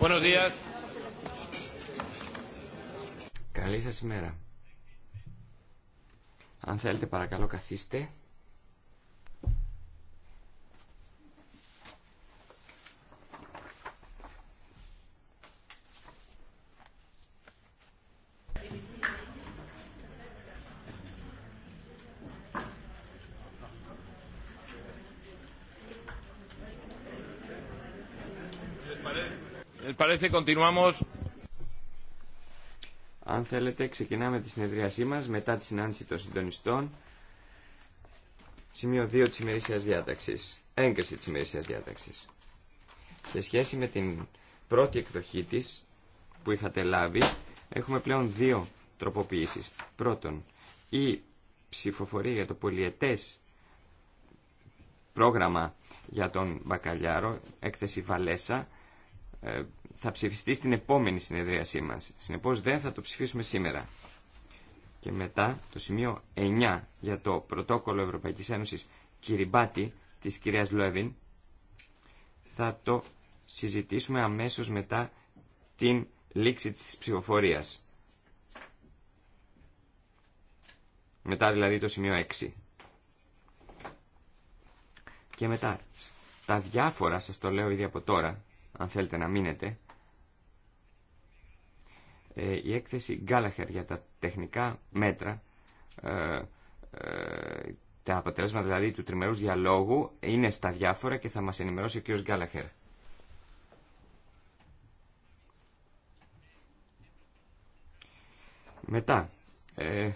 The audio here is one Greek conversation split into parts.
Buenos días. Καλή σας ημέρα. Αν θέλετε παρακαλώ καθίστε. parece, continuamos. Αν θέλετε, ξεκινάμε τη συνεδρίασή μα μετά τη συνάντηση των συντονιστών. Σημείο 2 της ημερήσιας διάταξης. Έγκριση τη ημερήσιας διάταξης. Σε σχέση με την πρώτη εκδοχή της που είχατε λάβει, έχουμε πλέον δύο τροποποιήσεις. Πρώτον, η ψηφοφορία για το πολιετές πρόγραμμα για τον Μπακαλιάρο, έκθεση Βαλέσα, ε, θα ψηφιστεί στην επόμενη συνεδρίασή μας. Συνεπώς δεν θα το ψηφίσουμε σήμερα. Και μετά το σημείο 9 για το πρωτόκολλο Ευρωπαϊκής Ένωσης Κυριμπάτη της κυρίας Λόεβιν θα το συζητήσουμε αμέσως μετά την λήξη της ψηφοφορίας. Μετά δηλαδή το σημείο 6. Και μετά, στα διάφορα, σας το λέω ήδη από τώρα, αν θέλετε να μείνετε, ε, η έκθεση Γκάλαχερ για τα τεχνικά μέτρα, ε, ε, τα αποτελέσματα δηλαδή του τριμερούς διαλόγου είναι στα διάφορα και θα μας ενημερώσει ο κ. Γκάλαχερ. Μετά, ε,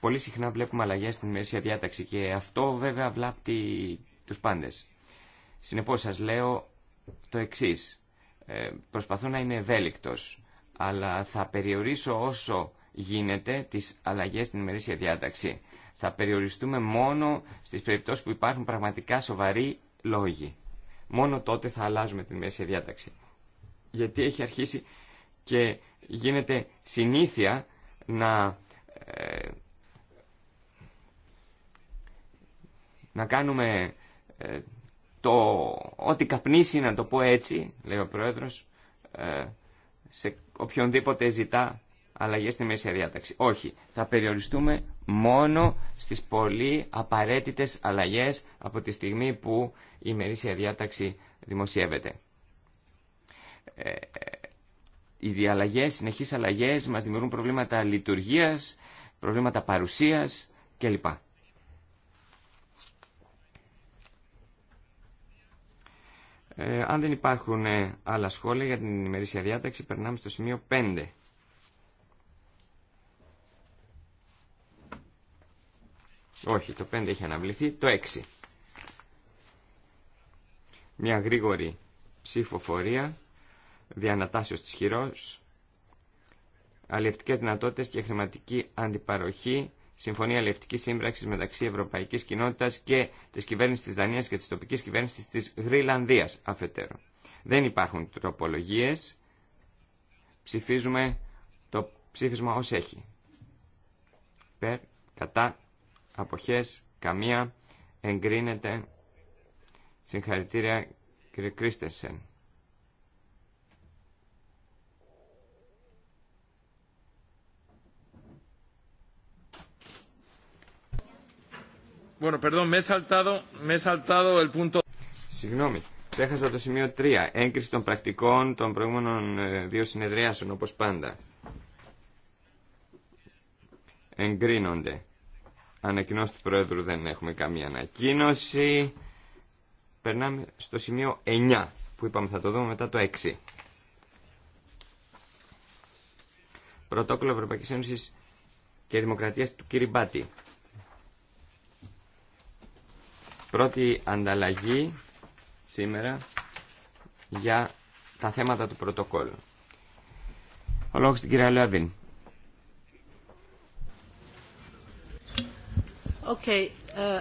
πολύ συχνά βλέπουμε αλλαγές στην μέση διάταξη και αυτό βέβαια βλάπτει τους πάντες. Συνεπώς σας λέω το εξής. Ε, προσπαθώ να είμαι ευέλικτος αλλά θα περιορίσω όσο γίνεται τις αλλαγές στην ημερήσια διάταξη. Θα περιοριστούμε μόνο στις περιπτώσεις που υπάρχουν πραγματικά σοβαροί λόγοι. Μόνο τότε θα αλλάζουμε την ημερήσια διάταξη. Γιατί έχει αρχίσει και γίνεται συνήθεια να, ε, να κάνουμε ε, το ό,τι καπνίσει, να το πω έτσι, λέει ο Πρόεδρος, ε, σε οποιονδήποτε ζητά αλλαγέ στη μέση διάταξη. Όχι, θα περιοριστούμε μόνο στις πολύ απαραίτητες αλλαγές από τη στιγμή που η μερίσια διάταξη δημοσιεύεται. Ε, οι διαλλαγές, συνεχείς αλλαγές μας δημιουργούν προβλήματα λειτουργίας, προβλήματα παρουσίας κλπ. Ε, αν δεν υπάρχουν ε, άλλα σχόλια για την ημερήσια διάταξη, περνάμε στο σημείο 5. Όχι, το 5 έχει αναβληθεί. Το 6. Μια γρήγορη ψηφοφορία διανατάσεως της χειρός, αλλιευτικές δυνατότητες και χρηματική αντιπαροχή Συμφωνία Αλληλευτική Σύμπραξη μεταξύ Ευρωπαϊκή Κοινότητα και τη κυβέρνηση τη Δανία και τη τοπική κυβέρνηση τη Γρυλανδία αφετέρου. Δεν υπάρχουν τροπολογίε. Ψηφίζουμε το ψήφισμα ω έχει. Περ, κατά, αποχέ, καμία, εγκρίνεται. Συγχαρητήρια κύριε Κρίστεσεν. Συγγνώμη, ξέχασα το σημείο 3. Έγκριση των πρακτικών των προηγούμενων ε, δύο συνεδριάσεων, όπω πάντα. Εγκρίνονται. Ανακοινώσει του Πρόεδρου δεν έχουμε καμία ανακοίνωση. Περνάμε στο σημείο 9, που είπαμε θα το δούμε μετά το 6. Πρωτόκολλο Ευρωπαϊκής Ένωσης και Δημοκρατίας του Κυριμπάτη. Πρώτη ανταλλαγή σήμερα για τα θέματα του πρωτοκόλλου. Ο λόγος στην κυρία Λέβιν. Okay. Uh,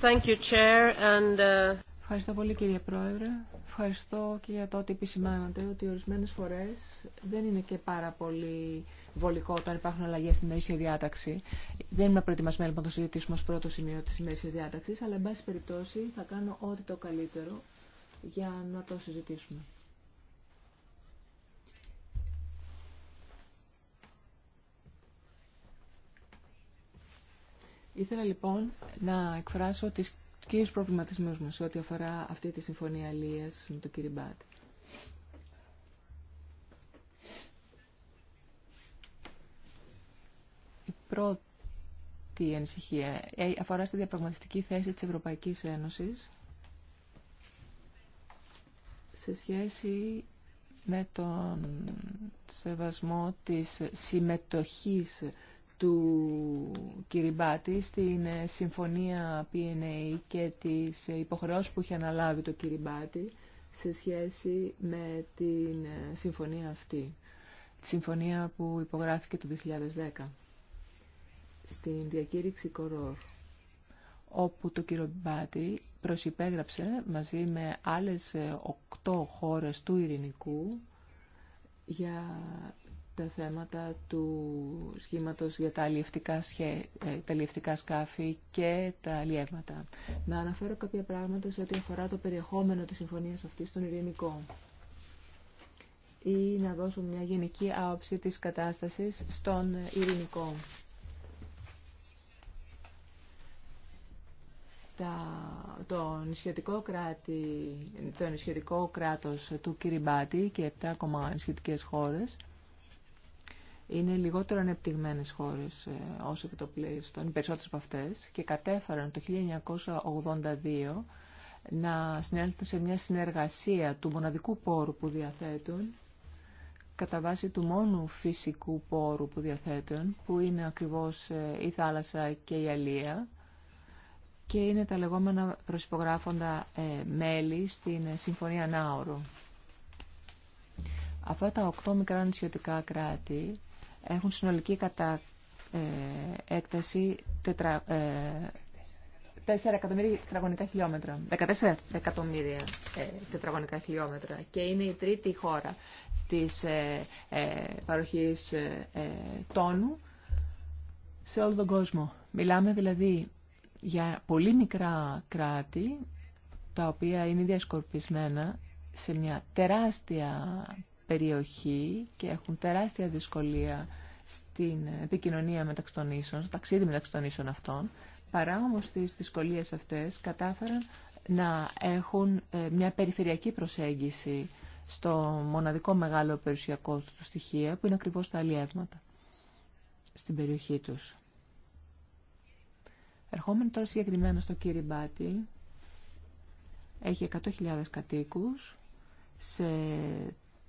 thank you, Chair, and, uh... Ευχαριστώ πολύ κύριε Πρόεδρε. Ευχαριστώ και για το ότι επισημάνατε ότι ορισμένες φορές δεν είναι και πάρα πολύ βολικό όταν υπάρχουν αλλαγέ στην ημερήσια διάταξη. Δεν είμαι προετοιμασμένη λοιπόν να το συζητήσουμε ω πρώτο σημείο τη ημερήσια διάταξης, αλλά εν πάση περιπτώσει θα κάνω ό,τι το καλύτερο για να το συζητήσουμε. Ήθελα λοιπόν να εκφράσω τις κύριους προβληματισμούς μας ό,τι αφορά αυτή τη συμφωνία αλίας με τον κύριο Μπάτ. Η πρώτη ανησυχία ε, αφορά στη διαπραγματευτική θέση της Ευρωπαϊκής Ένωσης σε σχέση με τον σεβασμό της συμμετοχής του Κυριμπάτη στην ε, συμφωνία PNA και τις ε, υποχρεώσεις που είχε αναλάβει το Κυριμπάτη σε σχέση με την ε, συμφωνία αυτή. Τη συμφωνία που υπογράφηκε το 2010 στην διακήρυξη Κορόρ όπου το Κυριμπάτη προσυπέγραψε μαζί με άλλες οκτώ χώρες του Ειρηνικού για τα θέματα του σχήματος για τα αλλιευτικά, ε, τα σκάφη και τα αλλιεύματα. Να αναφέρω κάποια πράγματα σε ό,τι αφορά το περιεχόμενο της συμφωνίας αυτής στον ειρηνικό ή να δώσω μια γενική άποψη της κατάστασης στον ειρηνικό. το, νησιωτικό κράτη, κράτος του Κυριμπάτη και ακόμα νησιωτικές χώρες είναι λιγότερο ανεπτυγμένε χώρε ε, όσο και το πλείστον, οι περισσότερε από αυτέ, και κατέφεραν το 1982 να συνέλθουν σε μια συνεργασία του μοναδικού πόρου που διαθέτουν κατά βάση του μόνου φυσικού πόρου που διαθέτουν, που είναι ακριβώς ε, η θάλασσα και η αλία, και είναι τα λεγόμενα προσυπογράφοντα ε, μέλη στην Συμφωνία Νάουρου. Αυτά τα οκτώ μικρά νησιωτικά κράτη έχουν συνολική κατά ε, έκταση 4 ε, εκατομμύρια τετραγωνικά χιλιόμετρα. 14 εκατομμύρια ε, τετραγωνικά χιλιόμετρα και είναι η τρίτη χώρα της ε, ε παροχής τόνου σε όλο τον κόσμο. Μιλάμε δηλαδή για πολύ μικρά κράτη τα οποία είναι διασκορπισμένα σε μια τεράστια περιοχή και έχουν τεράστια δυσκολία στην επικοινωνία μεταξύ των ίσων, στο ταξίδι μεταξύ των ίσων αυτών, παρά όμως τις δυσκολίες αυτές κατάφεραν να έχουν ε, μια περιφερειακή προσέγγιση στο μοναδικό μεγάλο περιουσιακό του στοιχεία που είναι ακριβώς τα αλλιεύματα στην περιοχή τους. Ερχόμενοι τώρα συγκεκριμένα στο Κυριμπάτι, έχει 100.000 κατοίκους σε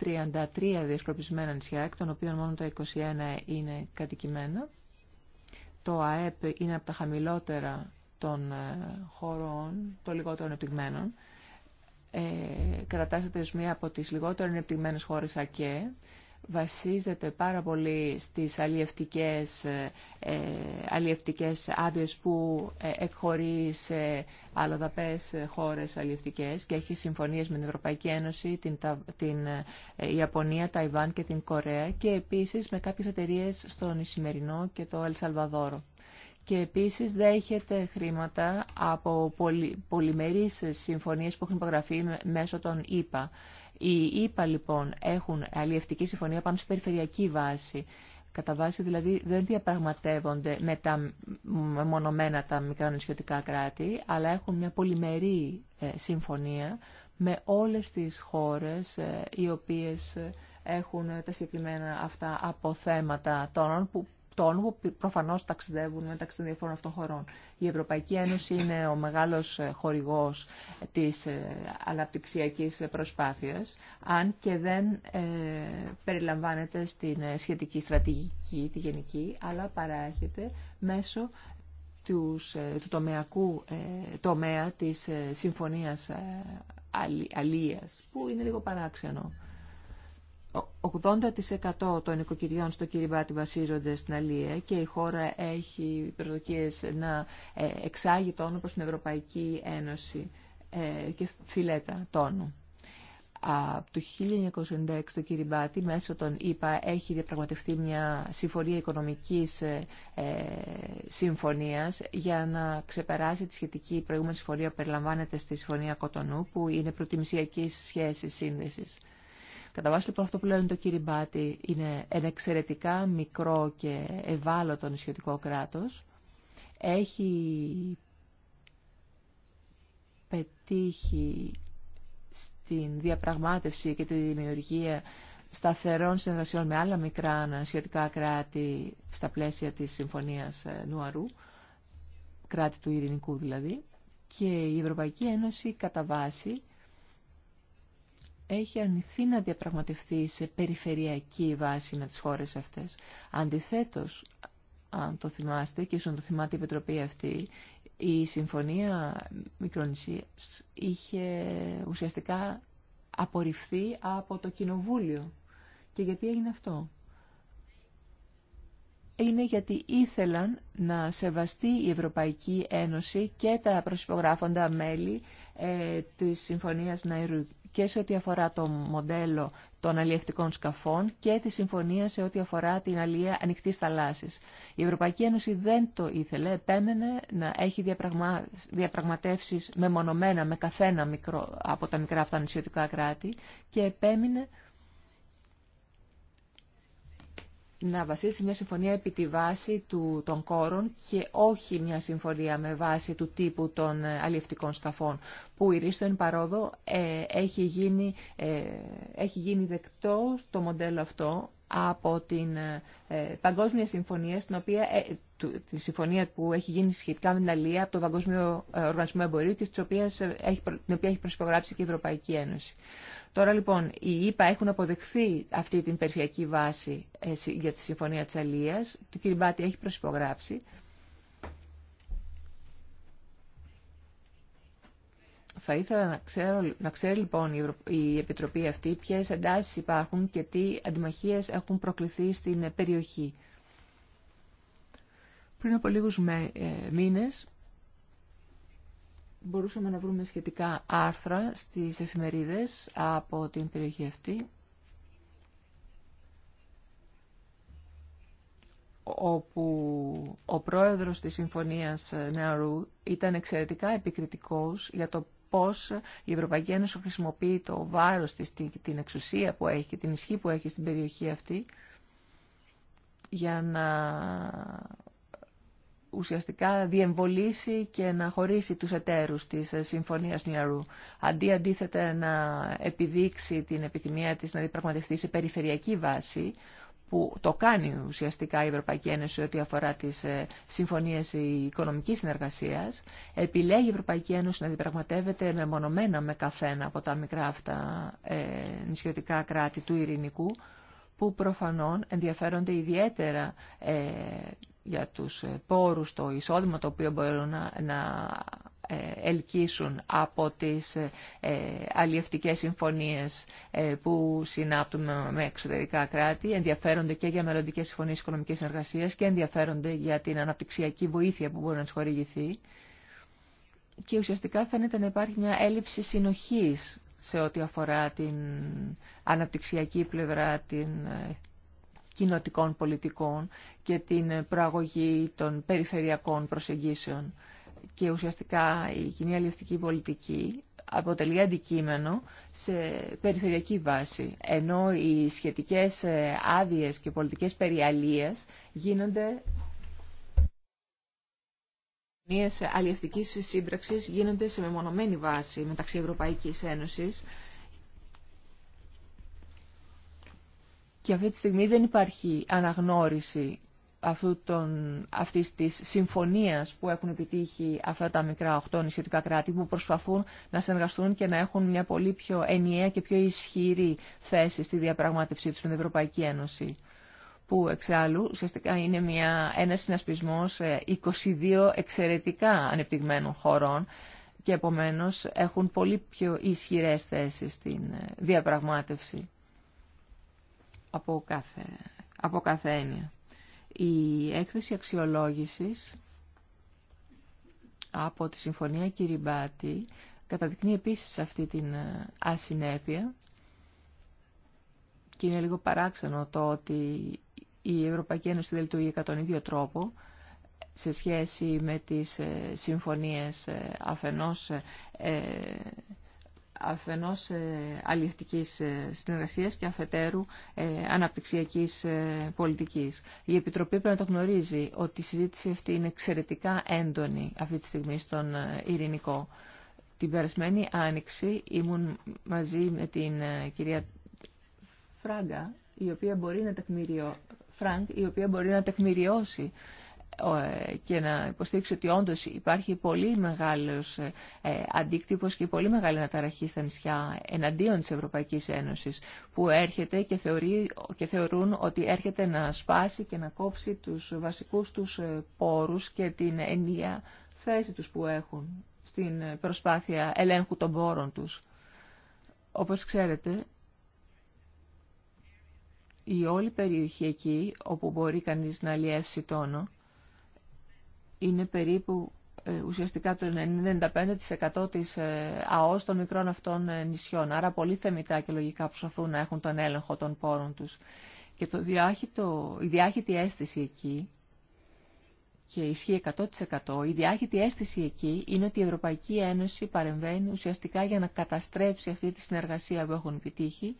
33 διασκορπισμένα νησιά, εκ των οποίων μόνο τα 21 είναι κατοικημένα. Το ΑΕΠ είναι από τα χαμηλότερα των ε, χωρών, των λιγότερων επιτυγμένων. Ε, κατατάσσεται μία από τις λιγότερο επιτυγμένες χώρες ΑΚΕ βασίζεται πάρα πολύ στις αλλιευτικές, ε, ε άδειες που ε, εκχωρεί σε αλλοδαπές ε, χώρες αλλιευτικές και έχει συμφωνίες με την Ευρωπαϊκή Ένωση, την, την Ιαπωνία, Ταϊβάν και την Κορέα και επίσης με κάποιες εταιρείε στον Ισημερινό και το Ελσαλβαδόρο. Και επίσης δέχεται χρήματα από πολυμερείς συμφωνίες που έχουν υπογραφεί μέσω των ΙΠΑ. Οι ΙΠΑ λοιπόν έχουν αλλιευτική συμφωνία πάνω σε περιφερειακή βάση. Κατά βάση δηλαδή δεν διαπραγματεύονται με τα μονομένα τα μικρά νησιωτικά κράτη, αλλά έχουν μια πολυμερή ε, συμφωνία με όλες τις χώρες ε, οι οποίες ε, έχουν τα συγκεκριμένα αυτά αποθέματα τόνων τόνου που προφανώς ταξιδεύουν μεταξύ των διαφόρων αυτών χωρών. Η Ευρωπαϊκή Ένωση είναι ο μεγάλος ε, χορηγός ε, της ε, αναπτυξιακή προσπάθειας, αν και δεν περιλαμβάνεται στην σχετική στρατηγική, τη γενική, αλλά παράγεται μέσω του τομεακού τομέα της Συμφωνίας Αλίας, που είναι λίγο παράξενο. 80% των οικοκυριών στο Κυριμπάτι βασίζονται στην Αλία και η χώρα έχει προσδοκίες να ε, εξάγει τόνο προς την Ευρωπαϊκή Ένωση ε, και φιλέτα τόνου. Από το 1996 το Κυριμπάτι μέσω των ΙΠΑ έχει διαπραγματευτεί μια συμφωνία οικονομικής ε, ε, συμφωνίας για να ξεπεράσει τη σχετική προηγούμενη συμφωνία που περιλαμβάνεται στη Συμφωνία Κοτονού που είναι προτιμησιακής σχέσης σύνδεσης. Κατά βάση λοιπόν αυτό που λένε το κύριο είναι ένα εξαιρετικά μικρό και ευάλωτο νησιωτικό κράτος. Έχει πετύχει στην διαπραγμάτευση και τη δημιουργία σταθερών συνεργασιών με άλλα μικρά νησιωτικά κράτη στα πλαίσια της Συμφωνίας ε, Νουαρού, κράτη του Ειρηνικού δηλαδή, και η Ευρωπαϊκή Ένωση κατά βάση έχει αρνηθεί να διαπραγματευτεί σε περιφερειακή βάση με τις χώρες αυτές. Αντιθέτως, αν το θυμάστε και ίσως το θυμάται η Επιτροπή αυτή, η Συμφωνία Μικρονησίας είχε ουσιαστικά απορριφθεί από το Κοινοβούλιο. Και γιατί έγινε αυτό. Είναι γιατί ήθελαν να σεβαστεί η Ευρωπαϊκή Ένωση και τα προσυπογράφοντα μέλη ε, της Συμφωνίας Ναϊρού και σε ό,τι αφορά το μοντέλο των αλλιευτικών σκαφών και τη συμφωνία σε ό,τι αφορά την αλληλεία ανοιχτή θαλάσσης. Η Ευρωπαϊκή Ένωση δεν το ήθελε, επέμενε να έχει διαπραγμα... διαπραγματεύσεις μεμονωμένα με καθένα μικρό από τα μικρά αυτά νησιωτικά κράτη και επέμεινε να βασίσει μια συμφωνία επί τη βάση του, των κόρων και όχι μια συμφωνία με βάση του τύπου των ε, αλλιευτικών σκαφών που η Ρίστον Παρόδο ε, έχει, γίνει, ε, έχει γίνει δεκτό το μοντέλο αυτό από την ε, ε, Παγκόσμια Συμφωνία, στην οποία, ε, τη συμφωνία που έχει γίνει σχετικά με την Αλία από το Παγκόσμιο Οργανισμό Εμπορίου και έχει, την οποία έχει προσυπογράψει και η Ευρωπαϊκή Ένωση. Τώρα λοιπόν, οι ΗΠΑ έχουν αποδεχθεί αυτή την περιφερειακή βάση για τη Συμφωνία της Αλίας, το κ. Μπάτη έχει προσυπογράψει Θα ήθελα να, ξέρω, να ξέρει λοιπόν η, Επιτροπή αυτή ποιες εντάσεις υπάρχουν και τι αντιμαχίες έχουν προκληθεί στην περιοχή. Πριν από λίγους με, ε, μήνες μπορούσαμε να βρούμε σχετικά άρθρα στις εφημερίδες από την περιοχή αυτή όπου ο πρόεδρος της Συμφωνίας Νεαρού ήταν εξαιρετικά επικριτικός για το πώς η Ευρωπαϊκή Ένωση χρησιμοποιεί το βάρος της, την εξουσία που έχει και την ισχύ που έχει στην περιοχή αυτή για να ουσιαστικά διεμβολήσει και να χωρίσει τους εταίρους της Συμφωνίας Νιαρού. Αντί αντίθετα να επιδείξει την επιθυμία της να διπραγματευτεί σε περιφερειακή βάση, που το κάνει ουσιαστικά η Ευρωπαϊκή Ένωση ό,τι αφορά τις ε, συμφωνίες οικονομικής συνεργασίας, επιλέγει η Ευρωπαϊκή Ένωση να διαπραγματεύεται μεμονωμένα με καθένα από τα μικρά αυτά ε, νησιωτικά κράτη του ειρηνικού, που προφανώς ενδιαφέρονται ιδιαίτερα ε, για τους πόρους, το εισόδημα το οποίο μπορούν να, να ε, ελκύσουν από τις ε, ε, αλλιευτικές συμφωνίες που συνάπτουν με εξωτερικά κράτη, ενδιαφέρονται και για μελλοντικέ συμφωνίες οικονομικής εργασίας και ενδιαφέρονται για την αναπτυξιακή βοήθεια που μπορεί να τους χορηγηθεί. Και ουσιαστικά φαίνεται να υπάρχει μια έλλειψη συνοχής σε ό,τι αφορά την αναπτυξιακή πλευρά, την κοινοτικών πολιτικών και την προαγωγή των περιφερειακών προσεγγίσεων και ουσιαστικά η κοινή αλληλευτική πολιτική αποτελεί αντικείμενο σε περιφερειακή βάση, ενώ οι σχετικές ε, άδειες και πολιτικές περιαλίες γίνονται αλλιευτικής σύμπραξης γίνονται σε μεμονωμένη βάση μεταξύ Ευρωπαϊκής Ένωσης και αυτή τη στιγμή δεν υπάρχει αναγνώριση αυτού των, αυτής της συμφωνίας που έχουν επιτύχει αυτά τα μικρά οχτώ νησιωτικά κράτη που προσπαθούν να συνεργαστούν και να έχουν μια πολύ πιο ενιαία και πιο ισχυρή θέση στη διαπραγμάτευσή τους με την Ευρωπαϊκή Ένωση που εξάλλου ουσιαστικά είναι μια, ένας συνασπισμός 22 ε, εξαιρετικά ανεπτυγμένων χωρών και επομένως έχουν πολύ πιο ισχυρές θέσεις στην ε, διαπραγμάτευση από από κάθε έννοια. Η έκθεση αξιολόγησης από τη Συμφωνία Κυριμπάτη καταδεικνύει επίσης αυτή την ε, ασυνέπεια και είναι λίγο παράξενο το ότι η Ευρωπαϊκή Ένωση δεν λειτουργεί κατά τον ίδιο τρόπο σε σχέση με τις ε, συμφωνίες ε, αφενός αφενός ε, αλληλευτικής ε, συνεργασίας και αφετέρου ε, αναπτυξιακής πολιτικής. Η Επιτροπή πρέπει να το γνωρίζει ότι η συζήτηση αυτή είναι εξαιρετικά έντονη αυτή τη στιγμή στον ειρηνικό. Την περασμένη άνοιξη ήμουν μαζί με την κυρία Φράγκα, η οποία μπορεί να τεκμηριώ... η οποία μπορεί να τεκμηριώσει ε, και να υποστήριξω ότι όντω υπάρχει πολύ μεγάλος ε, ε, αντίκτυπος και πολύ μεγάλη αναταραχή στα νησιά εναντίον της Ευρωπαϊκής Ένωσης που έρχεται και, θεωρεί, και θεωρούν ότι έρχεται να σπάσει και να κόψει τους βασικούς τους πόρους και την ενιαία θέση τους που έχουν στην προσπάθεια ελέγχου των πόρων τους. Όπως ξέρετε, η όλη περιοχή εκεί όπου μπορεί κανείς να αλλιεύσει τόνο είναι περίπου ε, ουσιαστικά το 95% της ε, ΑΟΣ των μικρών αυτών ε, νησιών. Άρα πολύ θεμητά και λογικά προσπαθούν να έχουν τον έλεγχο των πόρων τους. Και το διάχυτο, η διάχυτη αίσθηση εκεί, και ισχύει 100%, η διάχυτη αίσθηση εκεί είναι ότι η Ευρωπαϊκή Ένωση παρεμβαίνει ουσιαστικά για να καταστρέψει αυτή τη συνεργασία που έχουν επιτύχει,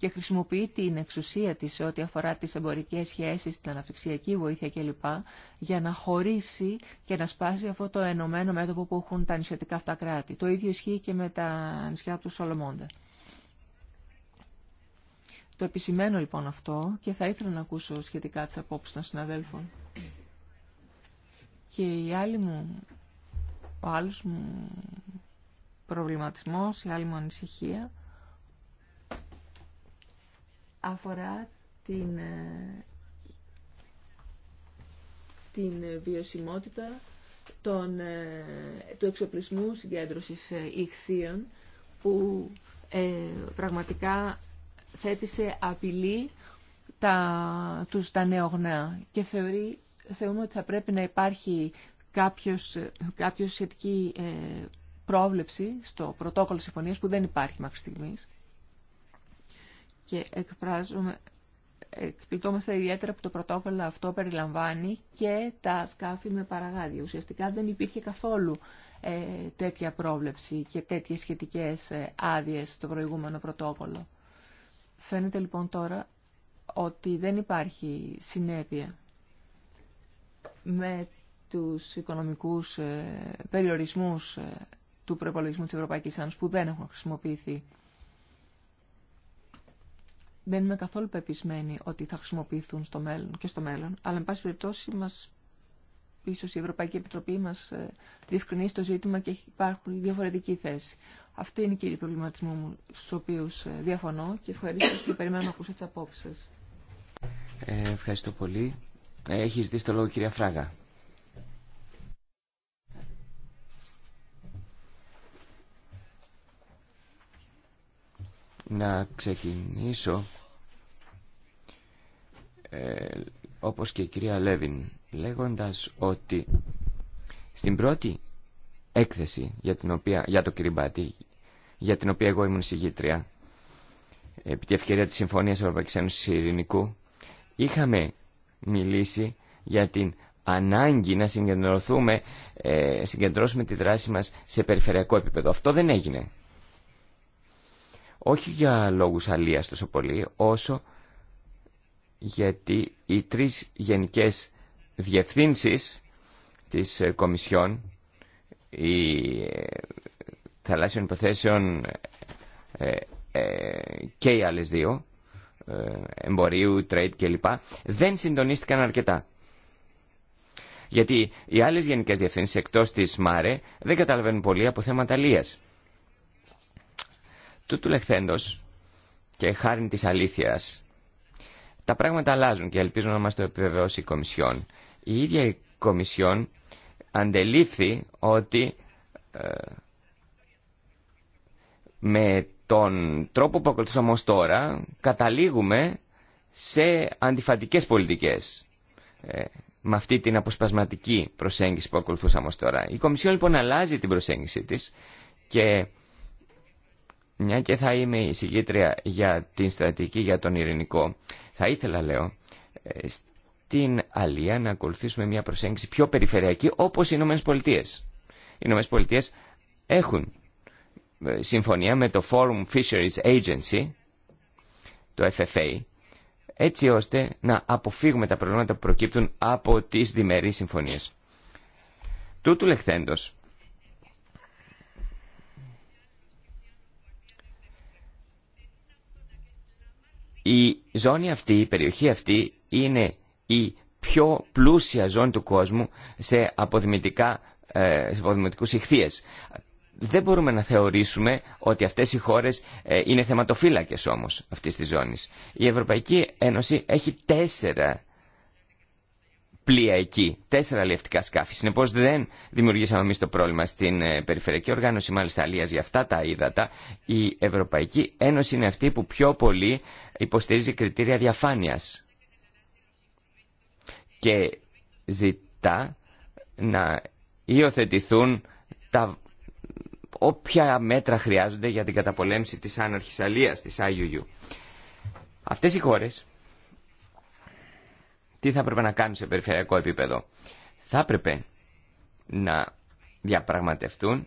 και χρησιμοποιεί την εξουσία της σε ό,τι αφορά τις εμπορικές σχέσεις, την αναπτυξιακή βοήθεια κλπ. για να χωρίσει και να σπάσει αυτό το ενωμένο μέτωπο που έχουν τα νησιωτικά αυτά κράτη. Το ίδιο ισχύει και με τα νησιά του Σολομόντα. Το επισημαίνω λοιπόν αυτό και θα ήθελα να ακούσω σχετικά τις απόψεις των συναδέλφων. Και η ο άλλος μου προβληματισμός, η άλλη μου ανησυχία αφορά την, ε, την βιωσιμότητα των, ε, του εξοπλισμού συγκέντρωσης ε, ηχθείων που πραγματικά θέτησε απειλή τα, τους τα νεογνά και θεωρεί, θεωρούμε ότι θα πρέπει να υπάρχει κάποιος, κάποιος σχετική πρόβλεψη στο πρωτόκολλο συμφωνίας που δεν υπάρχει μέχρι στιγμής και εκφράζουμε εκπληκτόμαστε ιδιαίτερα που το πρωτόκολλο αυτό περιλαμβάνει και τα σκάφη με παραγάδια. Ουσιαστικά δεν υπήρχε καθόλου ε, τέτοια πρόβλεψη και τέτοιες σχετικές ε, άδειες στο προηγούμενο πρωτόκολλο. Φαίνεται λοιπόν τώρα ότι δεν υπάρχει συνέπεια με τους οικονομικούς ε, περιορισμούς ε, του προπολογισμού της Ευρωπαϊκής Ένωσης που δεν έχουν χρησιμοποιηθεί δεν είμαι καθόλου πεπισμένη ότι θα χρησιμοποιηθούν στο μέλλον και στο μέλλον, αλλά με πάση περιπτώσει μας, ίσως η Ευρωπαϊκή Επιτροπή μας ε, διευκρινίσει το ζήτημα και υπάρχουν διαφορετική θέση. Αυτή είναι η κύριοι προβληματισμού μου, στους οποίους ε, διαφωνώ και ευχαριστώ και περιμένω να ακούσω τις απόψεις Ε, ευχαριστώ πολύ. Ε, έχει ζητήσει το λόγο κυρία Φράγα. να ξεκινήσω ε, όπως και η κυρία Λέβιν λέγοντας ότι στην πρώτη έκθεση για, την οποία, για το Κυριμπάτι για την οποία εγώ ήμουν συγγήτρια επί τη ευκαιρία της Συμφωνίας Ευρωπαϊκής Ένωσης Ειρηνικού είχαμε μιλήσει για την ανάγκη να συγκεντρωθούμε, ε, συγκεντρώσουμε τη δράση μας σε περιφερειακό επίπεδο. Αυτό δεν έγινε όχι για λόγους αλίας τόσο πολύ, όσο γιατί οι τρεις γενικές διευθύνσεις της ε, Κομισιόν, οι ε, θαλάσσιων υποθέσεων ε, και οι άλλες δύο, εμπορίου, trade κλπ, δεν συντονίστηκαν αρκετά. Γιατί οι άλλες γενικές διευθύνσεις εκτός της ΜΑΡΕ δεν καταλαβαίνουν πολύ από θέματα αλίας. Τούτου λεχθέντος και χάρη της αλήθειας, τα πράγματα αλλάζουν και ελπίζω να μας το επιβεβαιώσει η Κομισιόν. Η ίδια η Κομισιόν αντελήφθη ότι ε, με τον τρόπο που ακολουθούσαμε όμως τώρα καταλήγουμε σε αντιφατικές πολιτικές ε, με αυτή την αποσπασματική προσέγγιση που ακολουθούσαμε ως τώρα. Η Κομισιόν λοιπόν αλλάζει την προσέγγιση της και μια και θα είμαι η συγκήτρια για την στρατηγική για τον ειρηνικό, θα ήθελα, λέω, ε, στην Αλία να ακολουθήσουμε μια προσέγγιση πιο περιφερειακή όπως οι Ηνωμένες Πολιτείες. Οι Ηνωμένες Πολιτείες έχουν ε, συμφωνία με το Forum Fisheries Agency, το FFA, έτσι ώστε να αποφύγουμε τα προβλήματα που προκύπτουν από τις διμερείς συμφωνίες. Τούτου λεχθέντος, Η ζώνη αυτή, η περιοχή αυτή είναι η πιο πλούσια ζώνη του κόσμου σε, αποδημητικά, ε, σε αποδημητικούς ηχθείες. Δεν μπορούμε να θεωρήσουμε ότι αυτές οι χώρες ε, είναι θεματοφύλακες όμως αυτής της ζώνης. Η Ευρωπαϊκή Ένωση έχει τέσσερα πλοία εκεί. Τέσσερα λευτικά σκάφη. Συνεπώ δεν δημιουργήσαμε εμεί το πρόβλημα στην ε, Περιφερειακή Οργάνωση, μάλιστα αλλία για αυτά τα ύδατα. Η Ευρωπαϊκή Ένωση είναι αυτή που πιο πολύ υποστηρίζει κριτήρια διαφάνεια. Και ζητά να υιοθετηθούν τα όποια μέτρα χρειάζονται για την καταπολέμηση της άναρχης αλίας, της IUU. Αυτές οι χώρες τι θα έπρεπε να κάνουν σε περιφερειακό επίπεδο. Θα έπρεπε να διαπραγματευτούν,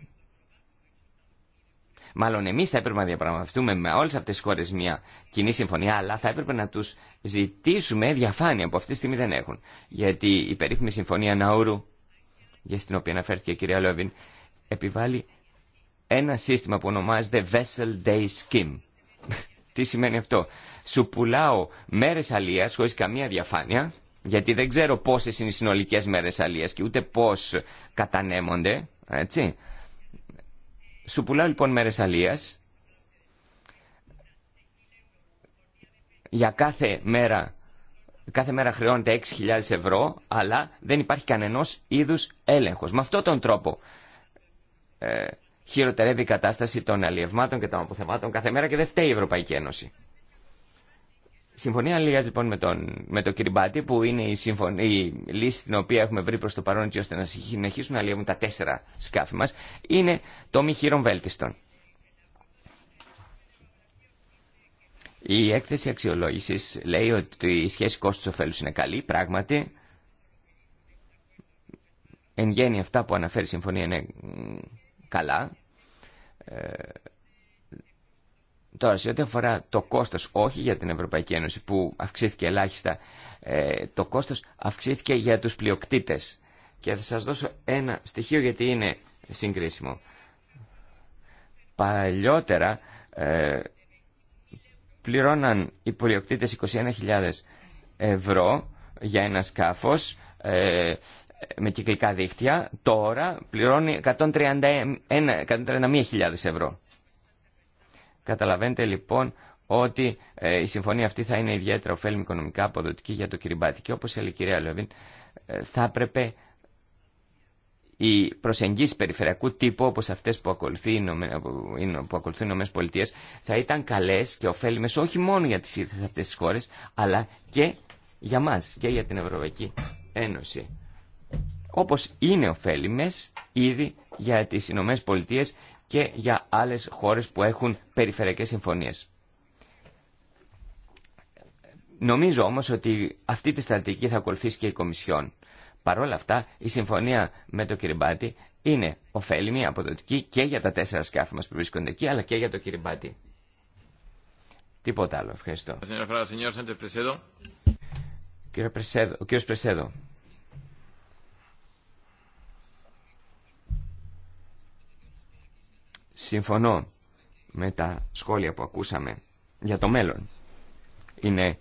μάλλον εμείς θα έπρεπε να διαπραγματευτούμε με όλες αυτές τις χώρες μια κοινή συμφωνία, αλλά θα έπρεπε να τους ζητήσουμε διαφάνεια που αυτή τη στιγμή δεν έχουν. Γιατί η περίφημη συμφωνία Ναούρου, για την οποία αναφέρθηκε η κυρία Λόβιν, επιβάλλει ένα σύστημα που ονομάζεται Vessel Day Scheme. Τι σημαίνει αυτό. Σου πουλάω μέρες αλίας χωρίς καμία διαφάνεια γιατί δεν ξέρω πόσες είναι οι συνολικέ μέρες αλεία και ούτε πώς κατανέμονται, έτσι. Σου πουλάω λοιπόν μέρες αλεία. Για κάθε μέρα, κάθε μέρα χρεώνεται 6.000 ευρώ, αλλά δεν υπάρχει κανένα είδου έλεγχος. Με αυτόν τον τρόπο ε, χειροτερεύει η κατάσταση των αλλιευμάτων και των αποθεμάτων κάθε μέρα και δεν φταίει η Ευρωπαϊκή Ένωση. Συμφωνία λίγας λοιπόν με, τον, με το που είναι η, συμφωνία, η λύση την οποία έχουμε βρει προς το παρόν έτσι ώστε να συνεχίσουν να αλληλεύουν τα τέσσερα σκάφη μας είναι το μη χείρον βέλτιστον. Η έκθεση αξιολογήση λέει ότι η σχέση κόστου κόστος-οφέλους είναι καλή, πράγματι. Εν γέννη αυτά που αναφέρει η συμφωνία είναι καλά. Ε, Τώρα, σε ό,τι αφορά το κόστος, όχι για την Ευρωπαϊκή Ένωση που αυξήθηκε ελάχιστα, ε, το κόστος αυξήθηκε για τους πλειοκτήτε. Και θα σας δώσω ένα στοιχείο γιατί είναι συγκρίσιμο. Παλιότερα ε, πληρώναν οι πλειοκτήτε 21.000 ευρώ για ένα σκάφος ε, με κυκλικά δίχτυα. Τώρα πληρώνει 131.000 ευρώ. Καταλαβαίνετε λοιπόν ότι ε, η συμφωνία αυτή θα είναι ιδιαίτερα ωφέλιμη οικονομικά αποδοτική για το Κυριμπάτι. Και όπω έλεγε η κυρία Λεωβίν, ε, θα έπρεπε οι προσεγγίσει περιφερειακού τύπου όπω αυτέ που, ακολουθούν οι ΗΠΑ θα ήταν καλέ και ωφέλιμε όχι μόνο για τι ίδιε αυτές τις χώρες αλλά και για μα και για την Ευρωπαϊκή Ένωση. Όπω είναι ωφέλιμε ήδη για τι Ηνωμένε Πολιτείε και για άλλες χώρες που έχουν περιφερειακές συμφωνίες. Νομίζω όμως ότι αυτή τη στρατηγική θα ακολουθήσει και η Κομισιόν. Παρ' όλα αυτά, η συμφωνία με το Κυριμπάτι είναι ωφέλιμη, αποδοτική και για τα τέσσερα σκάφη μας που βρίσκονται εκεί, αλλά και για το Κυριμπάτι. Τίποτα άλλο. Ευχαριστώ. Κύριε Πρεσέδο. Ο κύριος Πρεσέδο. Συμφωνώ με τα σχόλια που ακούσαμε για το μέλλον. Είναι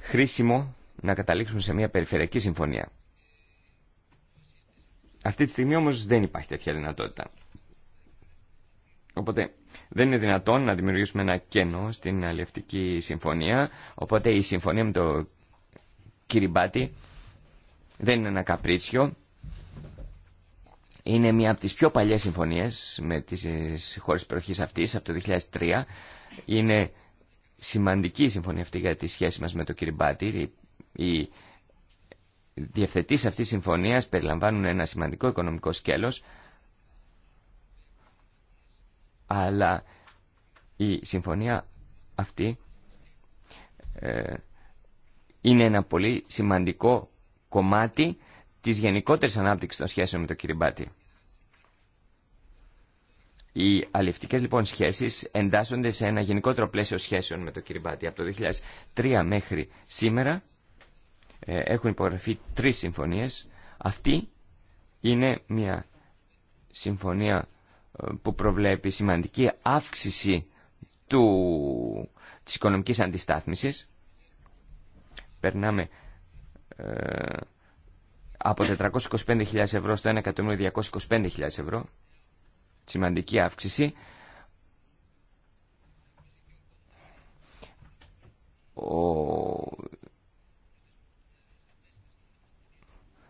χρήσιμο να καταλήξουμε σε μια περιφερειακή συμφωνία. Αυτή τη στιγμή όμως δεν υπάρχει τέτοια δυνατότητα. Οπότε δεν είναι δυνατόν να δημιουργήσουμε ένα κένο στην αλληλευτική συμφωνία. Οπότε η συμφωνία με το Κυριμπάτη δεν είναι ένα καπρίτσιο. Είναι μία από τις πιο παλιές συμφωνίες με τις ε, χώρες περιοχής αυτής από το 2003. Είναι σημαντική η συμφωνία αυτή για τη σχέση μας με το Κυριμπάτι. Οι διευθετής αυτής της συμφωνίας περιλαμβάνουν ένα σημαντικό οικονομικό σκέλος, αλλά η συμφωνία αυτή ε, είναι ένα πολύ σημαντικό κομμάτι της γενικότερης ανάπτυξης των σχέσεων με το Κυριμπάτι. Οι αλληλευτικέ λοιπόν σχέσεις εντάσσονται σε ένα γενικότερο πλαίσιο σχέσεων με το Κυριμπάτι. Από το 2003 μέχρι σήμερα ε, έχουν υπογραφεί τρει συμφωνίες. Αυτή είναι μια συμφωνία ε, που προβλέπει σημαντική αύξηση του, της οικονομικής αντιστάθμισης. Περνάμε ε, από 425.000 ευρώ στο 1.225.000 ευρώ, σημαντική αύξηση.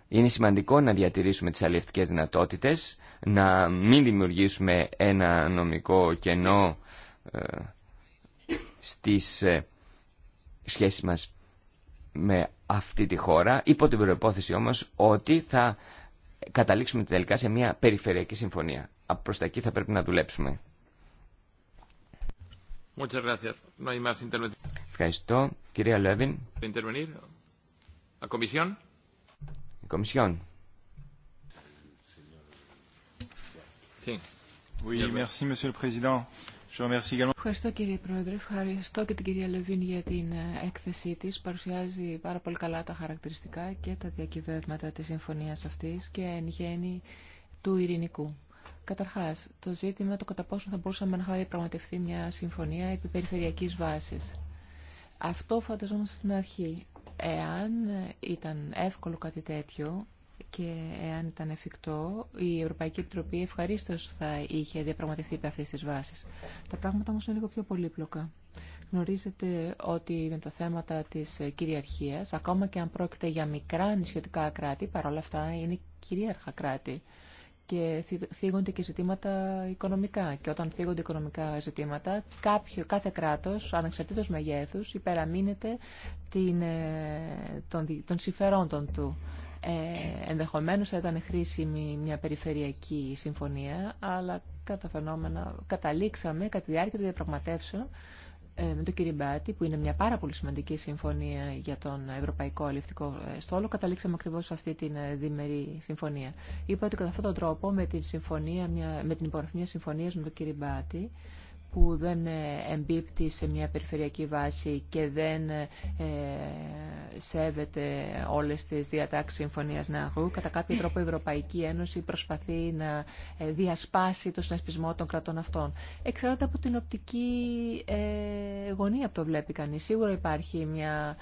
Είναι σημαντικό να διατηρήσουμε τις αλληλευτικές δυνατότητες, να μην δημιουργήσουμε ένα νομικό κενό ε, στις ε, σχέσεις μας με αυτή τη χώρα, υπό την προπόθεση όμως ότι θα καταλήξουμε τελικά σε μια περιφερειακή συμφωνία. Προ τα εκεί θα πρέπει να δουλέψουμε. Ευχαριστώ. Κυρία Λέβιν. Η Κομισιόν. Oui, merci, Monsieur le Président. Ευχαριστώ κύριε Πρόεδρε, ευχαριστώ και την κυρία Λεβίν για την ε, έκθεσή της. Παρουσιάζει πάρα πολύ καλά τα χαρακτηριστικά και τα διακυβεύματα της συμφωνίας αυτής και εν γέννη του ειρηνικού. Καταρχάς, το ζήτημα το κατά πόσο θα μπορούσαμε να πραγματευτεί μια συμφωνία επί περιφερειακής βάσης. Αυτό φανταζόμαστε στην αρχή. Εάν ε, ήταν εύκολο κάτι τέτοιο, και εάν ήταν εφικτό, η Ευρωπαϊκή Επιτροπή ευχαρίστω θα είχε διαπραγματευτεί επί αυτή τη βάση. Τα πράγματα όμω είναι λίγο πιο πολύπλοκα. Γνωρίζετε ότι με τα θέματα τη κυριαρχία, ακόμα και αν πρόκειται για μικρά νησιωτικά κράτη, παρόλα αυτά είναι κυρίαρχα κράτη και θίγονται και ζητήματα οικονομικά. Και όταν θίγονται οικονομικά ζητήματα, κάποιο, κάθε κράτος, ανεξαρτήτως μεγέθους, υπεραμείνεται των, ε, των συμφερόντων του. Ε, ενδεχομένως θα ήταν χρήσιμη μια περιφερειακή συμφωνία, αλλά κατά φαινόμενα καταλήξαμε κατά τη διάρκεια των διαπραγματεύσεων ε, με τον κύριο Μπάτη, που είναι μια πάρα πολύ σημαντική συμφωνία για τον Ευρωπαϊκό Αλληλευτικό ε, Στόλο, καταλήξαμε ακριβώς σε αυτή την ε, διμερή συμφωνία. Είπα ότι κατά αυτόν τον τρόπο, με την, συμφωνία, με την συμφωνία με τον κύριο Μπάτη, που δεν ε, εμπίπτει σε μια περιφερειακή βάση και δεν ε, σέβεται όλες τις διατάξεις συμφωνίας ΝΑΓΟΥ. Κατά κάποιο ε. τρόπο η Ευρωπαϊκή Ένωση προσπαθεί να ε, διασπάσει το συνασπισμό των κρατών αυτών. Εξαρτάται από την οπτική γωνία που το βλέπει κανείς. Σίγουρα υπάρχει μια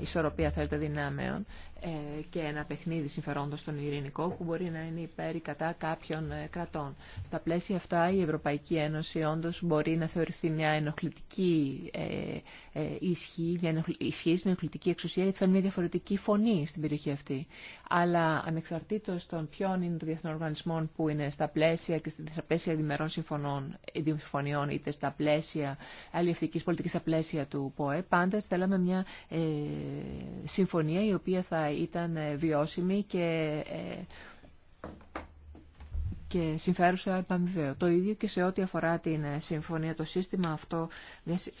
ισορροπία, θέλετε, δυνάμεων. Ε, και ένα παιχνίδι συμφερόντος στον ειρηνικό που μπορεί να είναι υπέρ ή κατά κάποιων ε, κρατών. Στα πλαίσια αυτά η Ευρωπαϊκή Ένωση όντως μπορεί να θεωρηθεί μια ενοχλητική ε, ισχύ, μια ισχύ στην ενοχλητική εξουσία γιατί φέρνει μια διαφορετική φωνή στην περιοχή αυτή. Αλλά ανεξαρτήτως των ποιών είναι των διεθνών οργανισμών που είναι στα πλαίσια και στα πλαίσια διμερών συμφωνών, συμφωνιών είτε στα πλαίσια αλληλευτικής πολιτικής στα πλαίσια του ΠΟΕ, πάντα θέλαμε μια ε, συμφωνία η οποία θα ήταν ε, βιώσιμη και, ε, και συμφέρουσα επαμοιβαίω. Το ίδιο και σε ό,τι αφορά την ε, συμφωνία. Το σύστημα αυτό,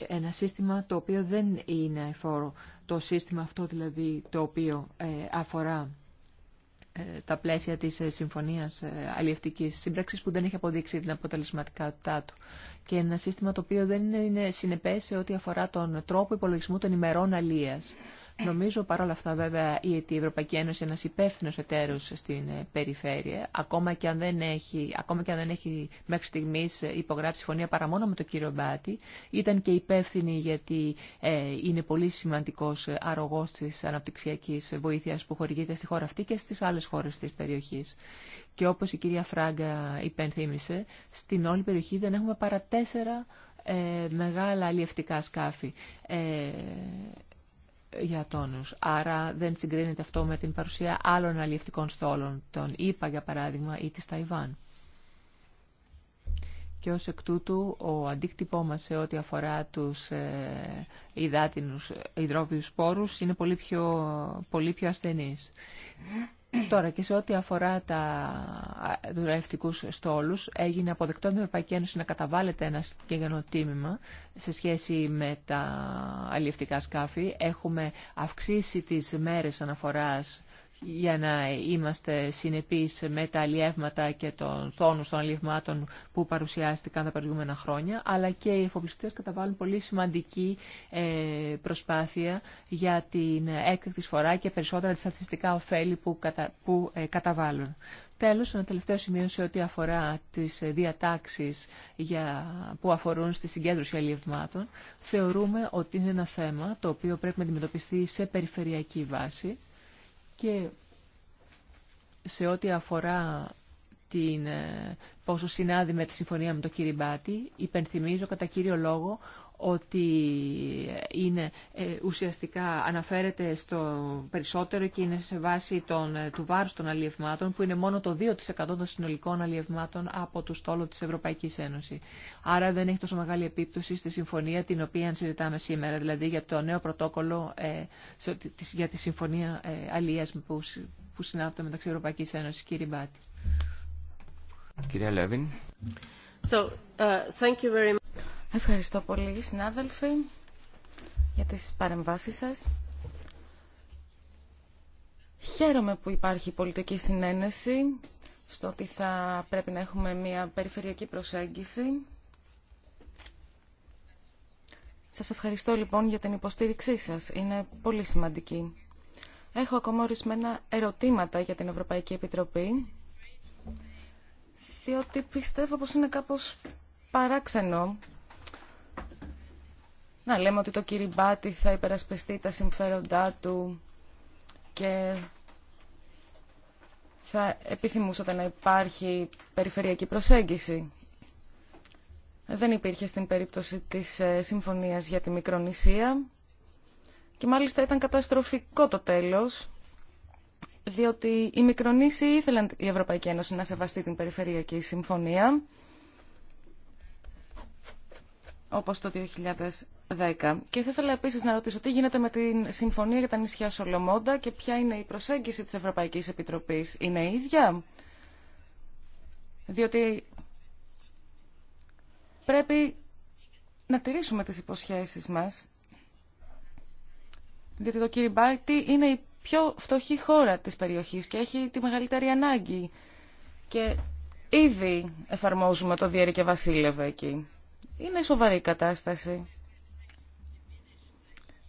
ένα σύστημα το οποίο δεν είναι φόρο. Το σύστημα αυτό δηλαδή το οποίο αφορά τα πλαίσια της συμφωνίας αλλιευτικής σύμπραξης που δεν έχει αποδείξει την αποτελεσματικότητά του και ένα σύστημα το οποίο δεν είναι συνεπές σε ό,τι αφορά τον τρόπο υπολογισμού των ημερών αλίας. Νομίζω παρόλα αυτά βέβαια η Ευρωπαϊκή Ένωση είναι ένας υπεύθυνο εταίρος στην ε, περιφέρεια, ακόμα και αν δεν έχει, ακόμα και αν δεν έχει μέχρι στιγμής ε, υπογράψει συμφωνία παρά μόνο με τον κύριο Μπάτη, ήταν και υπεύθυνη γιατί ε, είναι πολύ σημαντικός αρρωγός της αναπτυξιακής βοήθειας που χορηγείται στη χώρα αυτή και στις άλλες χώρες της περιοχής. Και όπως η κυρία Φράγκα υπενθύμησε, στην όλη περιοχή δεν έχουμε παρά τέσσερα ε, μεγάλα αλλιευτικά σκάφη. Ε, για Άρα δεν συγκρίνεται αυτό με την παρουσία άλλων αλλιευτικών στόλων, των ΙΠΑ για παράδειγμα ή της Ταϊβάν. Και ως εκ τούτου ο αντίκτυπό μας σε ό,τι αφορά τους ε, υδάτινους ε, υδρόβιους σπόρους είναι πολύ πιο, πολύ πιο Τώρα και σε ό,τι αφορά τα δουλευτικού στόλους έγινε αποδεκτό την Ευρωπαϊκή Ένωση να καταβάλλεται ένα συγκεκριμένο τίμημα σε σχέση με τα αλληλευτικά σκάφη. Έχουμε αυξήσει τις μέρες αναφοράς για να είμαστε συνεπείς με τα αλλιεύματα και τον τόνο των αλλιευμάτων που παρουσιάστηκαν τα προηγούμενα χρόνια, αλλά και οι εφοπλιστές καταβάλουν πολύ σημαντική ε, προσπάθεια για την έκτακτη φορά και περισσότερα τις ωφέλη που, κατα... που ε, καταβάλουν. Τέλος, ένα τελευταίο σημείο σε ό,τι αφορά τις διατάξεις για, που αφορούν στη συγκέντρωση αλλιευμάτων, θεωρούμε ότι είναι ένα θέμα το οποίο πρέπει να αντιμετωπιστεί σε περιφερειακή βάση και σε ό,τι αφορά την, ε, πόσο συνάδει με τη συμφωνία με το Κυριμπάτη, υπενθυμίζω κατά κύριο λόγο ότι είναι ε, ουσιαστικά αναφέρεται στο περισσότερο και είναι σε βάση των, ε, του βάρους των αλλιευμάτων που είναι μόνο το 2% των συνολικών αλλιευμάτων από το στόλο της Ευρωπαϊκής Ένωσης. Άρα δεν έχει τόσο μεγάλη επίπτωση στη συμφωνία την οποία συζητάμε σήμερα, δηλαδή για το νέο πρωτόκολλο ε, για τη συμφωνία αλλιείας που, που συνάπτω μεταξύ Ευρωπαϊκής Ένωσης. Κύριε Μπάτη. So, uh, Ευχαριστώ πολύ συνάδελφοι για τις παρεμβάσεις σας. Χαίρομαι που υπάρχει πολιτική συνένεση στο ότι θα πρέπει να έχουμε μια περιφερειακή προσέγγιση. Σας ευχαριστώ λοιπόν για την υποστήριξή σας. Είναι πολύ σημαντική. Έχω ακόμα ορισμένα ερωτήματα για την Ευρωπαϊκή Επιτροπή, διότι πιστεύω πως είναι κάπως παράξενο να λέμε ότι το Κυριμπάτι θα υπερασπιστεί τα συμφέροντά του και θα επιθυμούσατε να υπάρχει περιφερειακή προσέγγιση. Δεν υπήρχε στην περίπτωση της ε, συμφωνίας για τη Μικρονησία και μάλιστα ήταν καταστροφικό το τέλος διότι οι Μικρονήσοι ήθελαν η Ευρωπαϊκή Ένωση να σεβαστεί την Περιφερειακή Συμφωνία όπως το 2010. Και θα ήθελα επίσης να ρωτήσω τι γίνεται με την Συμφωνία για τα νησιά Σολομόντα και ποια είναι η προσέγγιση της Ευρωπαϊκής Επιτροπής. Είναι ίδια? Διότι πρέπει να τηρήσουμε τις υποσχέσεις μας. Διότι το Κυριμπάτη είναι η πιο φτωχή χώρα της περιοχής και έχει τη μεγαλύτερη ανάγκη. Και ήδη εφαρμόζουμε το διέρη και βασίλευε εκεί. Είναι σοβαρή η κατάσταση.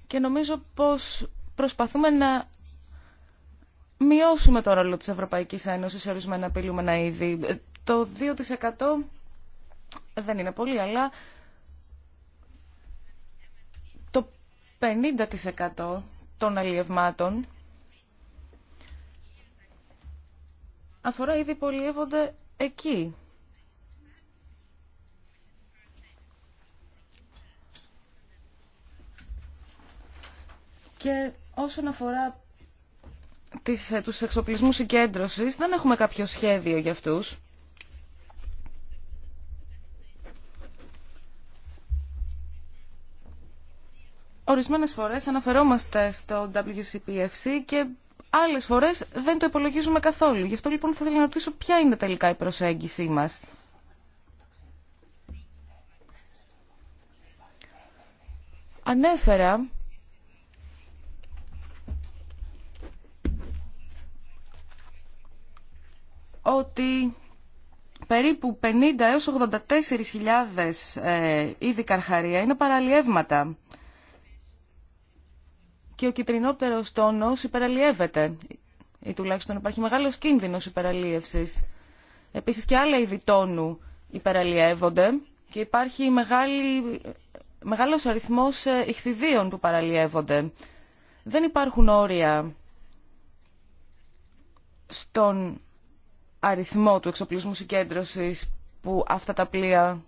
Και νομίζω πως προσπαθούμε να μειώσουμε το ρόλο της Ευρωπαϊκής Ένωσης σε ορισμένα απειλούμενα είδη. Το 2% δεν είναι πολύ, αλλά το 50% των αλλιευμάτων αφορά είδη που εκεί. Και όσον αφορά τις, ε, τους εξοπλισμούς συγκέντρωσης, δεν έχουμε κάποιο σχέδιο για αυτούς. Ορισμένες φορές αναφερόμαστε στο WCPFC και άλλες φορές δεν το υπολογίζουμε καθόλου. Γι' αυτό λοιπόν θα ήθελα να ρωτήσω ποια είναι τελικά η προσέγγιση μας. Ανέφερα ότι περίπου 50 έως 84.000 ε, είδη καρχαρία είναι παραλιεύματα και ο κυτρινόπτερος τόνος υπεραλιεύεται ή τουλάχιστον υπάρχει μεγάλος κίνδυνος υπεραλίευσης. Επίσης και άλλα είδη τόνου υπεραλιεύονται και υπάρχει μεγάλη, μεγάλος αριθμός ε, ηχθιδίων που παραλιεύονται. Δεν υπάρχουν όρια στον αριθμό του εξοπλισμού συγκέντρωσης που αυτά τα πλοία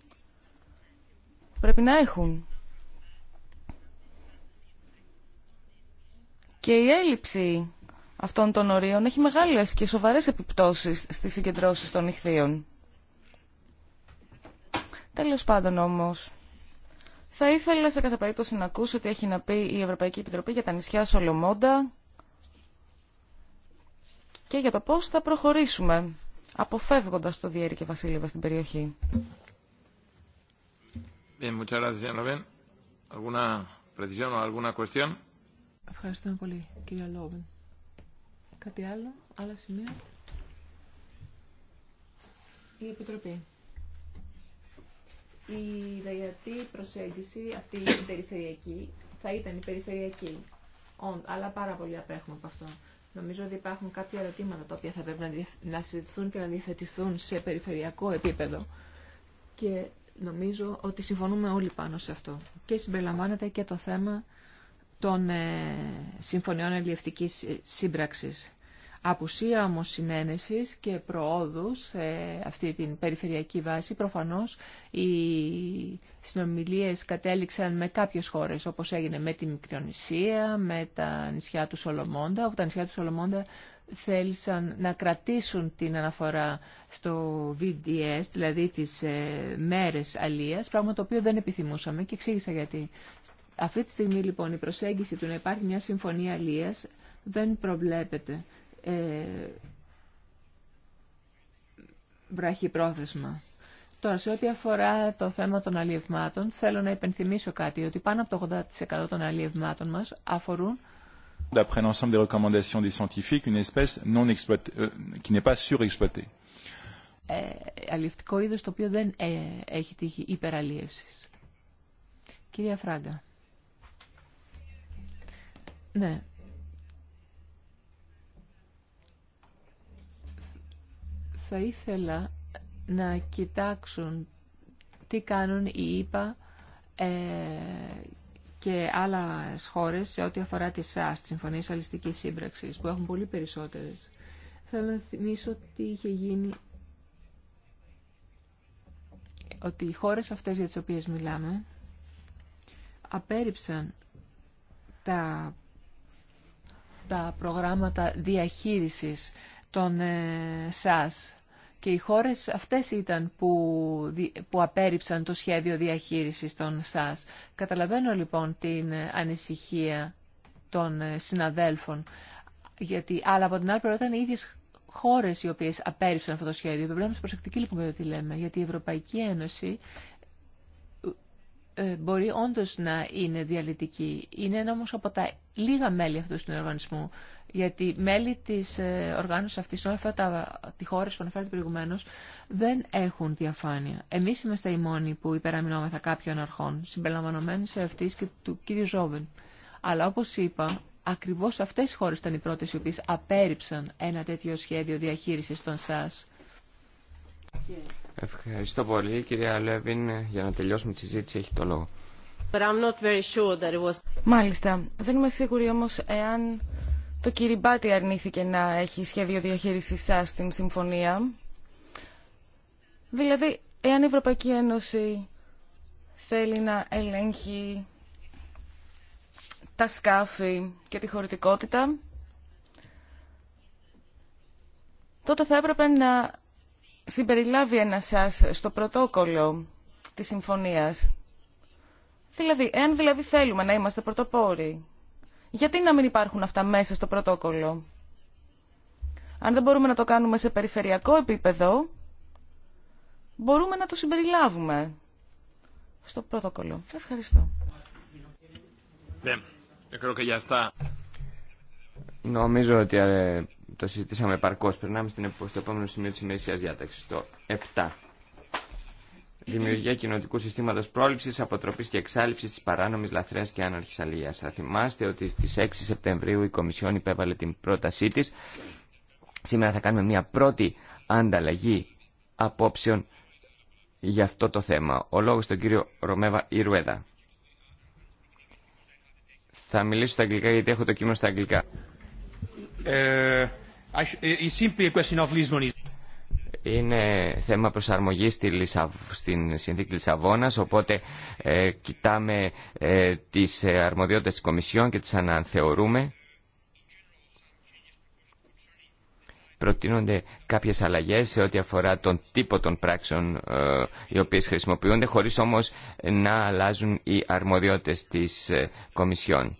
πρέπει να έχουν. Και η έλλειψη αυτών των ορίων έχει μεγάλες και σοβαρές επιπτώσεις στις συγκεντρώσεις των νυχθείων. Τέλος πάντων όμως, θα ήθελα σε κάθε περίπτωση να ακούσω τι έχει να πει η Ευρωπαϊκή Επιτροπή για τα νησιά Σολομόντα και για το πώς θα προχωρήσουμε, αποφεύγοντας το Διέρη και Βασίλειο στην περιοχή. Ευχαριστώ πολύ, κύριε Λόβεν. Κάτι άλλο, άλλα σημεία. Η Επιτροπή. Η δαγιατή προσέγγιση, αυτή η περιφερειακή, θα ήταν η περιφερειακή, αλλά πάρα πολύ απέχουμε από αυτό. Νομίζω ότι υπάρχουν κάποια ερωτήματα τα οποία θα πρέπει να συζητηθούν και να διευθετηθούν σε περιφερειακό επίπεδο. Και νομίζω ότι συμφωνούμε όλοι πάνω σε αυτό. Και συμπεριλαμβάνεται και το θέμα των ε, συμφωνιών ελιευτικής ε, σύμπραξης. Απουσία όμως συνένεσης και προόδου σε αυτή την περιφερειακή βάση, προφανώς η συνομιλίες κατέληξαν με κάποιες χώρες, όπως έγινε με τη Μικρονησία, με τα νησιά του Σολομόντα, όπου τα νησιά του Σολομόντα θέλησαν να κρατήσουν την αναφορά στο VDS, δηλαδή τις ε, μέρες αλίας, πράγμα το οποίο δεν επιθυμούσαμε και εξήγησα γιατί. Αυτή τη στιγμή λοιπόν η προσέγγιση του να υπάρχει μια συμφωνία αλίας δεν προβλέπεται ε, βραχυπρόθεσμα. Τώρα, σε ό,τι αφορά το θέμα των αλλιευμάτων, θέλω να υπενθυμίσω κάτι, ότι πάνω από το 80% των αλλιευμάτων μας αφορούν d'après l'ensemble des recommandations des scientifiques, une espèce non exploitée, euh, qui n'est pas surexploitée. Ε, αλληλευτικό είδος το οποίο δεν ε, έχει τύχει υπεραλίευσης. Κυρία Φράγκα. Ναι. Θα ήθελα να κοιτάξουν τι κάνουν οι ΙΠΑ ε, και άλλα χώρε σε ό,τι αφορά τη ΣΑΣ, τη Συμφωνία Αλιστικής Σύμπραξης, που έχουν πολύ περισσότερες. Θέλω να θυμίσω ότι είχε γίνει ότι οι χώρες αυτές για τι οποίε μιλάμε απέρριψαν τα, τα προγράμματα διαχείρισης των ε, ΣΑΣ και οι χώρες αυτές ήταν που, που απέρριψαν το σχέδιο διαχείρισης των ΣΑΣ. Καταλαβαίνω λοιπόν την ανησυχία των ε, συναδέλφων, γιατί, αλλά από την άλλη πλευρά ήταν οι ίδιες χώρες οι οποίες απέρριψαν αυτό το σχέδιο. Πρέπει να είμαστε προσεκτικοί λοιπόν για το τι λέμε, γιατί η Ευρωπαϊκή Ένωση ε, μπορεί όντως να είναι διαλυτική. Είναι όμως από τα λίγα μέλη αυτού του οργανισμού. Γιατί μέλη της ε, οργάνωσης αυτής, όλα τα τι χώρες που αναφέρατε προηγουμένω, δεν έχουν διαφάνεια. Εμείς είμαστε οι μόνοι που υπεραμεινόμεθα κάποιων αρχών, συμπεριλαμβανομένους σε αυτής και του κ. Ζόβεν. Αλλά όπως είπα, ακριβώς αυτές οι χώρες ήταν οι πρώτες οι οποίες απέρριψαν ένα τέτοιο σχέδιο διαχείρισης των ΣΑΣ Ευχαριστώ πολύ. Κυρία Λέβιν, για να τελειώσουμε τη συζήτηση έχει το λόγο. Μάλιστα. Δεν είμαι σίγουρη όμως εάν το Κυριμπάτι αρνήθηκε να έχει σχέδιο διαχείρισης σας στην συμφωνία. Δηλαδή, εάν η Ευρωπαϊκή Ένωση θέλει να ελέγχει τα σκάφη και τη χωρητικότητα, τότε θα έπρεπε να συμπεριλάβει ένα σας στο πρωτόκολλο της συμφωνίας. Δηλαδή, εάν δηλαδή θέλουμε να είμαστε πρωτοπόροι, γιατί να μην υπάρχουν αυτά μέσα στο πρωτόκολλο. Αν δεν μπορούμε να το κάνουμε σε περιφερειακό επίπεδο, μπορούμε να το συμπεριλάβουμε στο πρωτόκολλο. Ευχαριστώ. Ναι, ε, Νομίζω ότι ε, το συζητήσαμε επαρκώς. Περνάμε στην, στο επόμενο σημείο της ημερησίας διάταξης, το 7. Δημιουργία κοινωτικού συστήματο πρόληψη, αποτροπή και εξάλληψη τη παράνομη λαθρέα και άναρχη αλληλεία. Θα θυμάστε ότι στι 6 Σεπτεμβρίου η Κομισιόν υπέβαλε την πρότασή τη. Σήμερα θα κάνουμε μια πρώτη ανταλλαγή απόψεων για αυτό το θέμα. Ο λόγος στον κύριο Ρωμέβα Ιρουέδα. Θα μιλήσω στα αγγλικά γιατί έχω το κείμενο στα αγγλικά. Ε, είναι θέμα προσαρμογής στην συνθήκη Λισαβόνας, οπότε ε, κοιτάμε ε, τις ε, αρμοδιότητες της Κομισιόν και τις αναθεωρούμε. προτείνονται κάποιες αλλαγές σε ό,τι αφορά τον τύπο των πράξεων ε, οι οποίες χρησιμοποιούνται, χωρίς όμως να αλλάζουν οι αρμοδιότητες της ε, Κομισιόν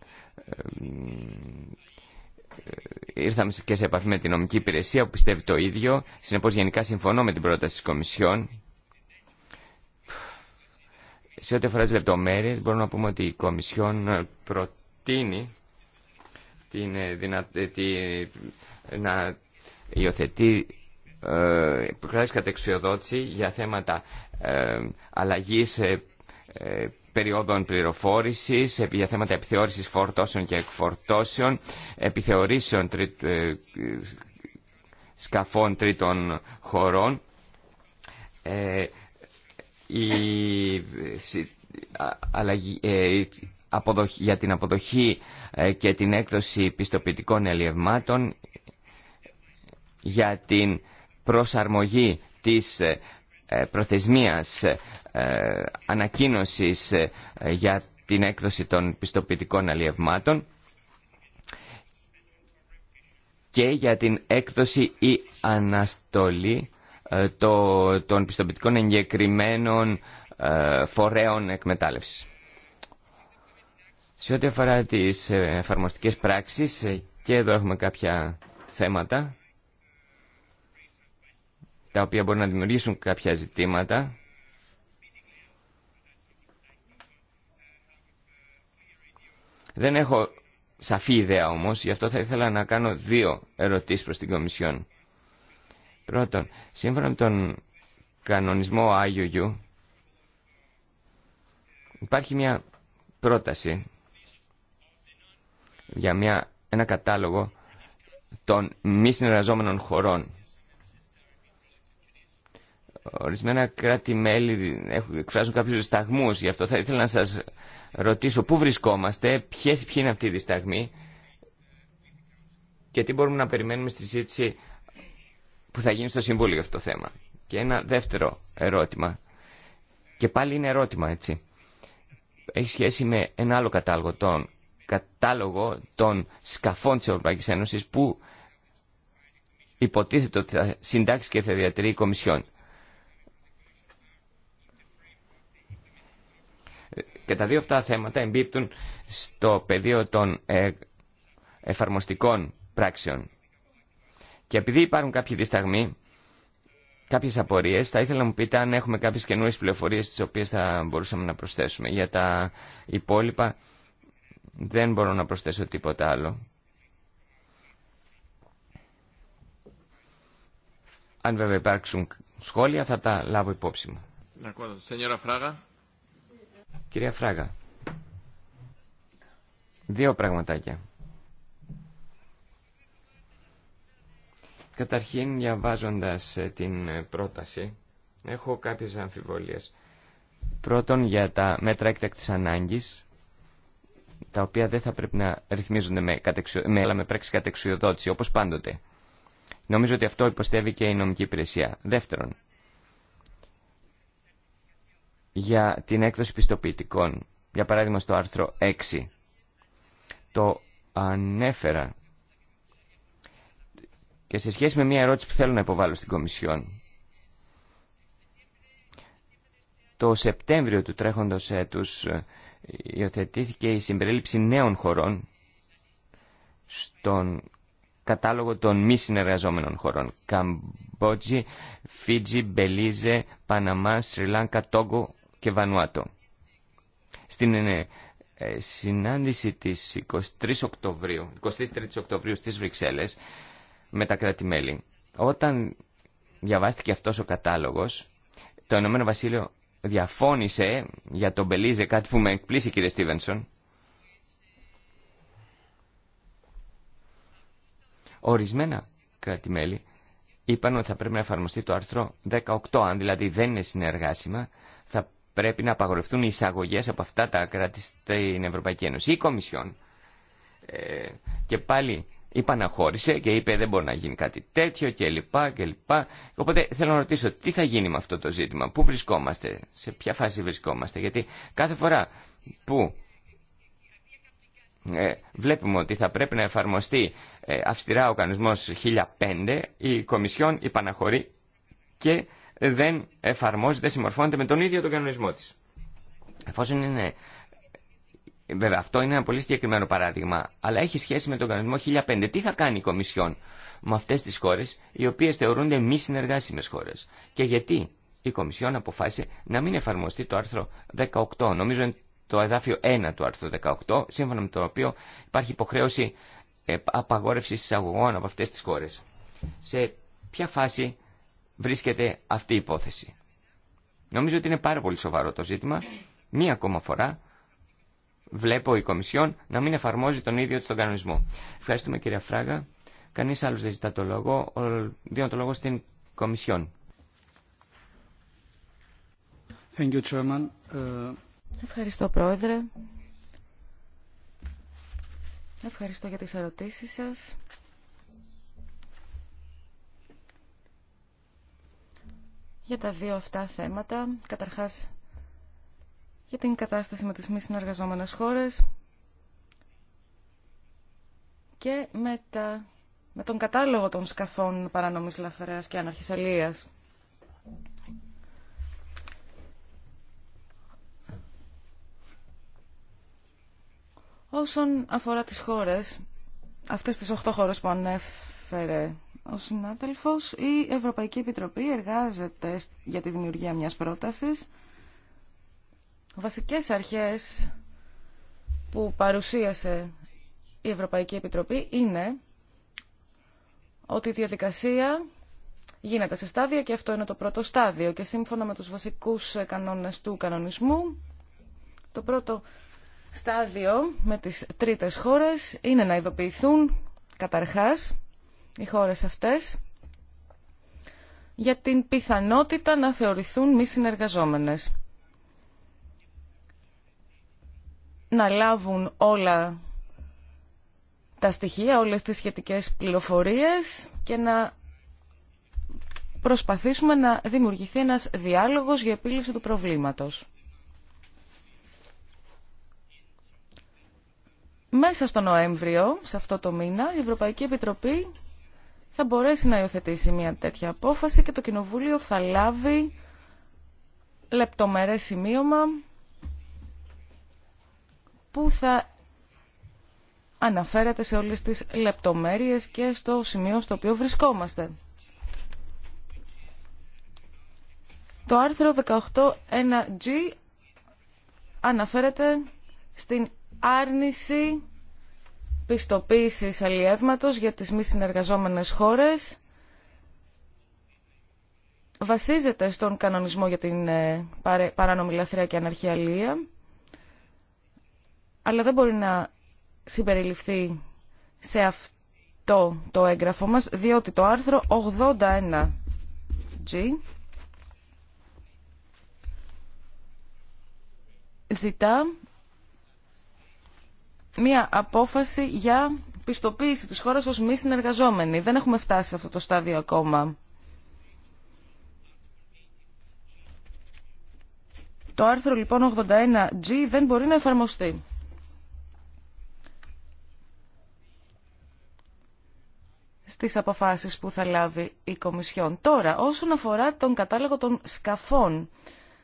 ήρθαμε και σε επαφή με την νομική υπηρεσία που πιστεύει το ίδιο. Συνεπώς γενικά συμφωνώ με την πρόταση της Κομισιόν. Σε ό,τι αφορά τις λεπτομέρειες μπορούμε να πούμε ότι η Κομισιόν ε, προτείνει την, ε, ε, την... να υιοθετεί ε, προκράσεις κατεξιοδότηση για θέματα ε, αλλαγής περιόδων πληροφόρηση ε, για θέματα επιθεώρησης φορτώσεων και εκφορτώσεων, επιθεωρήσεων ε, σκαφών τρίτων χωρών. Ε, η για την αποδοχή και την έκδοση πιστοποιητικών ελιευμάτων, για την προσαρμογή της ε, προθεσμίας ε, ανακοίνωσης ε, για την έκδοση των πιστοποιητικών αλλιευμάτων και για την έκδοση ή αναστολή των πιστοποιητικών εγκεκριμένων φορέων εκμετάλλευσης. Σε ό,τι αφορά τις εφαρμοστικές πράξεις, και εδώ έχουμε κάποια θέματα τα οποία μπορεί να δημιουργήσουν κάποια ζητήματα. Δεν έχω σαφή ιδέα όμως, γι' αυτό θα ήθελα να κάνω δύο ερωτήσεις προς την Κομισιόν. Πρώτον, σύμφωνα με τον κανονισμό Γιού, υπάρχει μια πρόταση για μια, ένα κατάλογο των μη συνεργαζόμενων χωρών. Ορισμένα κράτη-μέλη εκφράζουν κάποιου δισταγμού. γι' αυτό θα ήθελα να σας ρωτήσω πού βρισκόμαστε, ποιες, ποιοι είναι αυτοί οι δισταγμοί και τι μπορούμε να περιμένουμε στη συζήτηση που θα γίνει στο Συμβούλιο για αυτό το θέμα. Και ένα δεύτερο ερώτημα, και πάλι είναι ερώτημα, έτσι, έχει σχέση με ένα άλλο κατάλογο, τον κατάλογο των σκαφών της Ευρωπαϊκής Ένωσης που υποτίθεται ότι θα συντάξει και θα διατηρεί η Κομισιόν. Και τα δύο αυτά θέματα εμπίπτουν στο πεδίο των ε, εφαρμοστικών πράξεων. Και επειδή υπάρχουν κάποιοι δισταγμοί, κάποιες απορίες, θα ήθελα να μου πείτε αν έχουμε κάποιες καινούριες πληροφορίες τις οποίες θα μπορούσαμε να προσθέσουμε. Για τα υπόλοιπα δεν μπορώ να προσθέσω τίποτα άλλο. Αν βέβαια υπάρξουν σχόλια θα τα λάβω υπόψη μου. Φράγα. Κυρία Φράγα, δύο πραγματάκια. Καταρχήν, διαβάζοντας ε, την ε, πρόταση, έχω κάποιες αμφιβολίες. Πρώτον, για τα μέτρα έκτακτης ανάγκης, τα οποία δεν θα πρέπει να ρυθμίζονται με, κατεξιο... με, πράξη όπως πάντοτε. Νομίζω ότι αυτό υποστεύει και η νομική υπηρεσία. Δεύτερον, για την έκδοση πιστοποιητικών. Για παράδειγμα στο άρθρο 6. Το ανέφερα και σε σχέση με μια ερώτηση που θέλω να υποβάλω στην Κομισιόν. Το Σεπτέμβριο του τρέχοντος έτους ε, υιοθετήθηκε η συμπερίληψη νέων χωρών στον κατάλογο των μη συνεργαζόμενων χωρών. Καμπότζη, Φίτζι, Μπελίζε, Παναμά, Σριλάνκα, Τόγκο, και Βανουάτο. Στην ε, ε, συνάντηση της 23 Οκτωβρίου, 23 Οκτωβρίου στις Βρυξέλλες με τα κράτη-μέλη, όταν διαβάστηκε αυτός ο κατάλογος, το Ηνωμένο Βασίλειο διαφώνησε για τον Μπελίζε, κάτι που με εκπλήσει κύριε Στίβενσον, Ορισμένα κράτη-μέλη είπαν ότι θα πρέπει να εφαρμοστεί το άρθρο 18. Αν δηλαδή δεν είναι συνεργάσιμα, θα πρέπει να απαγορευτούν οι εισαγωγές από αυτά τα κράτη στην Ευρωπαϊκή Ένωση. Η Κομισιόν ε, και πάλι υπαναχώρησε και είπε δεν μπορεί να γίνει κάτι τέτοιο κλπ. Οπότε θέλω να ρωτήσω τι θα γίνει με αυτό το ζήτημα, πού βρισκόμαστε, σε ποια φάση βρισκόμαστε. Γιατί κάθε φορά που ε, βλέπουμε ότι θα πρέπει να εφαρμοστεί ε, αυστηρά ο κανονισμός 1005, η Κομισιόν υπαναχωρεί και δεν εφαρμόζεται, δεν συμμορφώνεται με τον ίδιο τον κανονισμό της. Εφόσον είναι... Βέβαια, αυτό είναι ένα πολύ συγκεκριμένο παράδειγμα, αλλά έχει σχέση με τον κανονισμό 1005. Τι θα κάνει η Κομισιόν με αυτέ τι χώρε, οι οποίε θεωρούνται μη συνεργάσιμε χώρε. Και γιατί η Κομισιόν αποφάσισε να μην εφαρμοστεί το άρθρο 18. Νομίζω είναι το εδάφιο 1 του άρθρου 18, σύμφωνα με το οποίο υπάρχει υποχρέωση ε, απαγόρευση εισαγωγών από αυτέ τι χώρε. Σε ποια φάση βρίσκεται αυτή η υπόθεση. Νομίζω ότι είναι πάρα πολύ σοβαρό το ζήτημα. Μία ακόμα φορά βλέπω η Κομισιόν να μην εφαρμόζει τον ίδιο τον κανονισμό. Ευχαριστούμε κυρία Φράγα. Κανεί άλλο δεν ζητά το λόγο. Δίνω το λόγο στην Κομισιόν. Ε, Ευχαριστώ Πρόεδρε. Ευχαριστώ για τις ερωτήσεις σας. για τα δύο αυτά θέματα. Καταρχάς, για την κατάσταση με τις μη συνεργαζόμενες χώρες και με, με τον κατάλογο των σκαφών παρανομής λαθρέας και άναρχης Όσον αφορά τις χώρες, αυτές τις 8 χώρες που ανέφερε ο συνάδελφος. Η Ευρωπαϊκή Επιτροπή εργάζεται για τη δημιουργία μιας πρότασης. Βασικές αρχές που παρουσίασε η Ευρωπαϊκή Επιτροπή είναι ότι η διαδικασία γίνεται σε στάδια και αυτό είναι το πρώτο στάδιο και σύμφωνα με τους βασικούς ε, κανόνες του κανονισμού το πρώτο στάδιο με τις τρίτες χώρες είναι να ειδοποιηθούν καταρχάς οι χώρες αυτές για την πιθανότητα να θεωρηθούν μη συνεργαζόμενες. Να λάβουν όλα τα στοιχεία, όλες τις σχετικές πληροφορίες και να προσπαθήσουμε να δημιουργηθεί ένας διάλογος για επίλυση του προβλήματος. Μέσα στο Νοέμβριο, σε αυτό το μήνα, η Ευρωπαϊκή Επιτροπή θα μπορέσει να υιοθετήσει μια τέτοια απόφαση και το Κοινοβούλιο θα λάβει λεπτομερές σημείωμα που θα αναφέρεται σε όλες τις λεπτομέρειες και στο σημείο στο οποίο βρισκόμαστε. Το άρθρο 18.1g αναφέρεται στην άρνηση πιστοποίησης αλλιεύματος για τις μη συνεργαζόμενες χώρες βασίζεται στον κανονισμό για την ε, παράνομη λαθρεία και αναρχία αλλά δεν μπορεί να συμπεριληφθεί σε αυτό το έγγραφο μας, διότι το άρθρο 81G ζητά μία απόφαση για πιστοποίηση της χώρας ως μη συνεργαζόμενη. Δεν έχουμε φτάσει σε αυτό το στάδιο ακόμα. Το άρθρο λοιπόν 81G δεν μπορεί να εφαρμοστεί. στις αποφάσεις που θα λάβει η Κομισιόν. Τώρα, όσον αφορά τον κατάλογο των σκαφών,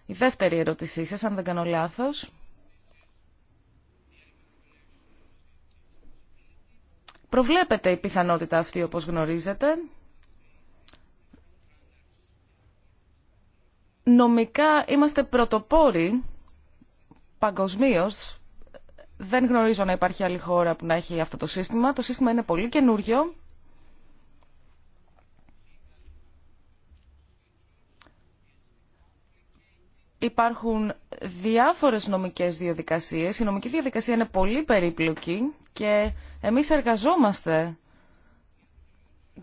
η δεύτερη ερώτησή σας, αν δεν κάνω λάθος, Προβλέπεται η πιθανότητα αυτή όπως γνωρίζετε. Νομικά είμαστε πρωτοπόροι παγκοσμίω. Δεν γνωρίζω να υπάρχει άλλη χώρα που να έχει αυτό το σύστημα. Το σύστημα είναι πολύ καινούριο. υπάρχουν διάφορες νομικές διαδικασίες. Η νομική διαδικασία είναι πολύ περίπλοκη και εμείς εργαζόμαστε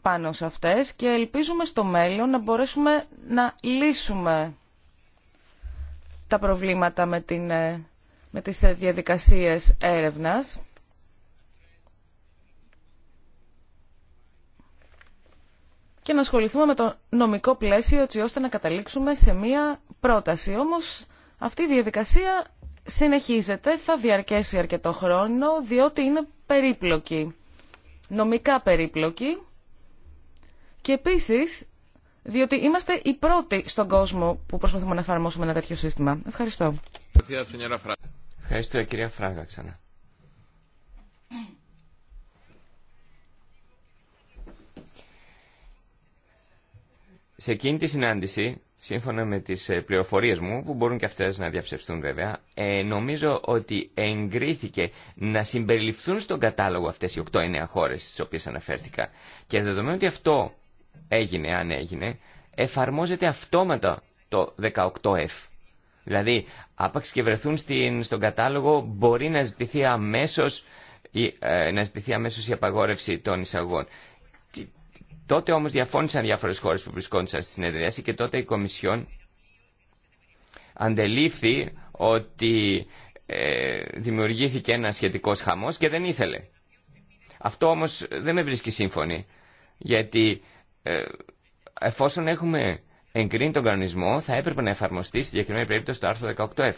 πάνω σε αυτές και ελπίζουμε στο μέλλον να μπορέσουμε να λύσουμε τα προβλήματα με, την, ε, με τις ε, διαδικασίες έρευνας. και να ασχοληθούμε με το νομικό πλαίσιο έτσι ώστε να καταλήξουμε σε μία πρόταση. Όμως αυτή η διαδικασία συνεχίζεται, θα διαρκέσει αρκετό χρόνο, διότι είναι περίπλοκη, νομικά περίπλοκη και επίσης διότι είμαστε οι πρώτοι στον κόσμο που προσπαθούμε να εφαρμόσουμε ένα τέτοιο σύστημα. Ευχαριστώ. Ευχαριστώ κυρία Φράγκα ξανά. Σε εκείνη τη συνάντηση σύμφωνα με τις ε, πληροφορίες μου, που μπορούν και αυτές να διαψευστούν βέβαια, ε, νομίζω ότι εγκρίθηκε να συμπεριληφθούν στον κατάλογο αυτές οι 8-9 χώρες στις οποίες αναφέρθηκα. Και δεδομένου ότι αυτό έγινε, αν έγινε, εφαρμόζεται αυτόματα το 18F. Δηλαδή, άπαξ και βρεθούν στην, στον κατάλογο, μπορεί να ζητηθεί αμέσω η, ε, να ζητηθεί αμέσως η απαγόρευση των εισαγών. Τότε όμως διαφώνησαν διάφορες χώρες που βρισκόντουσαν στη συνεδρίαση και τότε η Κομισιόν αντελήφθη ότι ε, δημιουργήθηκε ένα σχετικός χαμός και δεν ήθελε. Αυτό όμως δεν με βρίσκει σύμφωνη, γιατί ε, εφόσον έχουμε εγκρίνει τον κανονισμό, θα έπρεπε να εφαρμοστεί στη διακριμένη περίπτωση το άρθρο 18F.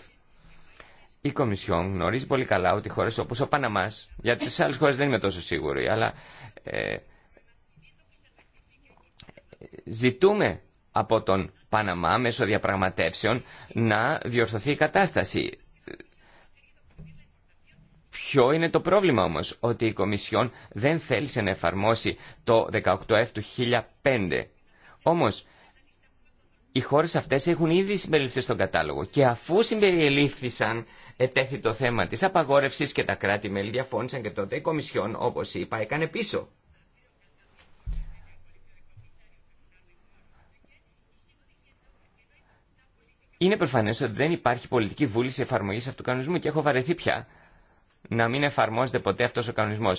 Η Κομισιόν γνωρίζει πολύ καλά ότι χώρε όπω ο Παναμάς, γιατί σε άλλε χώρε δεν είμαι τόσο σίγουρη, αλλά ε, ζητούμε από τον Παναμά μέσω διαπραγματεύσεων να διορθωθεί η κατάσταση. Ποιο είναι το πρόβλημα όμως, ότι η Κομισιόν δεν θέλησε να εφαρμόσει το 18F του 2005. Όμως, οι χώρες αυτές έχουν ήδη συμπεριληφθεί στον κατάλογο και αφού συμπεριλήφθησαν ετέθη το θέμα της απαγόρευσης και τα κράτη-μέλη διαφώνησαν και τότε η Κομισιόν, όπως είπα, έκανε πίσω. Είναι προφανέ ότι δεν υπάρχει πολιτική βούληση εφαρμογή αυτού του κανονισμού και έχω βαρεθεί πια να μην εφαρμόζεται ποτέ αυτό ο κανονισμό.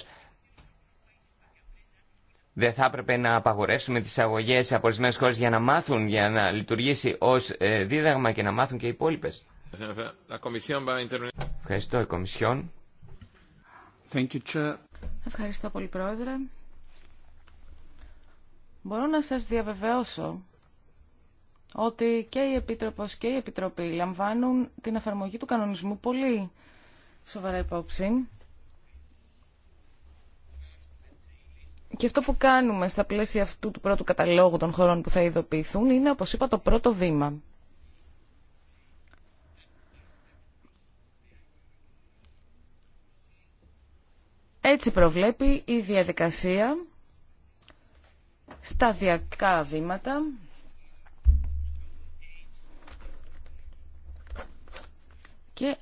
Δεν θα έπρεπε να απαγορεύσουμε τι αγωγέ σε απορισμένε χώρε για να μάθουν, για να λειτουργήσει ω ε, δίδαγμα και να μάθουν και οι υπόλοιπε. Ευχαριστώ, η Κομισιόν. Ευχαριστώ πολύ, Πρόεδρε. Μπορώ να σας διαβεβαιώσω ότι και η Επίτροπος και η Επιτροπή λαμβάνουν την εφαρμογή του κανονισμού πολύ σοβαρά υπόψη. Και αυτό που κάνουμε στα πλαίσια αυτού του πρώτου καταλόγου των χωρών που θα ειδοποιηθούν είναι, όπως είπα, το πρώτο βήμα. Έτσι προβλέπει η διαδικασία σταδιακά βήματα Και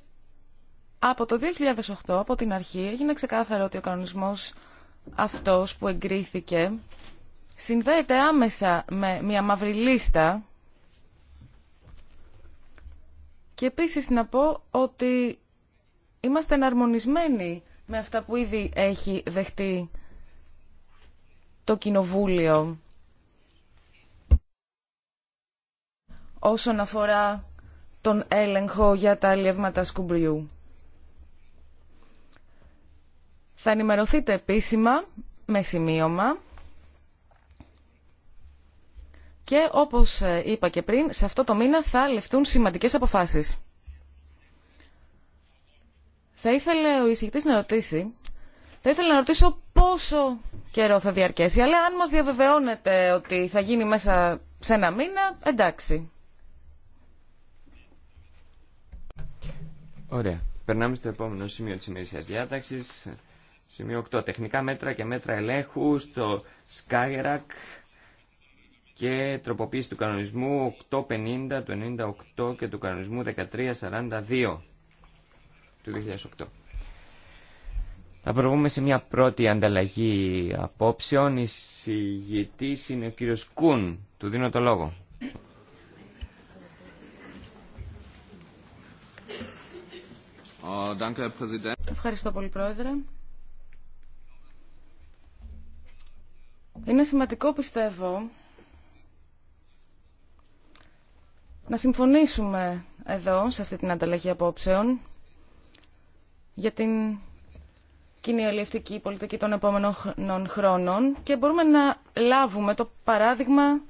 από το 2008, από την αρχή, έγινε ξεκάθαρο ότι ο κανονισμός αυτός που εγκρίθηκε συνδέεται άμεσα με μια μαύρη λίστα και επίσης να πω ότι είμαστε εναρμονισμένοι με αυτά που ήδη έχει δεχτεί το Κοινοβούλιο όσον αφορά τον έλεγχο για τα αλλιεύματα σκουμπριού. Θα ενημερωθείτε επίσημα με σημείωμα και όπως ε, είπα και πριν, σε αυτό το μήνα θα ληφθούν σημαντικές αποφάσεις. Θα ήθελε ο εισηγητής να ρωτήσει, θα ήθελα να ρωτήσω πόσο καιρό θα διαρκέσει, αλλά αν μας διαβεβαιώνετε ότι θα γίνει μέσα σε ένα μήνα, εντάξει. Ωραία. Περνάμε στο επόμενο σημείο τη ημερησία διάταξη, Σημείο 8. Τεχνικά μέτρα και μέτρα ελέγχου στο ΣΚΑΙΡΑΚ και τροποποίηση του κανονισμού 850 του 98 και του κανονισμού 1342 του 2008. Θα προβούμε σε μια πρώτη ανταλλαγή απόψεων. Η συγητής είναι ο κύριος Κούν. Του δίνω το λόγο. Oh, Ευχαριστώ πολύ, Πρόεδρε. Είναι σημαντικό, πιστεύω, να συμφωνήσουμε εδώ, σε αυτή την ανταλλαγή απόψεων, για την κοινή αλληλευτική πολιτική των επόμενων χρόνων και μπορούμε να λάβουμε το παράδειγμα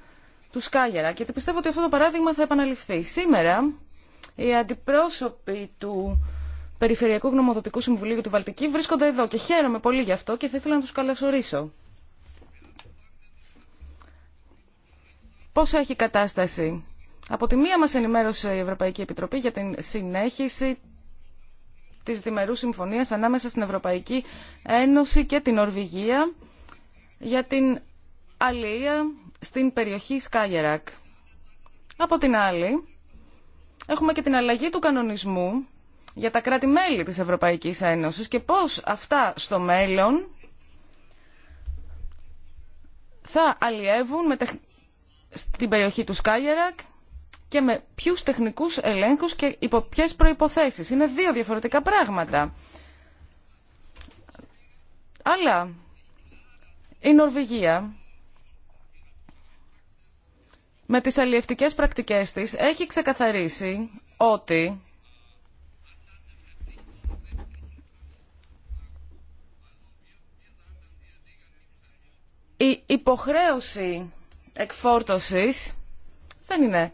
του Σκάγερα. Γιατί πιστεύω ότι αυτό το παράδειγμα θα επαναληφθεί. Σήμερα οι αντιπρόσωποι του Περιφερειακού Γνωμοδοτικού Συμβουλίου του Βαλτική βρίσκονται εδώ και χαίρομαι πολύ γι' αυτό και θα ήθελα να τους καλωσορίσω. Πόσο έχει η κατάσταση. Από τη μία μας ενημέρωσε η Ευρωπαϊκή Επιτροπή για την συνέχιση της διμερούς συμφωνίας ανάμεσα στην Ευρωπαϊκή Ένωση και την Ορβηγία για την αλληλεία στην περιοχή Σκάγερακ. Από την άλλη, έχουμε και την αλλαγή του κανονισμού για τα κράτη-μέλη της Ευρωπαϊκής Ένωσης και πώς αυτά στο μέλλον θα αλλιεύουν με στην περιοχή του Σκάγερακ και με ποιους τεχνικούς ελέγχους και υπό ποιες προϋποθέσεις. Είναι δύο διαφορετικά πράγματα. Αλλά η Νορβηγία με τις αλλιευτικές πρακτικές της έχει ξεκαθαρίσει ότι η υποχρέωση εκφόρτωσης δεν είναι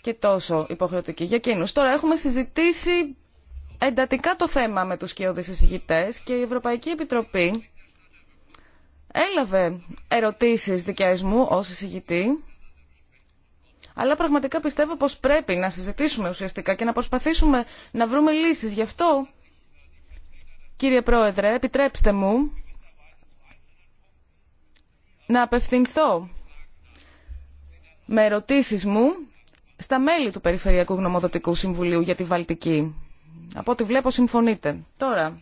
και τόσο υποχρεωτική για εκείνους. Τώρα έχουμε συζητήσει εντατικά το θέμα με τους κοιόδης εισηγητές και η Ευρωπαϊκή Επιτροπή έλαβε ερωτήσεις δικές μου ως εισηγητή αλλά πραγματικά πιστεύω πως πρέπει να συζητήσουμε ουσιαστικά και να προσπαθήσουμε να βρούμε λύσεις. Γι' αυτό, κύριε Πρόεδρε, επιτρέψτε μου να απευθυνθώ με ερωτήσεις μου στα μέλη του Περιφερειακού Γνωμοδοτικού Συμβουλίου για τη Βαλτική. Από ό,τι βλέπω συμφωνείτε. Τώρα,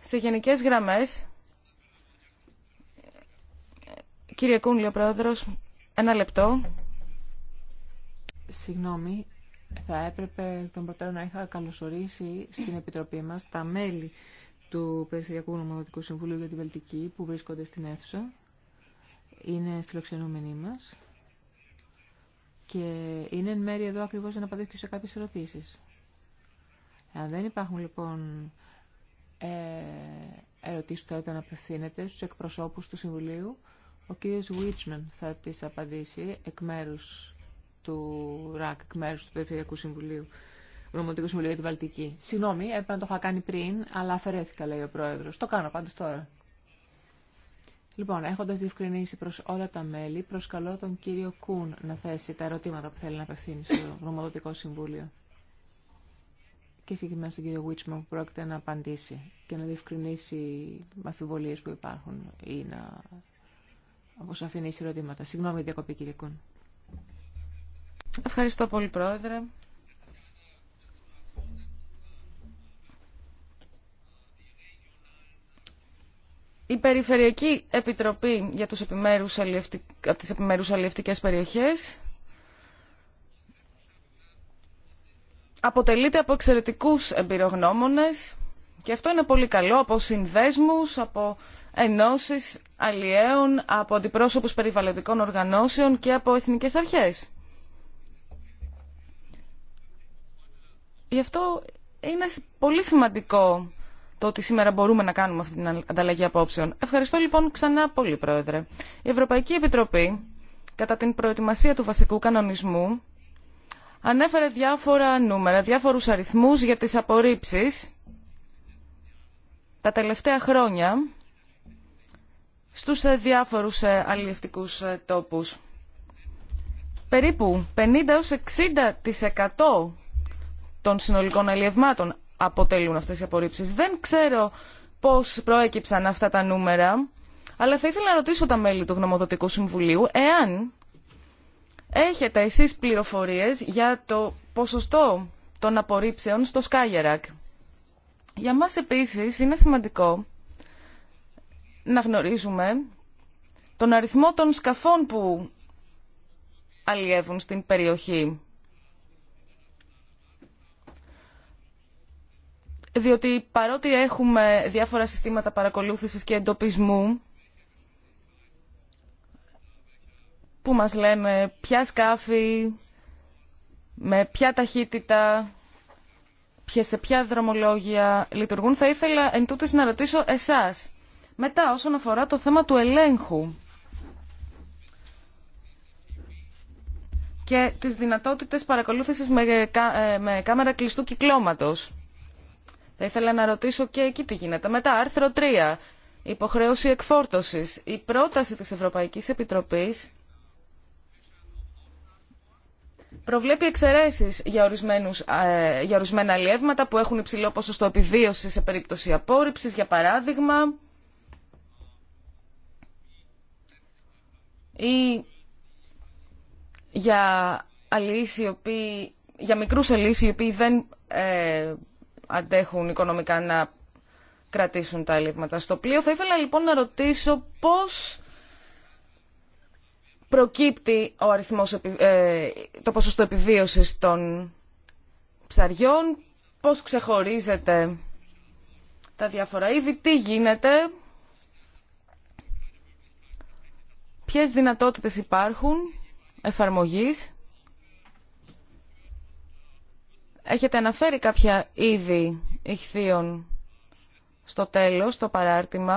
σε γενικές γραμμές, κύριε Κούνλιο Πρόεδρος, ένα λεπτό. Συγγνώμη, θα έπρεπε τον προτέρων να είχα καλωσορίσει στην Επιτροπή μας τα μέλη του Περιφερειακού Γνωμοδοτικού Συμβουλίου για τη Βαλτική που βρίσκονται στην αίθουσα είναι φιλοξενούμενοι μας και είναι εν εδώ ακριβώς για να απαντήσω σε κάποιες ερωτήσεις. Αν δεν υπάρχουν λοιπόν ε, ερωτήσεις που θέλετε να απευθύνετε στους εκπροσώπους του Συμβουλίου, ο κύριος Βίτσμαν θα τις απαντήσει εκ μέρους του ΡΑΚ, εκ μέρους του Περιφερειακού Συμβουλίου, Γνωμοτικού Συμβουλίου για την Βαλτική. Συγγνώμη, έπρεπε να το είχα κάνει πριν, αλλά αφαιρέθηκα, λέει ο Πρόεδρος. Το κάνω πάντως τώρα. Λοιπόν, έχοντα διευκρινίσει προς όλα τα μέλη, προσκαλώ τον κύριο Κούν να θέσει τα ερωτήματα που θέλει να απευθύνει στο Γνωμοδοτικό Συμβούλιο. Και συγκεκριμένα στον κύριο Γουίτσμα, που πρόκειται να απαντήσει και να διευκρινίσει αφιβολίες που υπάρχουν ή να αποσαφηνίσει ερωτήματα. Συγγνώμη, διακοπή κύριε Κούν. Ευχαριστώ πολύ, Πρόεδρε. Η Περιφερειακή Επιτροπή για τους επιμέρους από τις επιμέρους περιοχές αποτελείται από εξαιρετικούς εμπειρογνώμονες και αυτό είναι πολύ καλό από συνδέσμους, από ενώσεις αλλιέων, από αντιπρόσωπους περιβαλλοντικών οργανώσεων και από εθνικές αρχές. Γι' αυτό είναι πολύ σημαντικό το ότι σήμερα μπορούμε να κάνουμε αυτή την ανταλλαγή απόψεων. Ευχαριστώ λοιπόν ξανά πολύ, Πρόεδρε. Η Ευρωπαϊκή Επιτροπή, κατά την προετοιμασία του βασικού κανονισμού, ανέφερε διάφορα νούμερα, διάφορους αριθμούς για τις απορρίψεις τα τελευταία χρόνια στους ε, διάφορους ε, αλληλευτικούς ε, τόπους. Περίπου 50-60% των συνολικών αλλιευμάτων αποτελούν αυτές οι απορρίψεις. Δεν ξέρω πώς προέκυψαν αυτά τα νούμερα, αλλά θα ήθελα να ρωτήσω τα μέλη του Γνωμοδοτικού Συμβουλίου εάν έχετε εσείς πληροφορίες για το ποσοστό των απορρίψεων στο Σκάγερακ. Για μας επίσης είναι σημαντικό να γνωρίζουμε τον αριθμό των σκαφών που αλλιεύουν στην περιοχή. διότι παρότι έχουμε διάφορα συστήματα παρακολούθησης και εντοπισμού που μας λένε ποια σκάφη, με ποια ταχύτητα, σε ποια δρομολόγια λειτουργούν, θα ήθελα εν τούτης να ρωτήσω εσάς. Μετά, όσον αφορά το θέμα του ελέγχου και τις δυνατότητες παρακολούθησης με, ε, κάμερα κλειστού κυκλώματος. Θα ήθελα να ρωτήσω και εκεί τι γίνεται. Μετά, άρθρο 3, υποχρέωση εκφόρτωσης. Η πρόταση της Ευρωπαϊκής Επιτροπής προβλέπει εξαιρέσεις για, ορισμένους, για ορισμένα αλλιεύματα που έχουν υψηλό ποσοστό επιβίωση σε περίπτωση απόρριψης, για παράδειγμα. Ή για, για μικρούς αλληλείς οι οποίοι δεν ε, αντέχουν οικονομικά να κρατήσουν τα ελλείμματα στο πλοίο. Θα ήθελα λοιπόν να ρωτήσω πώς προκύπτει ο αριθμός, ε, το ποσοστό επιβίωσης των ψαριών, πώς ξεχωρίζεται τα διάφορα είδη, τι γίνεται, ποιες δυνατότητες υπάρχουν εφαρμογής Έχετε αναφέρει κάποια είδη ηχθείων στο τέλος, στο παράρτημα.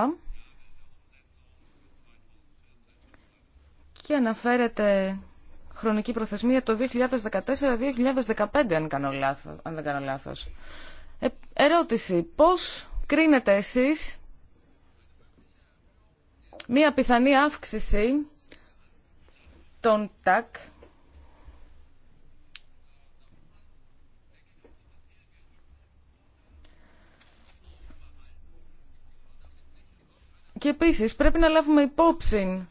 Και αναφέρετε χρονική προθεσμία το 2014-2015, αν, αν δεν κάνω λάθος. Ε, ερώτηση, πώς κρίνετε εσείς μία πιθανή αύξηση των ΤΑΚ Και επίσης πρέπει να λάβουμε υπόψη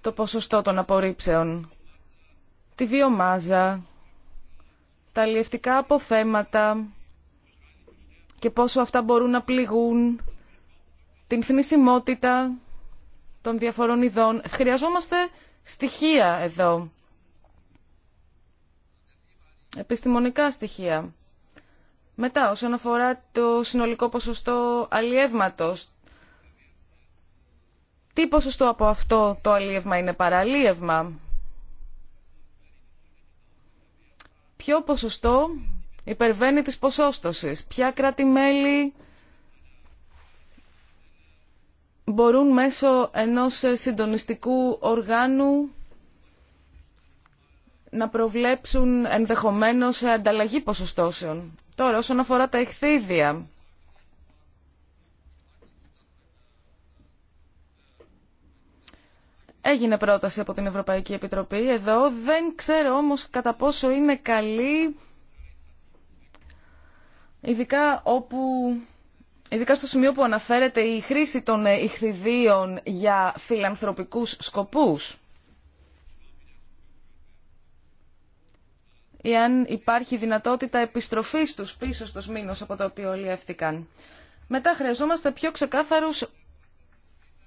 το ποσοστό των απορρίψεων, τη βιομάζα, τα αλλιευτικά αποθέματα και πόσο αυτά μπορούν να πληγούν, την θνησιμότητα των διαφορών ειδών. Χρειαζόμαστε στοιχεία εδώ, επιστημονικά στοιχεία. Μετά, όσον αφορά το συνολικό ποσοστό αλλιεύματος, τι ποσοστό από αυτό το αλίευμα είναι παραλίευμα. Ποιο ποσοστό υπερβαίνει της ποσόστοσης. Ποια κράτη-μέλη μπορούν μέσω ενός συντονιστικού οργάνου να προβλέψουν ενδεχομένως ανταλλαγή ποσοστώσεων. Τώρα, όσον αφορά τα εχθίδια. Έγινε πρόταση από την Ευρωπαϊκή Επιτροπή εδώ. Δεν ξέρω όμως κατά πόσο είναι καλή, ειδικά, όπου, ειδικά στο σημείο που αναφέρεται η χρήση των ηχθιδίων για φιλανθρωπικούς σκοπούς. αν υπάρχει δυνατότητα επιστροφής τους πίσω στους μήνους από το οποίο λιεύτηκαν. Μετά χρειαζόμαστε πιο ξεκάθαρους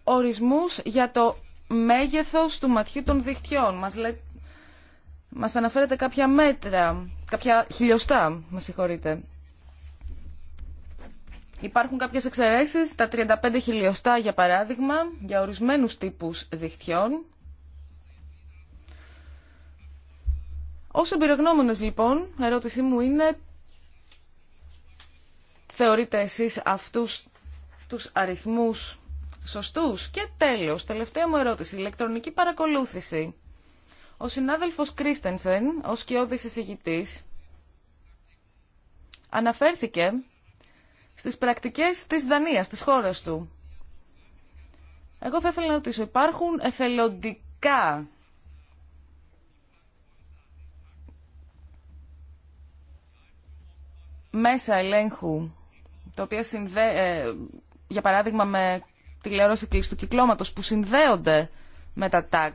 ορισμούς για το μέγεθος του ματιού των δικτυών. Μας, λέ... μας αναφέρεται κάποια μέτρα, κάποια χιλιοστά, μας συγχωρείτε. Υπάρχουν κάποιες εξαιρέσεις, τα 35 χιλιοστά για παράδειγμα, για ορισμένους τύπους δικτυών. Όσο εμπειρογνώμονες λοιπόν, ερώτησή μου είναι, θεωρείτε εσείς αυτούς τους αριθμούς Σωστού Και τέλο, τελευταία μου ερώτηση, ηλεκτρονική παρακολούθηση. Ο συνάδελφος Κρίστενσεν, ο σκιώδη εισηγητής, αναφέρθηκε στις πρακτικές της Δανίας, της χώρα του. Εγώ θα ήθελα να ρωτήσω, υπάρχουν εθελοντικά μέσα ελέγχου, τα οποία συνδέ... Ε, για παράδειγμα με τηλεόραση κλειστού κυκλώματος που συνδέονται με τα ΤΑΚ.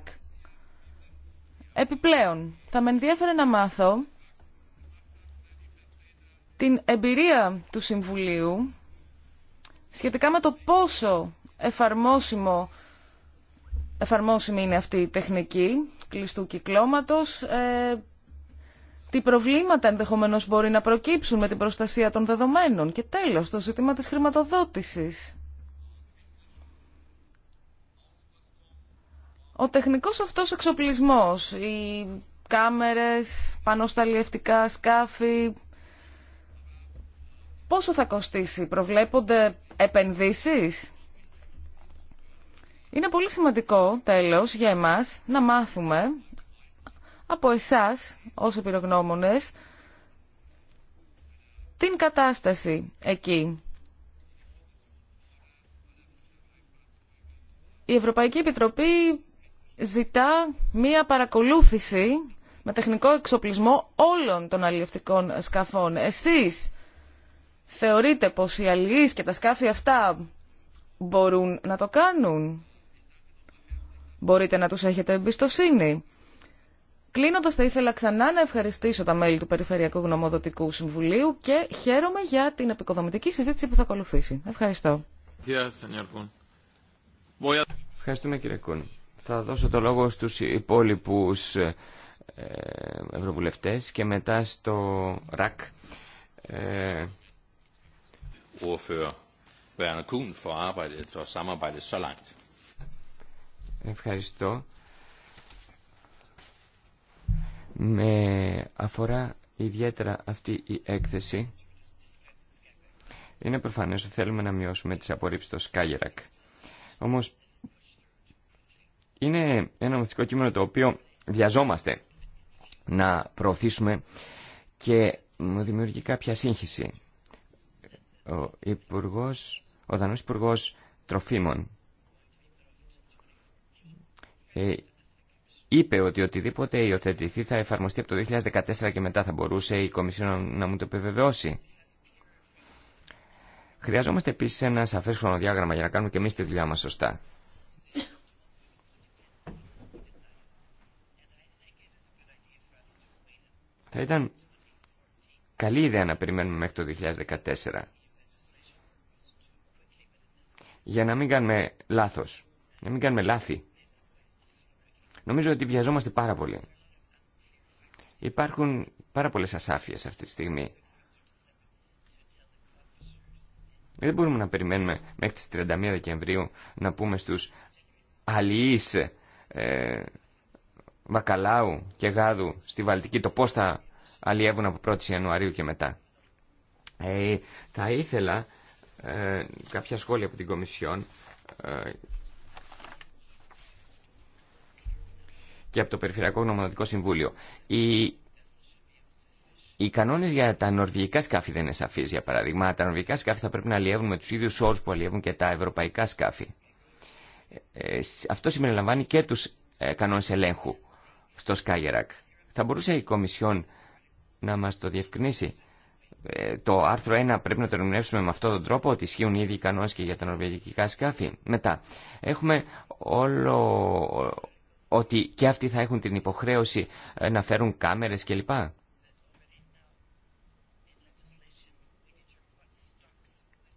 Επιπλέον, θα με ενδιαφέρε να μάθω την εμπειρία του Συμβουλίου σχετικά με το πόσο εφαρμόσιμο, εφαρμόσιμη είναι αυτή η τεχνική κλειστού κυκλώματος, ε, τι προβλήματα ενδεχομένως μπορεί να προκύψουν με την προστασία των δεδομένων και τέλος το ζήτημα της χρηματοδότησης. Ο τεχνικός αυτός εξοπλισμός, οι κάμερες, πάνω στα λιευτικά σκάφη, πόσο θα κοστίσει, προβλέπονται επενδύσεις. Είναι πολύ σημαντικό, τέλος, για εμάς να μάθουμε από εσάς, ως επιρρογνώμονες, την κατάσταση εκεί. Η Ευρωπαϊκή Επιτροπή ζητά μία παρακολούθηση με τεχνικό εξοπλισμό όλων των αλληλευτικών σκαφών. Εσείς θεωρείτε πως οι αλληλείς και τα σκάφη αυτά μπορούν να το κάνουν. Μπορείτε να τους έχετε εμπιστοσύνη. Κλείνοντας θα ήθελα ξανά να ευχαριστήσω τα μέλη του Περιφερειακού Γνωμοδοτικού Συμβουλίου και χαίρομαι για την επικοδομητική συζήτηση που θα ακολουθήσει. Ευχαριστώ. Ευχαριστούμε κύριε Κούν. Θα δώσω το λόγο στους υπόλοιπους ε, ευρωβουλευτές και μετά στο ΡΑΚ. Ε, Ευχαριστώ. Με αφορά ιδιαίτερα αυτή η έκθεση. Είναι προφανές ότι θέλουμε να μειώσουμε τις απορρίψεις στο Σκάγερακ. Όμως είναι ένα νομοθετικό κείμενο το οποίο βιαζόμαστε να προωθήσουμε και μου δημιουργεί κάποια σύγχυση. Ο, υπουργός, ο Δανός υπουργό Τροφίμων ε, είπε ότι οτιδήποτε υιοθετηθεί θα εφαρμοστεί από το 2014 και μετά θα μπορούσε η Κομισιόν να μου το επιβεβαιώσει. Χρειαζόμαστε επίσης ένα σαφές χρονοδιάγραμμα για να κάνουμε και εμείς τη δουλειά μας σωστά. Θα ήταν καλή ιδέα να περιμένουμε μέχρι το 2014 για να μην κάνουμε λάθος, να μην κάνουμε λάθη. Νομίζω ότι βιαζόμαστε πάρα πολύ. Υπάρχουν πάρα πολλές ασάφειες αυτή τη στιγμή. Δεν μπορούμε να περιμένουμε μέχρι τις 31 Δεκεμβρίου να πούμε στους αλληλείς ε, βακαλάου και γάδου στη Βαλτική, το πώς θα αλλιεύουν από 1η Ιανουαρίου και μετά. Ε, θα ήθελα ε, κάποια σχόλια από την Κομισιόν ε, και από το Περιφερειακό Γνωμοδοτικό Συμβούλιο. Οι, οι κανόνε για τα νορβηγικά σκάφη δεν είναι σαφεί, για παράδειγμα. Τα νορβηγικά σκάφη θα πρέπει να αλλιεύουν με του ίδιου όρου που αλλιεύουν και τα ευρωπαϊκά σκάφη. Ε, ε, αυτό συμπεριλαμβάνει και του ε, κανόνε ελέγχου στο Σκάγερακ. Θα μπορούσε η Κομισιόν να μας το διευκρινίσει. Ε, το άρθρο 1 πρέπει να το ερμηνεύσουμε με αυτόν τον τρόπο ότι ισχύουν οι ίδιοι κανόνες και για τα νορβηγικά σκάφη. Μετά, έχουμε όλο ότι και αυτοί θα έχουν την υποχρέωση ε, να φέρουν κάμερες κλπ.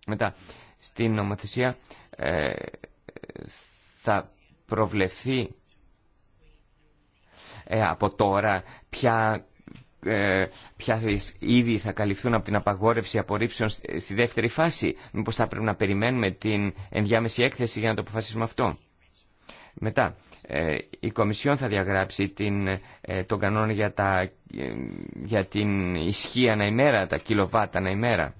Μετά, στην νομοθεσία ε, θα προβλεφθεί ε, από τώρα, ποια ε, ποια ήδη θα καλυφθούν από την απαγόρευση απορρίψεων ε, στη δεύτερη φάση. Μήπως θα πρέπει να περιμένουμε την ενδιάμεση έκθεση για να το αποφασίσουμε αυτό. Μετά, η Κομισιόν θα διαγράψει την, τον κανόνα για, τα, για την ισχύ ανά ημέρα, τα κιλοβάτα ανά ημέρα.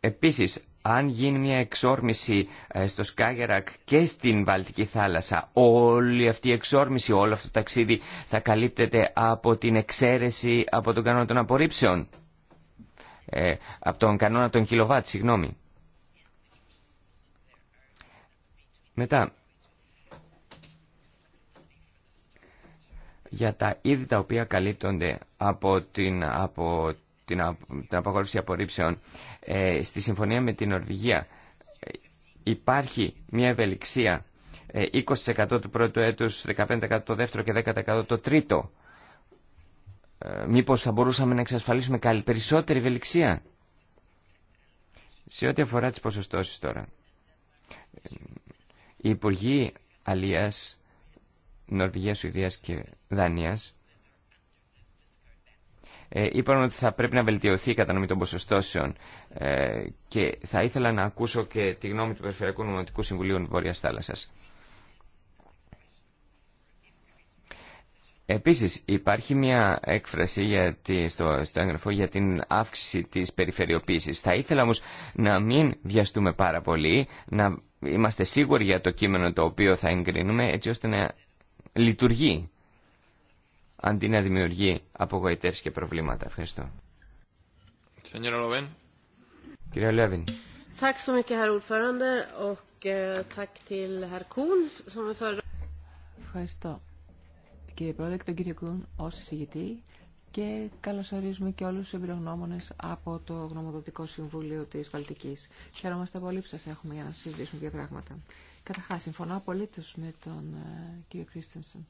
Επίσης, αν γίνει μια εξόρμηση ε, στο Σκάγερακ και στην Βαλτική θάλασσα, όλη αυτή η εξόρμηση, όλο αυτό το ταξίδι θα καλύπτεται από την εξαίρεση από τον κανόνα των απορρίψεων. Ε, από τον κανόνα των κιλοβάτ, συγγνώμη. Μετά, για τα είδη τα οποία καλύπτονται από, την, από την, την απαγόρευση απορρίψεων ε, στη συμφωνία με την Νορβηγία ε, υπάρχει μια ευελιξία 20% ε, του πρώτου έτους, 15% το δεύτερο και 10% το τρίτο. Μήπως θα μπορούσαμε να εξασφαλίσουμε καλή, περισσότερη ευελιξία. Σε ό,τι αφορά τις ποσοστώσεις τώρα. Οι Υπουργοί Αλίας, Νορβηγίας, Σουηδίας και Δανίας ε, είπαμε ότι θα πρέπει να βελτιωθεί η κατανομή των ποσοστώσεων ε, και θα ήθελα να ακούσω και τη γνώμη του Περιφερειακού Νομοτικού Συμβουλίου Βόρεια Θάλασσα. Επίσης υπάρχει μια έκφραση για στο, στο έγγραφο για την αύξηση της περιφερειοποίησης. Θα ήθελα όμως να μην βιαστούμε πάρα πολύ, να είμαστε σίγουροι για το κείμενο το οποίο θα εγκρίνουμε έτσι ώστε να λειτουργεί αντί να δημιουργεί απογοητεύσει και προβλήματα. Ευχαριστώ. Κύριε Λέβιν. Eh, Ευχαριστώ κύριε Πρόεδρε και τον κύριο Κούν ω συζητητή. και καλωσορίζουμε και όλου του εμπειρογνώμονε από το Γνωμοδοτικό Συμβούλιο τη Βαλτική. Χαίρομαστε πολύ που σα έχουμε για να συζητήσουμε δύο πράγματα. Καταρχά, συμφωνώ απολύτω με τον ε, κύριο Κρίστενσεν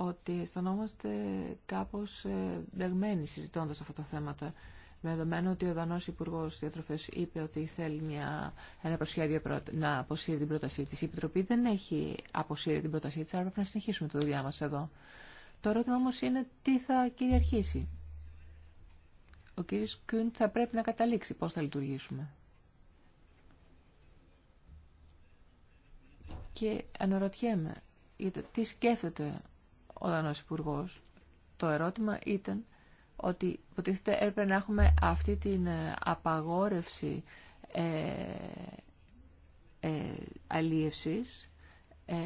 ότι αισθανόμαστε κάπως δεγμένοι ε, συζητώντας αυτά τα θέματα. Με δεδομένο ότι ο Δανός Υπουργό Διατροφέ είπε ότι θέλει μια, ένα προσχέδιο να αποσύρει την πρότασή τη. Η Επιτροπή δεν έχει αποσύρει την πρότασή τη, άρα πρέπει να συνεχίσουμε το δουλειά μα εδώ. Το ερώτημα όμω είναι τι θα κυριαρχήσει. Ο κύριος Κούντ θα πρέπει να καταλήξει πώς θα λειτουργήσουμε. Και αναρωτιέμαι, γιατί τι σκέφτεται ο Δανός υπουργό. Το ερώτημα ήταν ότι υποτίθεται έπρεπε να έχουμε αυτή την ε, απαγόρευση ε, ε, ε,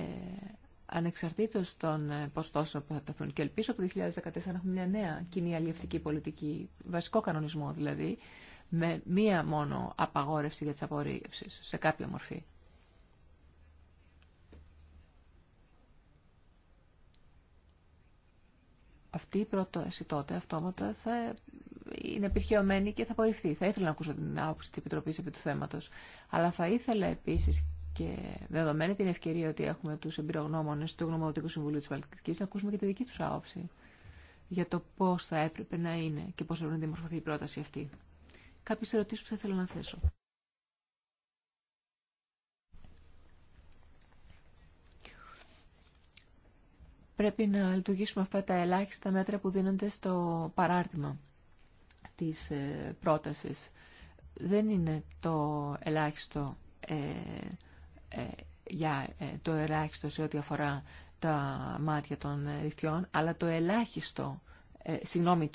ανεξαρτήτως των ε, ποστών που θα τεθούν. Και ελπίζω από το 2014 να έχουμε μια νέα κοινή αλλιευτική πολιτική, βασικό κανονισμό δηλαδή, με μία μόνο απαγόρευση για τις απορρίψεις, σε κάποια μορφή. αυτή η πρόταση τότε αυτόματα θα είναι επιχειωμένη και θα απορριφθεί. Θα ήθελα να ακούσω την άποψη τη επιτροπή επί του θέματος. Αλλά θα ήθελα επίσης και δεδομένη την ευκαιρία ότι έχουμε τους εμπειρογνώμονες του Γνωμοδοτικού Συμβουλίου της Βαλτική, να ακούσουμε και τη δική του άποψη για το πώς θα έπρεπε να είναι και πώς πρέπει να διαμορφωθεί η πρόταση αυτή. Κάποιε ερωτήσει που θα ήθελα να θέσω. πρέπει να λειτουργήσουμε αυτά τα ελάχιστα μέτρα που δίνονται στο παράρτημα της ε, πρότασης. Δεν είναι το ελάχιστο ε, ε, για το ελάχιστο σε ό,τι αφορά τα μάτια των δικτυών, αλλά το ελάχιστο, ε, συγγνώμη,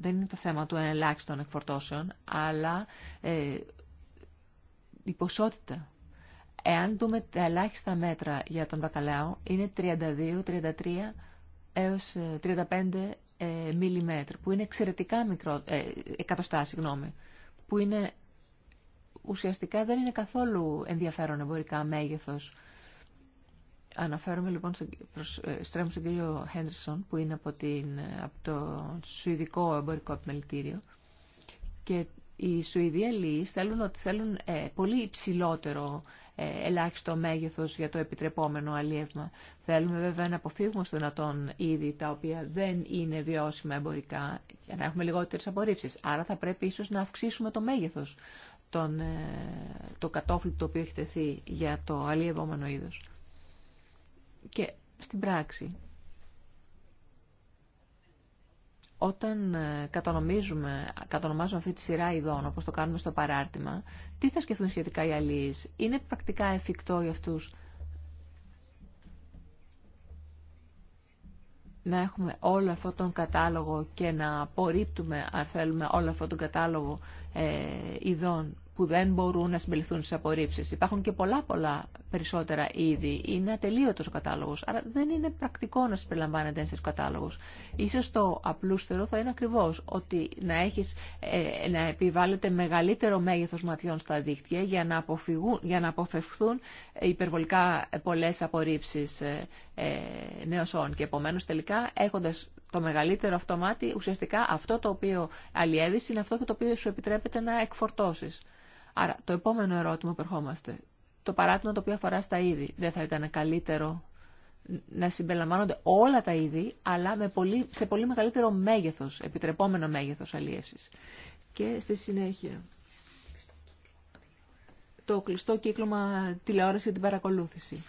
δεν είναι το θέμα του ελάχιστον εκφορτώσεων, αλλά ε, η ποσότητα Εάν δούμε τα ελάχιστα μέτρα για τον Βακαλάο, είναι 32, 33 έως 35 ε, ε, μιλιμέτρ, που είναι εξαιρετικά μικρό, ε, εκατοστά, συγγνώμη, που είναι ουσιαστικά δεν είναι καθόλου ενδιαφέρον εμπορικά μέγεθος. Αναφέρομαι λοιπόν, προς, στον κύριο Χέντρισον, που είναι από, την, από το Σουηδικό Εμπορικό Επιμελητήριο, και οι Σουηδοί θέλουν ότι θέλουν πολύ υψηλότερο ε, ελάχιστο μέγεθος για το επιτρεπόμενο αλίευμα. Θέλουμε βέβαια να αποφύγουμε στο δυνατόν είδη τα οποία δεν είναι βιώσιμα εμπορικά για να έχουμε λιγότερες απορρίψεις. Άρα θα πρέπει ίσως να αυξήσουμε το μέγεθος τον, ε, το κατόφλι το οποίο έχει τεθεί για το αλλιευόμενο είδος. Και στην πράξη όταν ε, κατονομίζουμε, κατονομάζουμε αυτή τη σειρά ειδών, όπως το κάνουμε στο παράρτημα, τι θα σκεφτούν σχετικά οι αλληλείς. Είναι πρακτικά εφικτό για αυτούς να έχουμε όλο αυτό τον κατάλογο και να απορρίπτουμε, αν θέλουμε, όλο αυτό τον κατάλογο ε, ειδών που δεν μπορούν να συμπεριληφθούν στι απορρίψει. Υπάρχουν και πολλά πολλά περισσότερα είδη. Είναι ατελείωτο ο κατάλογο. Άρα δεν είναι πρακτικό να συμπεριλαμβάνεται ένα κατάλογο. σω το απλούστερο θα είναι ακριβώ ότι να, έχεις, ε, να επιβάλλεται μεγαλύτερο μέγεθο ματιών στα δίκτυα για να, αποφυγούν, για να αποφευχθούν υπερβολικά πολλέ απορρίψει ε, ε, Και επομένω τελικά έχοντα το μεγαλύτερο αυτό μάτι, ουσιαστικά αυτό το οποίο αλλιεύεις είναι αυτό το οποίο σου επιτρέπεται να εκφορτώσεις. Άρα, το επόμενο ερώτημα που ερχόμαστε. Το παράδειγμα το οποίο αφορά στα είδη. Δεν θα ήταν καλύτερο να συμπεριλαμβάνονται όλα τα είδη, αλλά με πολύ, σε πολύ μεγαλύτερο μέγεθος, επιτρεπόμενο μέγεθος αλλιεύση. Και στη συνέχεια, το κλειστό κύκλωμα τηλεόραση και την παρακολούθηση.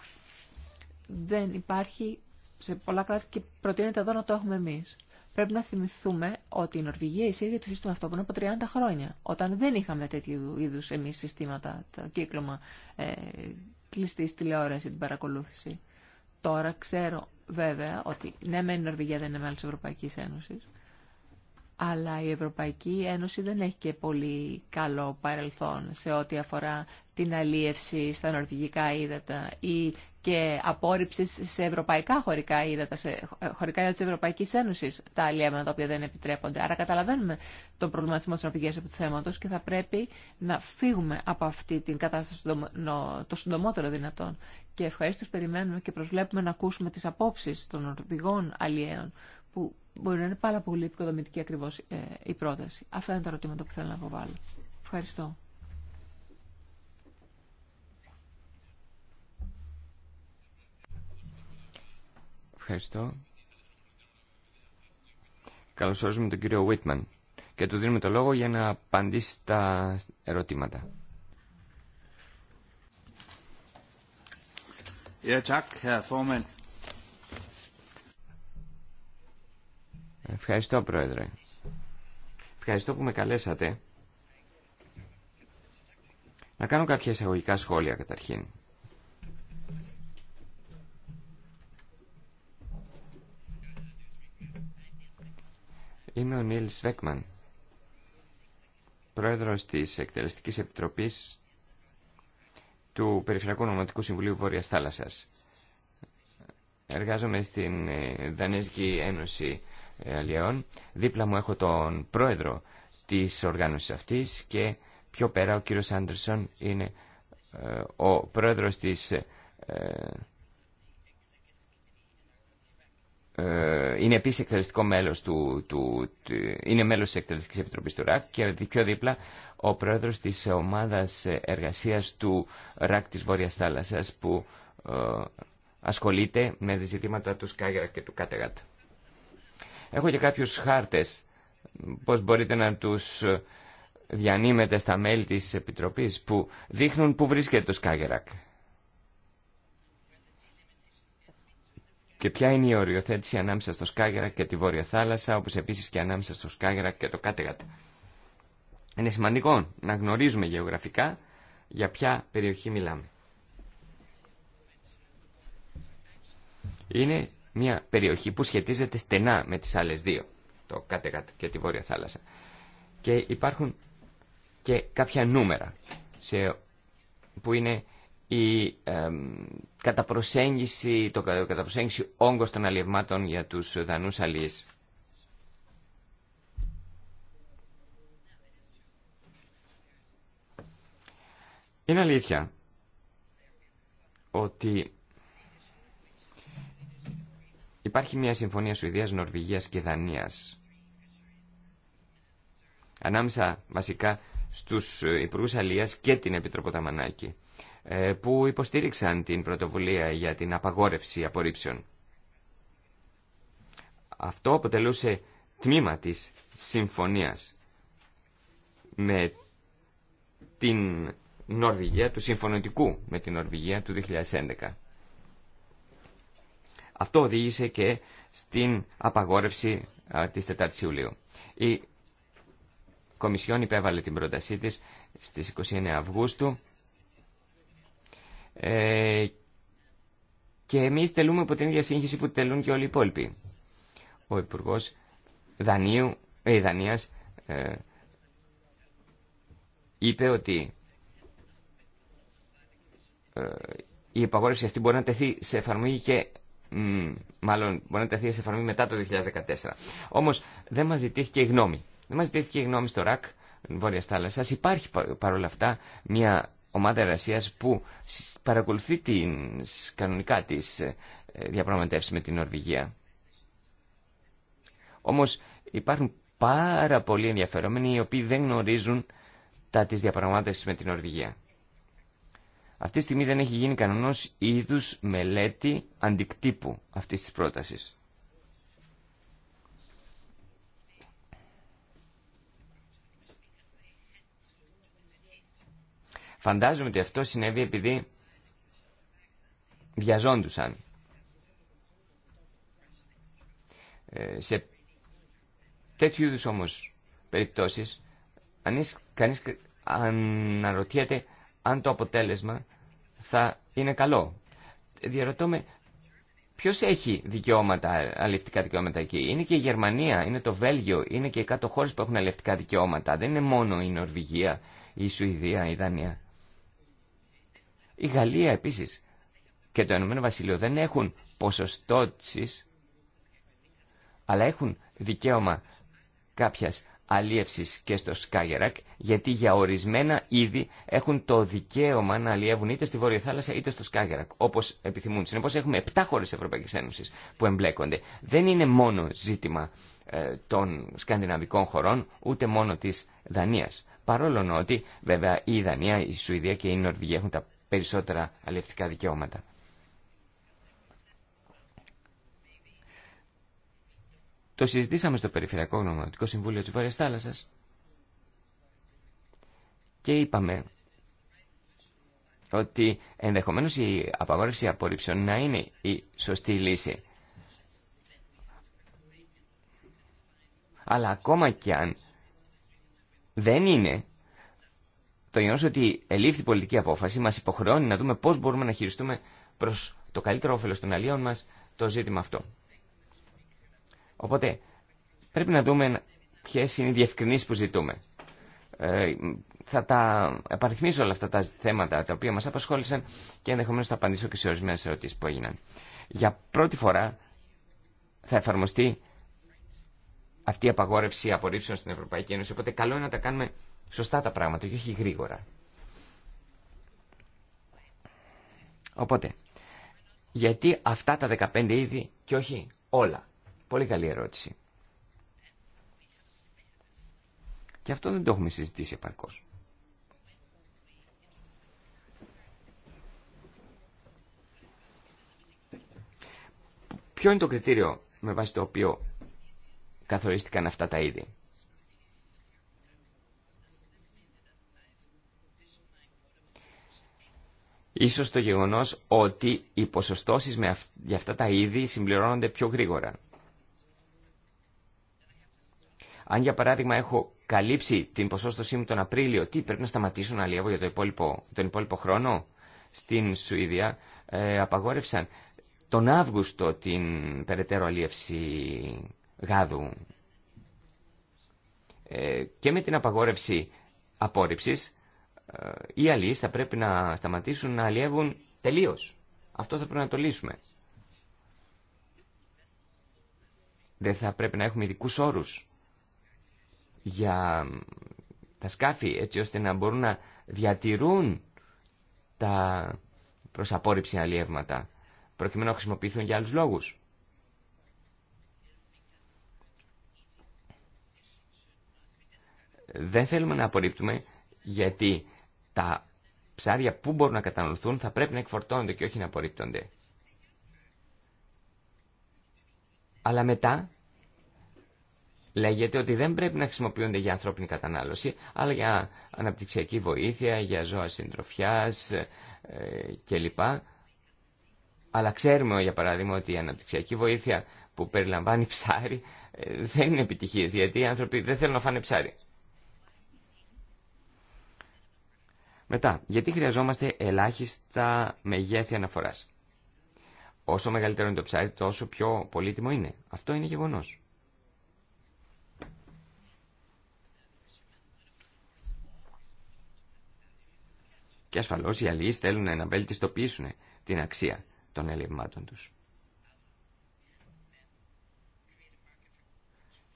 Δεν υπάρχει σε πολλά κράτη και προτείνεται εδώ να το έχουμε εμείς. Πρέπει να θυμηθούμε ότι η Νορβηγία ισχύει το σύστημα αυτό πριν από 30 χρόνια, όταν δεν είχαμε τέτοιου είδου εμεί συστήματα, το κύκλωμα ε, κλειστή τηλεόραση, την παρακολούθηση. Τώρα ξέρω βέβαια ότι ναι, μεν η Νορβηγία δεν είναι μέλο τη Ευρωπαϊκή Ένωση, αλλά η Ευρωπαϊκή Ένωση δεν έχει και πολύ καλό παρελθόν σε ό,τι αφορά την αλίευση στα νορβηγικά ύδατα ή και απόρριψη σε ευρωπαϊκά χωρικά ύδατα, σε χωρικά ύδατα τη Ευρωπαϊκή Ένωση τα αλλιεύματα τα οποία δεν επιτρέπονται. Άρα καταλαβαίνουμε τον προβληματισμό τη ναυπηγίας από του θέματο και θα πρέπει να φύγουμε από αυτή την κατάσταση το συντομότερο δυνατόν. Και ευχαριστώ περιμένουμε και προσβλέπουμε να ακούσουμε τι απόψει των ορδηγών αλλιέων που μπορεί να είναι πάρα πολύ επικοδομητική ακριβώς ε, η πρόταση. Αυτά είναι τα ερωτήματα που θέλω να αποβάλω. Ευχαριστώ. Ευχαριστώ. Καλώς ορίζουμε τον κύριο Βίτμαν και του δίνουμε το λόγο για να απαντήσει τα ερωτήματα. Ευχαριστώ, Πρόεδρε. Ευχαριστώ που με καλέσατε. Να κάνω κάποια εισαγωγικά σχόλια καταρχήν. Είμαι ο Νίλ Σβέκμαν, πρόεδρος της Εκτελεστικής Επιτροπής του Περιφερειακού Νομοτικού Συμβουλίου Βόρειας Θάλασσας. Εργάζομαι στην ε, Δανέζικη Ένωση ε, Αλλιεών. Δίπλα μου έχω τον πρόεδρο της οργάνωσης αυτής και πιο πέρα ο κύριος Άντερσον είναι ε, ο πρόεδρος της ε, είναι επίση εκτελεστικό μέλος του, του, είναι μέλος Εκτελεστικής Επιτροπής του ΡΑΚ και πιο δίπλα ο πρόεδρος της ομάδας εργασίας του ΡΑΚ της Βόρειας Θάλασσας που ε, ασχολείται με ζητήματα του Σκάγερα και του Κάτεγατ. Έχω και κάποιους χάρτες πώς μπορείτε να τους ε, διανύμετε στα μέλη της Επιτροπής που δείχνουν που βρίσκεται το Σκάγερακ. και ποια είναι η οριοθέτηση ανάμεσα στο Σκάγερα και τη Βόρεια Θάλασσα, όπως επίσης και ανάμεσα στο Σκάγερα και το Κάτεγατ. Είναι σημαντικό να γνωρίζουμε γεωγραφικά για ποια περιοχή μιλάμε. Είναι μια περιοχή που σχετίζεται στενά με τις άλλες δύο, το Κάτεγατ και τη Βόρεια Θάλασσα. Και υπάρχουν και κάποια νούμερα σε, που είναι η καταπροσέγγιση, το καταπροσέγγιση όγκος των αλλιευμάτων για τους δανούς αλλιείς. Είναι αλήθεια ότι υπάρχει μια συμφωνία Σουηδίας, Νορβηγίας και Δανίας ανάμεσα βασικά στους Υπουργούς Αλίας και την Ταμανάκη. Ε, που υποστήριξαν την πρωτοβουλία για την απαγόρευση απορρίψεων. Αυτό αποτελούσε τμήμα της συμφωνίας με την Νορβηγία, του συμφωνητικού με την Νορβηγία του 2011. Αυτό οδήγησε και στην απαγόρευση της 4ης Ιουλίου. Η Κομισιόν υπέβαλε την πρότασή της στις 29 Αυγούστου ε, και εμείς τελούμε από την ίδια σύγχυση που τελούν και όλοι οι υπόλοιποι. Ο υπουργό Δανίου, ε, Δανίας ε, είπε ότι ε, η υπαγόρευση αυτή μπορεί να τεθεί σε εφαρμογή και μάλλον μπορεί να τεθεί σε εφαρμογή μετά το 2014. Όμως δεν μας ζητήθηκε η γνώμη. Δεν μας ζητήθηκε η γνώμη στο ΡΑΚ Βόρειας Θάλασσας. Υπάρχει παρόλα αυτά μια ομάδα εργασία που παρακολουθεί την, κανονικά τις ε, διαπραγματεύσεις με την Νορβηγία. Όμως υπάρχουν πάρα πολλοί ενδιαφερόμενοι οι οποίοι δεν γνωρίζουν τα της διαπραγμάτευσης με την Νορβηγία. Αυτή τη στιγμή δεν έχει γίνει κανονός είδους μελέτη αντικτύπου αυτής της πρότασης. Φαντάζομαι ότι αυτό συνέβη επειδή βιαζόντουσαν. Ε, σε τέτοιου είδους όμως περιπτώσεις, αν κανείς αναρωτιέται αν το αποτέλεσμα θα είναι καλό. Διαρωτώ με ποιος έχει δικαιώματα, αλληλευτικά δικαιώματα εκεί. Είναι και η Γερμανία, είναι το Βέλγιο, είναι και οι κάτω χώρες που έχουν αλληλευτικά δικαιώματα. Δεν είναι μόνο η Νορβηγία, η Σουηδία, η Δανία. Η Γαλλία επίση και το Ηνωμένο Βασίλειο δεν έχουν ποσοστότηση, αλλά έχουν δικαίωμα κάποια αλίευση και στο Σκάγερακ, γιατί για ορισμένα είδη έχουν το δικαίωμα να αλλιεύουν είτε στη Βόρεια Θάλασσα είτε στο Σκάγερακ, Όπω επιθυμούν. Συνεπώ έχουμε 7 χώρες Ευρωπαϊκής Ένωσης που εμπλέκονται. Δεν είναι μόνο ζήτημα ε, των σκανδιναβικών χωρών, ούτε μόνο τη Δανία. Παρόλο ότι βέβαια η Δανία, η Σουηδία και η Νορβηγία έχουν τα περισσότερα αλληλευτικά δικαιώματα. Το συζητήσαμε στο Περιφερειακό Γνωματικό Συμβούλιο της Βόρειας Θάλασσας και είπαμε ότι ενδεχομένως η απαγόρευση απορρίψεων να είναι η σωστή λύση. Αλλά ακόμα και αν δεν είναι, το γεγονό ότι ελήφθη πολιτική απόφαση μα υποχρεώνει να δούμε πώ μπορούμε να χειριστούμε προ το καλύτερο όφελο των αλλιών μα το ζήτημα αυτό. Οπότε πρέπει να δούμε ποιε είναι οι διευκρινήσει που ζητούμε. Ε, θα τα επαριθμίσω όλα αυτά τα θέματα τα οποία μα απασχόλησαν και ενδεχομένω θα απαντήσω και σε ορισμένε ερωτήσει που έγιναν. Για πρώτη φορά θα εφαρμοστεί αυτή η απαγόρευση απορρίψεων στην Ευρωπαϊκή Ένωση. Οπότε καλό είναι να τα κάνουμε σωστά τα πράγματα και όχι γρήγορα. Οπότε, γιατί αυτά τα 15 είδη και όχι όλα. Πολύ καλή ερώτηση. Και αυτό δεν το έχουμε συζητήσει επαρκώς. Ποιο είναι το κριτήριο με βάση το οποίο καθορίστηκαν αυτά τα είδη. Ίσως το γεγονός ότι οι ποσοστώσεις με για αυτά τα είδη συμπληρώνονται πιο γρήγορα. Αν για παράδειγμα έχω καλύψει την ποσόστοσή μου τον Απρίλιο, τι πρέπει να σταματήσω να αλλιεύω για το υπόλοιπο, τον υπόλοιπο χρόνο. Στην Σουηδία ε, απαγόρευσαν τον Αύγουστο την περαιτέρω αλλιεύση γάδου. Ε, και με την απαγόρευση απόρριψης ε, οι αλληλείς θα πρέπει να σταματήσουν να αλλιεύουν τελείως. Αυτό θα πρέπει να το λύσουμε. Δεν θα πρέπει να έχουμε ειδικού όρους για τα σκάφη έτσι ώστε να μπορούν να διατηρούν τα προς απόρριψη αλλιεύματα προκειμένου να χρησιμοποιηθούν για άλλους λόγους. Δεν θέλουμε να απορρίπτουμε γιατί τα ψάρια που μπορούν να καταναλωθούν θα πρέπει να εκφορτώνονται και όχι να απορρίπτονται. Αλλά μετά λέγεται ότι δεν πρέπει να χρησιμοποιούνται για ανθρώπινη κατανάλωση, αλλά για αναπτυξιακή βοήθεια, για ζώα συντροφιάς ε, κλπ. Αλλά ξέρουμε, για παράδειγμα, ότι η αναπτυξιακή βοήθεια που περιλαμβάνει ψάρι ε, δεν είναι επιτυχής, γιατί οι άνθρωποι δεν θέλουν να φάνε ψάρι. Μετά, γιατί χρειαζόμαστε ελάχιστα μεγέθη αναφοράς. Όσο μεγαλύτερο είναι το ψάρι, τόσο πιο πολύτιμο είναι. Αυτό είναι γεγονός. Και ασφαλώς οι αλληλείς θέλουν να βελτιστοποιήσουν την αξία των ελευμάτων τους.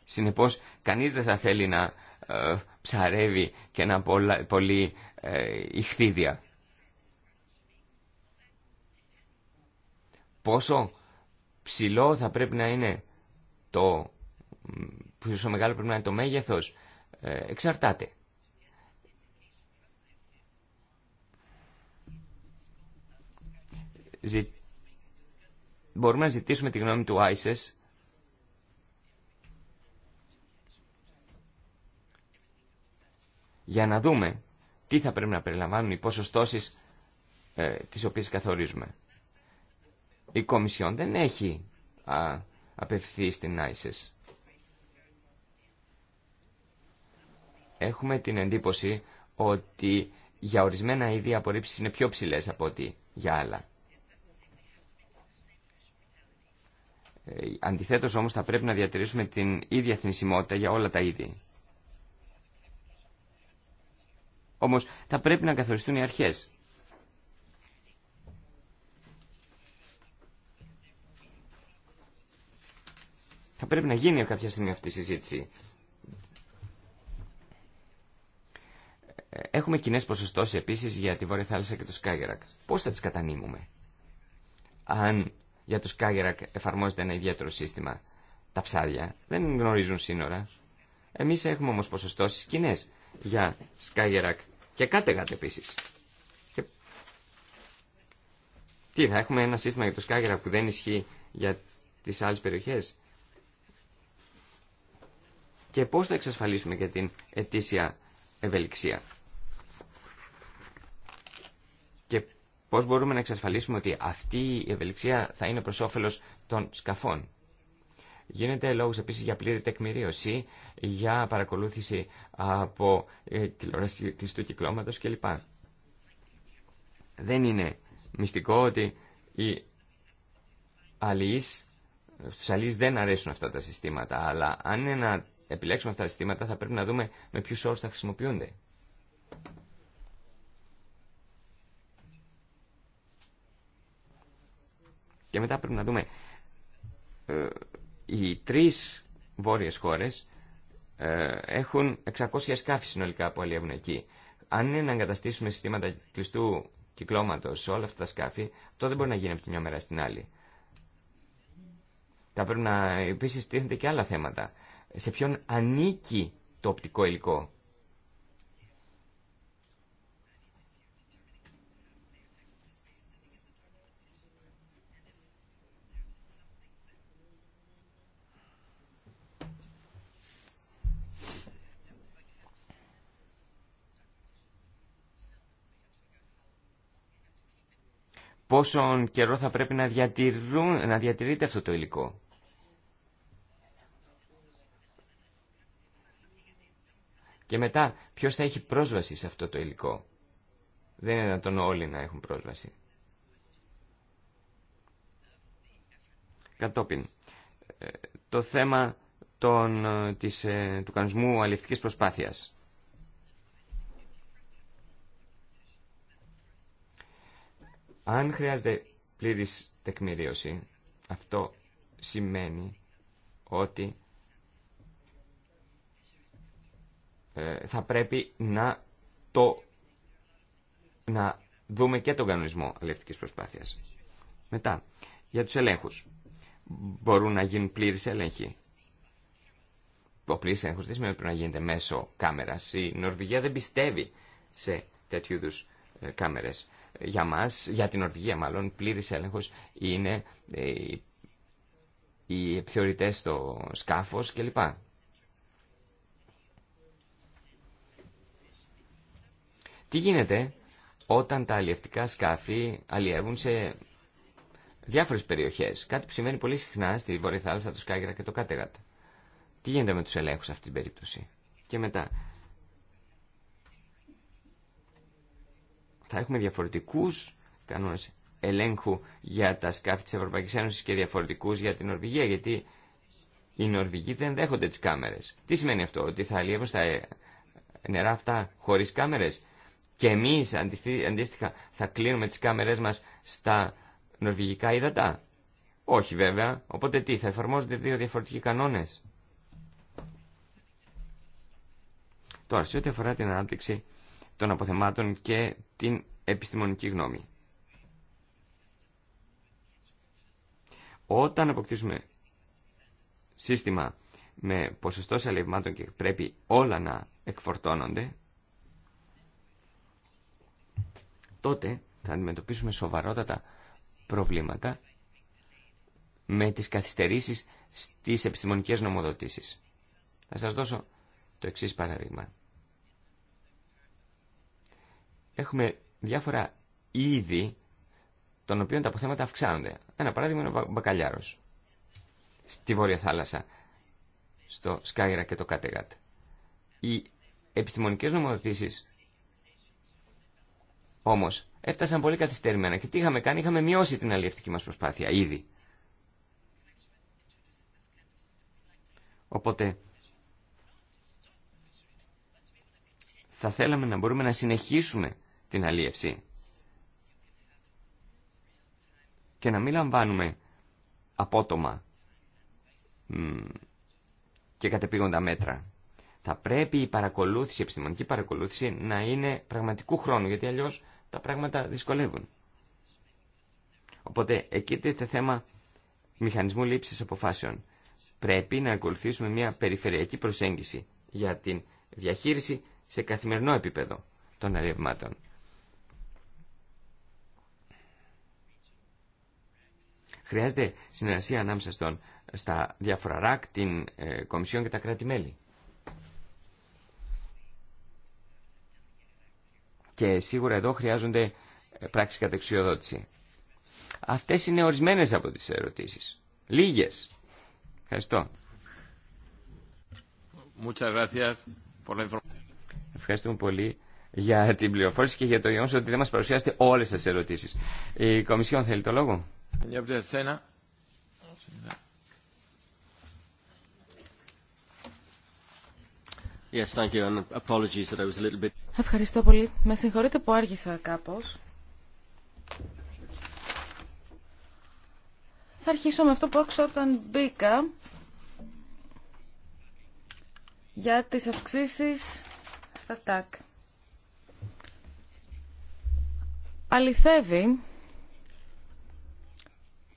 Συνεπώ, κανεί δεν θα θέλει να ε, ψαρεύει και ένα πολύ ε, ηχθίδια. Πόσο ψηλό θα πρέπει να είναι το πόσο μεγάλο πρέπει να είναι το μέγεθος ε, εξαρτάται. Μπορούμε να ζητήσουμε τη γνώμη του Άισες για να δούμε τι θα πρέπει να περιλαμβάνουν οι ποσοστώσεις ε, τις οποίες καθορίζουμε. Η Κομισιόν δεν έχει α, απευθύνει στην ISIS. Έχουμε την εντύπωση ότι για ορισμένα είδη οι είναι πιο ψηλές από ότι για άλλα. Ε, αντιθέτως όμως θα πρέπει να διατηρήσουμε την ίδια θνησιμότητα για όλα τα είδη. Όμως θα πρέπει να καθοριστούν οι αρχές. Θα πρέπει να γίνει κάποια στιγμή αυτή η συζήτηση. Έχουμε κοινέ ποσοστώσει επίση για τη Βόρεια Θάλασσα και το Σκάγερακ. Πώ θα τι κατανείμουμε, Αν για το Σκάγερακ εφαρμόζεται ένα ιδιαίτερο σύστημα, τα ψάρια δεν γνωρίζουν σύνορα. Εμεί έχουμε όμω ποσοστώσει κοινέ για Σκάγερακ και κάτεγατε επίση. Τι, θα έχουμε ένα σύστημα για το Σκάγερακ που δεν ισχύει για τις άλλες περιοχές. Και πώ θα εξασφαλίσουμε για την ετήσια ευελιξία. Και πώς μπορούμε να εξασφαλίσουμε ότι αυτή η ευελιξία θα είναι προς όφελος των σκαφών. Γίνεται λόγο επίσης για πλήρη τεκμηρίωση, για παρακολούθηση από ε, τηλεόραση κλειστού κυκλώματος κλπ. Δεν είναι μυστικό ότι οι αλληλείς, στους αλληλείς δεν αρέσουν αυτά τα συστήματα, αλλά αν είναι να επιλέξουμε αυτά τα συστήματα θα πρέπει να δούμε με ποιους όρους θα χρησιμοποιούνται. Και μετά πρέπει να δούμε ε, οι τρεις βόρειες χώρες ε, έχουν 600 σκάφη συνολικά που αλλιεύουν εκεί. Αν είναι να εγκαταστήσουμε συστήματα κλειστού κυκλώματος σε όλα αυτά τα σκάφη, αυτό δεν μπορεί να γίνει από τη μια μέρα στην άλλη. Θα πρέπει να επίσης τίθενται και άλλα θέματα. Σε ποιον ανήκει το οπτικό υλικό. πόσο καιρό θα πρέπει να, διατηρούν, να διατηρείται αυτό το υλικό. Και μετά, ποιος θα έχει πρόσβαση σε αυτό το υλικό. Δεν είναι τον όλοι να έχουν πρόσβαση. Κατόπιν, ε, το θέμα των, ε, της, ε, του κανονισμού αλληλευτικής προσπάθειας. Αν χρειάζεται πλήρης τεκμηρίωση, αυτό σημαίνει ότι ε, θα πρέπει να το να δούμε και τον κανονισμό αλληλευτικής προσπάθειας. Μετά, για τους ελέγχους. Μπορούν να γίνουν πλήρης έλεγχοι. Ο πλήρης έλεγχος δεν σημαίνει ότι πρέπει να γίνεται μέσω κάμερας. Η Νορβηγία δεν πιστεύει σε τέτοιου ε, κάμερες για μας, για την Ορβηγία μάλλον, πλήρης έλεγχος είναι ε, οι επιθεωρητές στο σκάφος κλπ. Τι γίνεται όταν τα αλλιευτικά σκάφη αλλιεύουν σε διάφορες περιοχές, κάτι που σημαίνει πολύ συχνά στη Βόρεια Θάλασσα, το Σκάγερα και το Κάτεγατ. Τι γίνεται με τους ελέγχους σε αυτή την περίπτωση. Και μετά, θα έχουμε διαφορετικούς κανόνες ελέγχου για τα σκάφη τη Ευρωπαϊκή Ένωση και διαφορετικούς για την Νορβηγία, γιατί οι Νορβηγοί δεν δέχονται τις κάμερες. Τι σημαίνει αυτό, ότι θα αλλιεύουν στα νερά αυτά χωρίς κάμερες και εμείς αντίστοιχα θα κλείνουμε τις κάμερές μας στα νορβηγικά ύδατα. Όχι βέβαια, οπότε τι, θα εφαρμόζονται δύο διαφορετικοί κανόνε. Τώρα, σε ό,τι αφορά την ανάπτυξη των αποθεμάτων και την επιστημονική γνώμη. Όταν αποκτήσουμε σύστημα με ποσοστό σαλευμάτων και πρέπει όλα να εκφορτώνονται, τότε θα αντιμετωπίσουμε σοβαρότατα προβλήματα με τις καθυστερήσεις στις επιστημονικές νομοδοτήσεις. Θα σας δώσω το εξής παραδείγμα έχουμε διάφορα είδη των οποίων τα αποθέματα αυξάνονται. Ένα παράδειγμα είναι ο μπακαλιάρο στη Βόρεια Θάλασσα, στο Σκάιρα και το Κάτεγατ. Οι επιστημονικές νομοθετήσει όμως έφτασαν πολύ καθυστερημένα και τι είχαμε κάνει, είχαμε μειώσει την αλληλευτική μας προσπάθεια ήδη. Οπότε θα θέλαμε να μπορούμε να συνεχίσουμε την αλίευση. Και να μην λαμβάνουμε απότομα και κατεπήγοντα μέτρα. Θα πρέπει η παρακολούθηση, η επιστημονική παρακολούθηση να είναι πραγματικού χρόνου, γιατί αλλιώς τα πράγματα δυσκολεύουν. Οπότε εκεί το θέμα μηχανισμού λήψης αποφάσεων. Πρέπει να ακολουθήσουμε μια περιφερειακή προσέγγιση για την διαχείριση σε καθημερινό επίπεδο των αλλιευμάτων. Χρειάζεται συνεργασία ανάμεσα στον, στα διάφορα ΡΑΚ, την ε, Κομισιόν και τα κράτη-μέλη. Και σίγουρα εδώ χρειάζονται ε, πράξεις κατεξιοδότηση. Αυτές είναι ορισμένες από τις ερωτήσεις. Λίγες. Ευχαριστώ. Ευχαριστούμε πολύ για την πληροφόρηση και για το γεγονό ότι δεν μας παρουσιάσετε όλες τις ερωτήσεις. Η Κομισιόν θέλει το λόγο. Yes, thank you, and apologies that I was a little bit... Ευχαριστώ πολύ. Με συγχωρείτε που άργησα κάπως. Θα αρχίσω με αυτό που άκουσα όταν μπήκα για τις αυξήσεις στα ΤΑΚ. Αληθεύει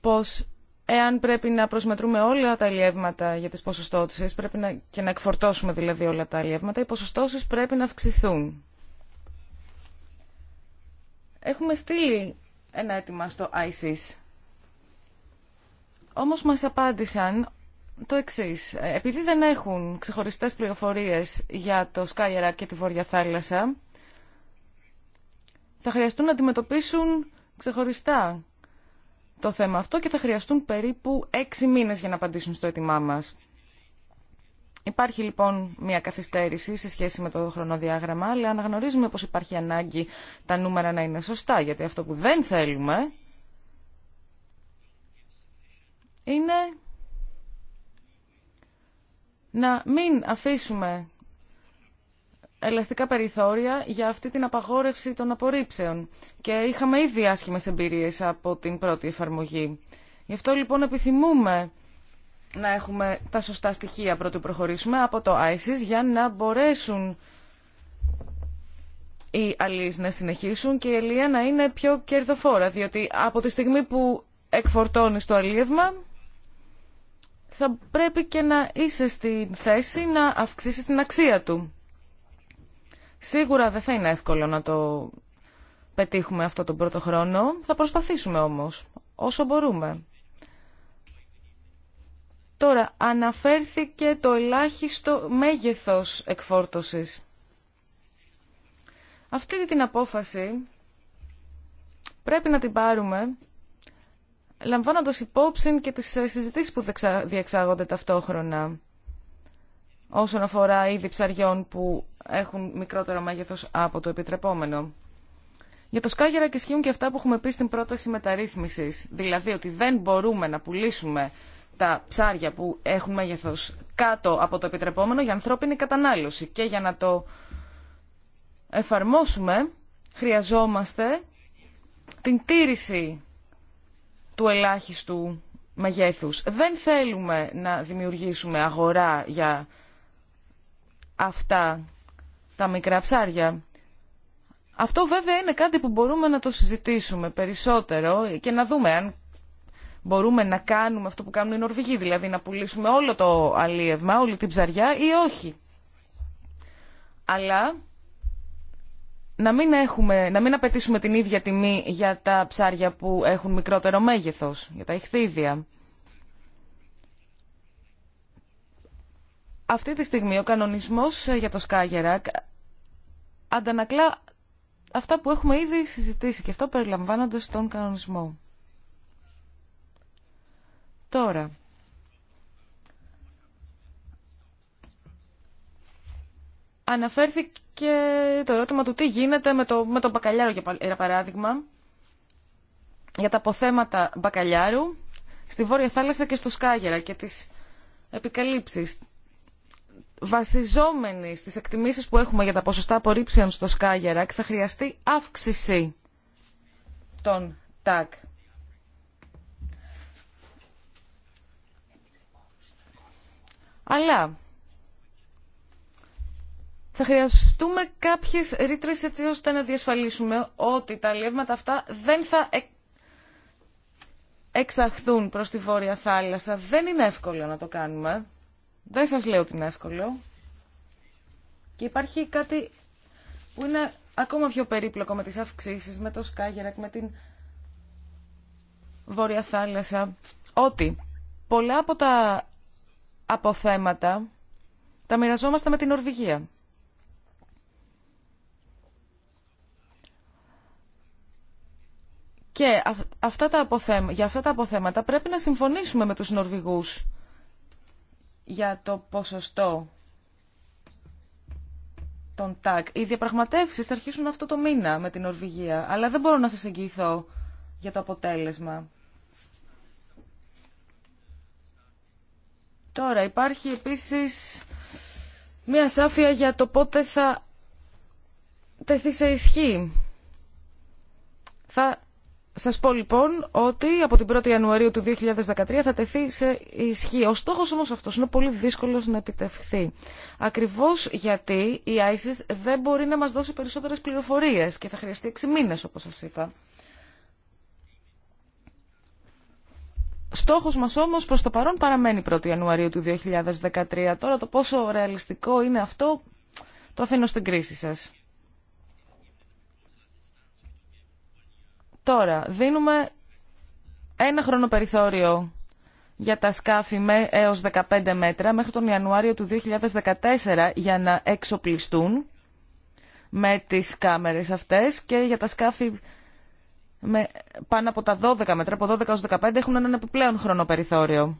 πως εάν πρέπει να προσμετρούμε όλα τα αλλιεύματα για τις ποσοστώσεις πρέπει να, και να εκφορτώσουμε δηλαδή όλα τα αλλιεύματα, οι ποσοστώσεις πρέπει να αυξηθούν. Έχουμε στείλει ένα αίτημα στο ISIS. Όμως μας απάντησαν το εξή. Επειδή δεν έχουν ξεχωριστές πληροφορίες για το Σκάιερα και τη Βόρεια Θάλασσα, θα χρειαστούν να αντιμετωπίσουν ξεχωριστά το θέμα αυτό και θα χρειαστούν περίπου έξι μήνες για να απαντήσουν στο αίτημά μας. Υπάρχει λοιπόν μια καθυστέρηση σε σχέση με το χρονοδιάγραμμα, αλλά αναγνωρίζουμε πως υπάρχει ανάγκη τα νούμερα να είναι σωστά, γιατί αυτό που δεν θέλουμε είναι να μην αφήσουμε ελαστικά περιθώρια για αυτή την απαγόρευση των απορρίψεων και είχαμε ήδη άσχημες εμπειρίες από την πρώτη εφαρμογή. Γι' αυτό λοιπόν επιθυμούμε να έχουμε τα σωστά στοιχεία πρώτου προχωρήσουμε από το ISIS για να μπορέσουν οι αλείς να συνεχίσουν και η αλία να είναι πιο κερδοφόρα, διότι από τη στιγμή που εκφορτώνεις το αλίευμα θα πρέπει και να είσαι στην θέση να αυξήσεις την αξία του. Σίγουρα δεν θα είναι εύκολο να το πετύχουμε αυτό τον πρώτο χρόνο. Θα προσπαθήσουμε όμως, όσο μπορούμε. Τώρα, αναφέρθηκε το ελάχιστο μέγεθος εκφόρτωσης. Αυτή την απόφαση πρέπει να την πάρουμε λαμβάνοντας υπόψη και τις συζητήσεις που διεξάγονται ταυτόχρονα όσον αφορά είδη ψαριών που έχουν μικρότερο μέγεθος από το επιτρεπόμενο. Για το σκάγερα και ισχύουν και αυτά που έχουμε πει στην πρόταση μεταρρύθμισης, δηλαδή ότι δεν μπορούμε να πουλήσουμε τα ψάρια που έχουν μέγεθος κάτω από το επιτρεπόμενο για ανθρώπινη κατανάλωση και για να το εφαρμόσουμε χρειαζόμαστε την τήρηση του ελάχιστου μεγέθους. Δεν θέλουμε να δημιουργήσουμε αγορά για αυτά τα μικρά ψάρια. Αυτό βέβαια είναι κάτι που μπορούμε να το συζητήσουμε περισσότερο και να δούμε αν μπορούμε να κάνουμε αυτό που κάνουν οι Νορβηγοί, δηλαδή να πουλήσουμε όλο το αλίευμα, όλη την ψαριά ή όχι. Αλλά να μην, έχουμε, να μην απαιτήσουμε την ίδια τιμή για τα ψάρια που έχουν μικρότερο μέγεθος, για τα ηχθίδια. αυτή τη στιγμή ο κανονισμός ε, για το Σκάγερακ αντανακλά αυτά που έχουμε ήδη συζητήσει και αυτό περιλαμβάνονται στον κανονισμό. Τώρα, αναφέρθηκε το ερώτημα του τι γίνεται με, το, με τον μπακαλιάρο, για παράδειγμα, για τα αποθέματα μπακαλιάρου στη Βόρεια Θάλασσα και στο Σκάγερα και τις επικαλύψεις βασιζόμενοι στις εκτιμήσεις που έχουμε για τα ποσοστά απορρίψεων στο Σκάγερακ θα χρειαστεί αύξηση των ΤΑΚ. Αλλά θα χρειαστούμε κάποιες ρήτρε έτσι ώστε να διασφαλίσουμε ότι τα λεύματα αυτά δεν θα ε- εξαχθούν προς τη Βόρεια Θάλασσα. Δεν είναι εύκολο να το κάνουμε. Δεν σας λέω ότι είναι εύκολο. Και υπάρχει κάτι που είναι ακόμα πιο περίπλοκο με τις αυξήσεις, με το Σκάγερακ, με την Βόρεια Θάλασσα, ότι πολλά από τα αποθέματα τα μοιραζόμαστε με την Νορβηγία. Και αυτά τα για αυτά τα αποθέματα πρέπει να συμφωνήσουμε με τους Νορβηγούς για το ποσοστό των ΤΑΚ. Οι διαπραγματεύσεις θα αρχίσουν αυτό το μήνα με την ορβηγία αλλά δεν μπορώ να σας εγγυηθώ για το αποτέλεσμα. Τώρα υπάρχει επίσης μία σάφια για το πότε θα τεθεί σε ισχύ. Θα σας πω λοιπόν ότι από την 1η Ιανουαρίου του 2013 θα τεθεί σε ισχύ. Ο στόχος όμως αυτός είναι πολύ δύσκολος να επιτευχθεί. Ακριβώς γιατί η ISIS δεν μπορεί να μας δώσει περισσότερες πληροφορίες και θα χρειαστεί 6 μήνες όπως σας είπα. Στόχος μας όμως προς το παρόν παραμένει 1η Ιανουαρίου του 2013. Τώρα το πόσο ρεαλιστικό είναι αυτό το αφήνω στην κρίση σας. Τώρα, δίνουμε ένα χρόνο περιθώριο για τα σκάφη με έως 15 μέτρα μέχρι τον Ιανουάριο του 2014 για να εξοπλιστούν με τις κάμερες αυτές και για τα σκάφη με πάνω από τα 12 μέτρα, από 12 έως 15 έχουν έναν επιπλέον χρόνο περιθώριο.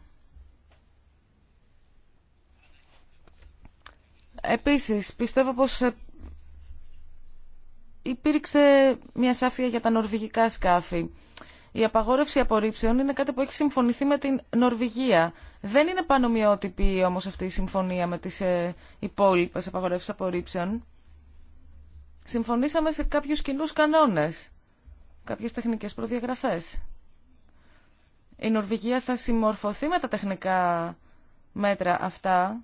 Επίσης, πιστεύω πως υπήρξε μια σάφια για τα νορβηγικά σκάφη. Η απαγόρευση απορρίψεων είναι κάτι που έχει συμφωνηθεί με την Νορβηγία. Δεν είναι πανομοιότυπη όμως αυτή η συμφωνία με τις ε, υπόλοιπες απαγορεύσεις απορρίψεων. Συμφωνήσαμε σε κάποιους κοινού κανόνες, κάποιες τεχνικές προδιαγραφές. Η Νορβηγία θα συμμορφωθεί με τα τεχνικά μέτρα αυτά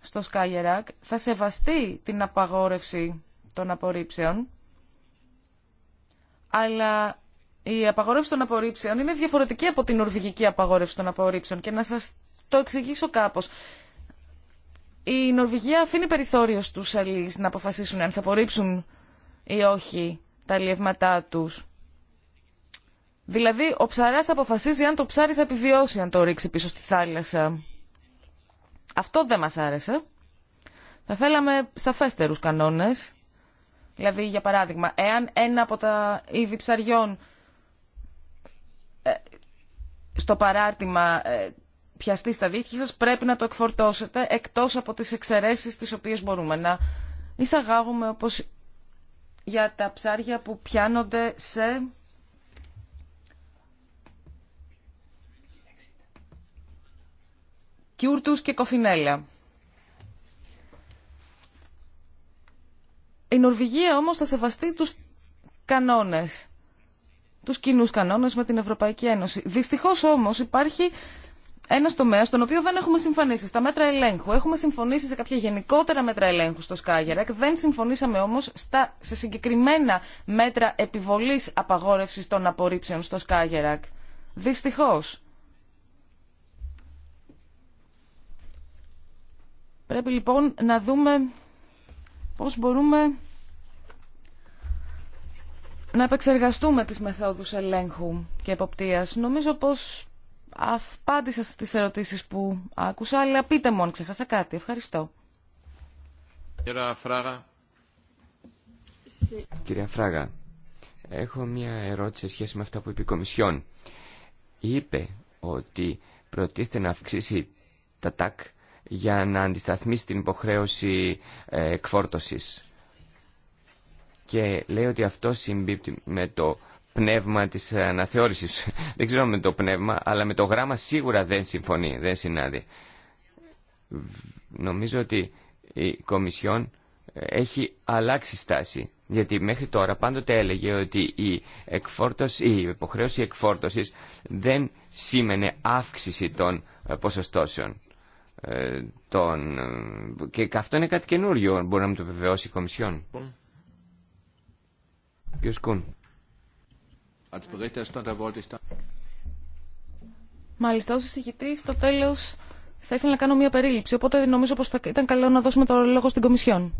στο Skyerack, θα σεβαστεί την απαγόρευση των απορρίψεων, αλλά η απαγόρευση των απορρίψεων είναι διαφορετική από την νορβηγική απαγόρευση των απορρίψεων και να σας το εξηγήσω κάπως. Η Νορβηγία αφήνει περιθώριο στους αλληλείς να αποφασίσουν αν θα απορρίψουν ή όχι τα αλλιεύματά τους. Δηλαδή, ο ψαράς αποφασίζει αν το ψάρι θα επιβιώσει αν το ρίξει πίσω στη θάλασσα. Αυτό δεν μας άρεσε. Θα θέλαμε σαφέστερους κανόνες Δηλαδή, για παράδειγμα, εάν ένα από τα είδη ψαριών ε, στο παράρτημα ε, πιαστεί στα δίχτυα σας, πρέπει να το εκφορτώσετε, εκτός από τις εξαιρέσεις τις οποίες μπορούμε να εισαγάγουμε, όπως για τα ψάρια που πιάνονται σε... κιούρτους και κοφινέλα. Νορβηγία όμως θα σεβαστεί τους κανόνες, τους κοινού κανόνες με την Ευρωπαϊκή Ένωση. Δυστυχώς όμως υπάρχει ένα τομέα στον οποίο δεν έχουμε συμφωνήσει, στα μέτρα ελέγχου. Έχουμε συμφωνήσει σε κάποια γενικότερα μέτρα ελέγχου στο Σκάγερακ, δεν συμφωνήσαμε όμω σε συγκεκριμένα μέτρα επιβολής απαγόρευσης των απορρίψεων στο Σκάγερακ. Δυστυχώς. Πρέπει λοιπόν να δούμε πώς μπορούμε να επεξεργαστούμε τις μεθόδους ελέγχου και εποπτείας. Νομίζω πως απάντησα στις ερωτήσεις που άκουσα, αλλά πείτε μόνο, ξέχασα κάτι. Ευχαριστώ. Κυρία Φράγα. Κυρία Φράγα, έχω μια ερώτηση σε σχέση με αυτά που είπε η Κομισιόν. Είπε ότι προτίθεται να αυξήσει τα ΤΑΚ για να αντισταθμίσει την υποχρέωση ε, εκφόρτωσης και λέει ότι αυτό συμπίπτει με το πνεύμα της αναθεώρησης. Δεν ξέρω με το πνεύμα, αλλά με το γράμμα σίγουρα δεν συμφωνεί, δεν συνάδει. Νομίζω ότι η Κομισιόν έχει αλλάξει στάση. Γιατί μέχρι τώρα πάντοτε έλεγε ότι η, εκφόρτωση, η υποχρέωση εκφόρτωσης δεν σήμαινε αύξηση των ποσοστώσεων. Ε, των... Ε, και αυτό είναι κάτι καινούριο, μπορεί να μου το βεβαιώσει η Κομισιόν. Λοιπόν, Μάλιστα, ως εισηγητή στο τέλος θα ήθελα να κάνω μια περίληψη, οπότε νομίζω πως θα ήταν καλό να δώσουμε το λόγο στην Κομισιόν.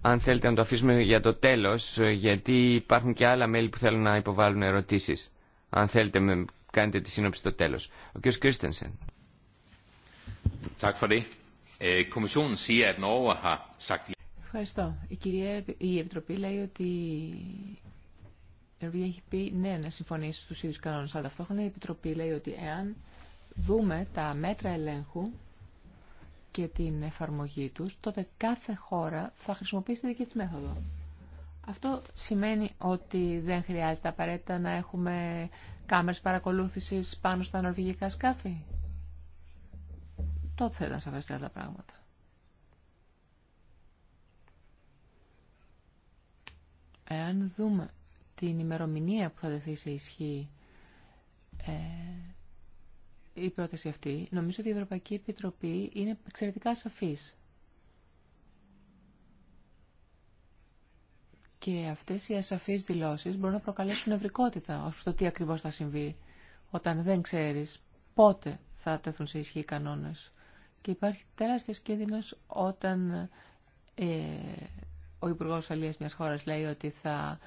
Αν θέλετε να το αφήσουμε για το τέλος, ε, γιατί υπάρχουν και άλλα μέλη που θέλουν να υποβάλουν ερωτήσεις. Αν θέλετε, με, κάνετε τη σύνοψη στο τέλος. Ο κ. Κρίστενσεν. Ευχαριστώ. Η Κομισιόν, Ευχαριστώ. Η, κυρία, η Επιτροπή λέει ότι η Ευρωβουλία έχει πει ναι να συμφωνήσει στους ίδιους κανόνες, αλλά ταυτόχρονα η Επιτροπή λέει ότι εάν δούμε τα μέτρα ελέγχου και την εφαρμογή τους, τότε κάθε χώρα θα χρησιμοποιήσει τη δική της μέθοδο. Αυτό σημαίνει ότι δεν χρειάζεται απαραίτητα να έχουμε κάμερες παρακολούθησης πάνω στα νορβηγικά σκάφη. Τότε θα ήταν σαφέστερα τα πράγματα. Εάν δούμε την ημερομηνία που θα δεθεί σε ισχύ ε, η πρόταση αυτή, νομίζω ότι η Ευρωπαϊκή Επιτροπή είναι εξαιρετικά σαφής. Και αυτές οι ασαφείς δηλώσεις μπορούν να προκαλέσουν ευρικότητα ως το τι ακριβώς θα συμβεί όταν δεν ξέρεις πότε θα τεθούν σε ισχύ οι κανόνες. Και υπάρχει τεράστιος κίνδυνος όταν ε, ο Υπουργό Αλλία μια χώρα λέει ότι θα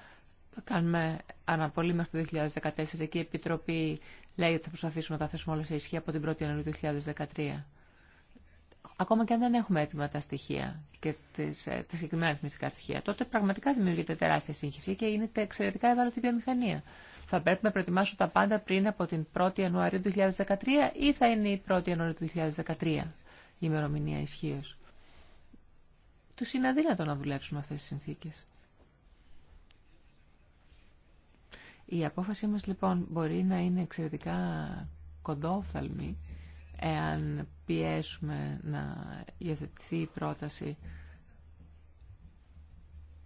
κάνουμε αναπολύ μέχρι το 2014 και η Επιτροπή λέει ότι θα προσπαθήσουμε να τα θέσουμε όλα σε ισχύ από την 1η Ιανουαρίου 2013. Ακόμα και αν δεν έχουμε έτοιμα τα στοιχεία και τις, ε, τα συγκεκριμένα αριθμιστικά στοιχεία, τότε πραγματικά δημιουργείται τεράστια σύγχυση και είναι εξαιρετικά ευάλωτη βιομηχανία. Θα πρέπει να προετοιμάσω τα πάντα πριν από την 1η Ιανουαρίου 2013 ή θα είναι η 1η Ιανουαρίου 2013 η ημερομηνία ισχύω. Τους είναι αδύνατο να δουλέψουμε αυτές τις συνθήκες. Η απόφασή μας λοιπόν μπορεί να είναι εξαιρετικά κοντόφθαλμη εάν πιέσουμε να υιοθετηθεί η πρόταση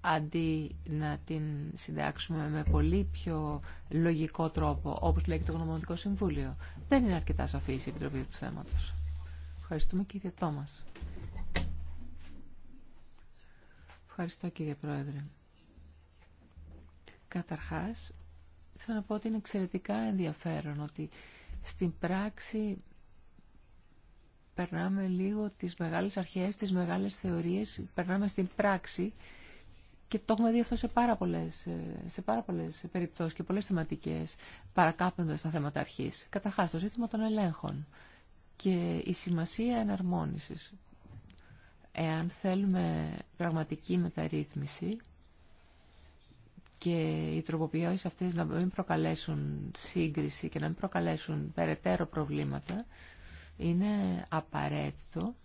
αντί να την συντάξουμε με πολύ πιο λογικό τρόπο, όπως λέει το Γνωμονικό Συμβούλιο. Δεν είναι αρκετά σαφής η Επιτροπή του θέματος. Ευχαριστούμε κύριε Τόμας. Ευχαριστώ κύριε Πρόεδρε. Καταρχάς, θέλω να πω ότι είναι εξαιρετικά ενδιαφέρον ότι στην πράξη περνάμε λίγο τις μεγάλες αρχές, τις μεγάλες θεωρίες, περνάμε στην πράξη και το έχουμε δει αυτό σε πάρα πολλές, ε, σε πάρα πολλές περιπτώσεις και πολλές θεματικές, παρακάπτοντας τα θέματα αρχής. Καταρχάς, το ζήτημα των ελέγχων και η σημασία εναρμόνισης Εάν θέλουμε πραγματική μεταρρύθμιση και οι τροποποιώσεις αυτές να μην προκαλέσουν σύγκριση και να μην προκαλέσουν περαιτέρω προβλήματα, είναι απαραίτητο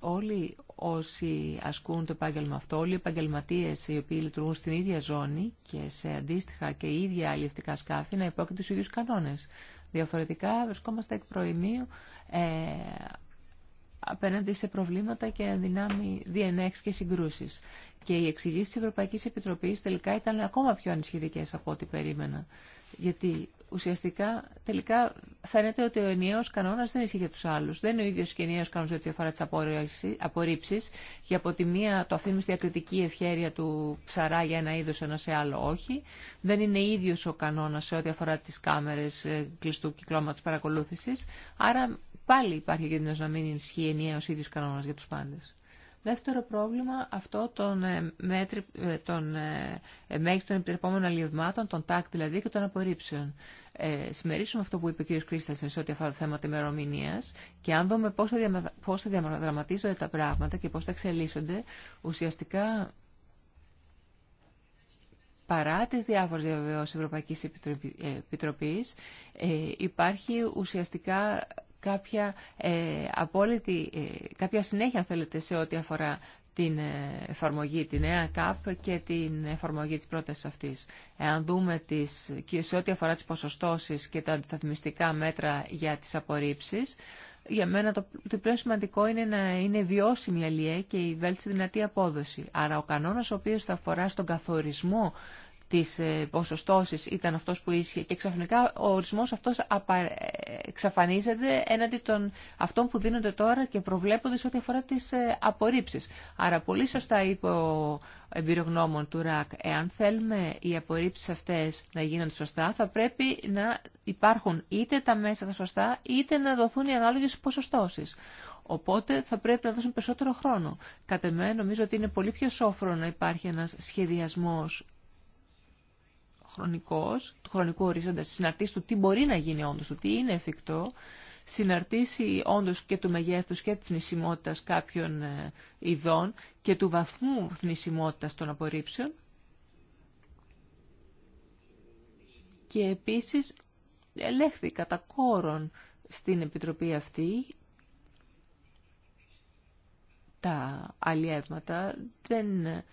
όλοι όσοι ασκούν το επάγγελμα αυτό, όλοι οι επαγγελματίε οι οποίοι λειτουργούν στην ίδια ζώνη και σε αντίστοιχα και ίδια αλληλευτικά σκάφη να υπόκειται του ίδιους κανόνες. Διαφορετικά βρισκόμαστε εκ προημίου ε, απέναντι σε προβλήματα και δυνάμει διενέξει και συγκρούσεις. Και οι εξηγήσει της Ευρωπαϊκής Επιτροπής τελικά ήταν ακόμα πιο ανισχυτικές από ό,τι περίμενα. Γιατί ουσιαστικά τελικά φαίνεται ότι ο ενιαίος κανόνας δεν ισχύει για τους άλλους. Δεν είναι ο ίδιος και ενιαίος κανόνας ότι αφορά τις απορρίψεις και από τη μία το αφήνουμε στη διακριτική ευχέρεια του ψαρά για ένα είδος ένα σε άλλο όχι. Δεν είναι ίδιος ο κανόνα σε ό,τι αφορά τι κάμερε ε, κλειστού κυκλώματο παρακολούθηση, Άρα πάλι υπάρχει κίνδυνο να μην ισχύει ενιαίο ίδιο κανόνα για του πάντε. Δεύτερο πρόβλημα, αυτό των, ε, μέτρη, ε, των ε, μέγιστων επιτρεπόμενων αλλιευμάτων, των τάκ δηλαδή και των απορρίψεων. Ε, Συμμερίσουμε αυτό που είπε ο κ. Κρίστα σε ό,τι αφορά το θέμα τη ημερομηνία και αν δούμε πώ θα, διαμα... θα διαδραματίζονται τα πράγματα και πώ θα εξελίσσονται, ουσιαστικά παρά τις διάφορες διαβεβαιώσεις Ευρωπαϊκής Επιτροπής, υπάρχει ουσιαστικά κάποια ε, απόλυτη, ε, κάποια συνέχεια αν θέλετε σε ό,τι αφορά την ε, εφαρμογή, τη νέα ΚΑΠ και την εφαρμογή της πρότασης αυτής. Εάν δούμε τις, και σε ό,τι αφορά τις ποσοστώσεις και τα αντισταθμιστικά μέτρα για τις απορρίψεις, για μένα το, το σημαντικό είναι να είναι βιώσιμη η και η βέλτιστη δυνατή απόδοση. Άρα ο κανόνας ο οποίος θα αφορά στον καθορισμό τις ε, ποσοστώσεις ήταν αυτός που ίσχυε και ξαφνικά ο ορισμός αυτός ε, εξαφανίζεται έναντι των αυτών που δίνονται τώρα και προβλέπονται σε ό,τι αφορά τις ε, απορρίψεις. Άρα πολύ σωστά είπε ο εμπειρογνώμων του ΡΑΚ, εάν θέλουμε οι απορρίψεις αυτές να γίνονται σωστά θα πρέπει να υπάρχουν είτε τα μέσα τα σωστά είτε να δοθούν οι ανάλογες ποσοστώσεις. Οπότε θα πρέπει να δώσουν περισσότερο χρόνο. Κατ' εμέ νομίζω ότι είναι πολύ πιο σόφρο να υπάρχει ένας σχεδιασμός χρονικός, του χρονικού ορίζοντα, συναρτήσει του τι μπορεί να γίνει όντω, του τι είναι εφικτό, συναρτήσει όντω και του μεγέθους και της θνησιμότητα κάποιων ε, ειδών και του βαθμού θνησιμότητα των απορρίψεων και επίσης ελέγχθη κατά κόρον στην Επιτροπή αυτή τα αλλιεύματα δεν ε,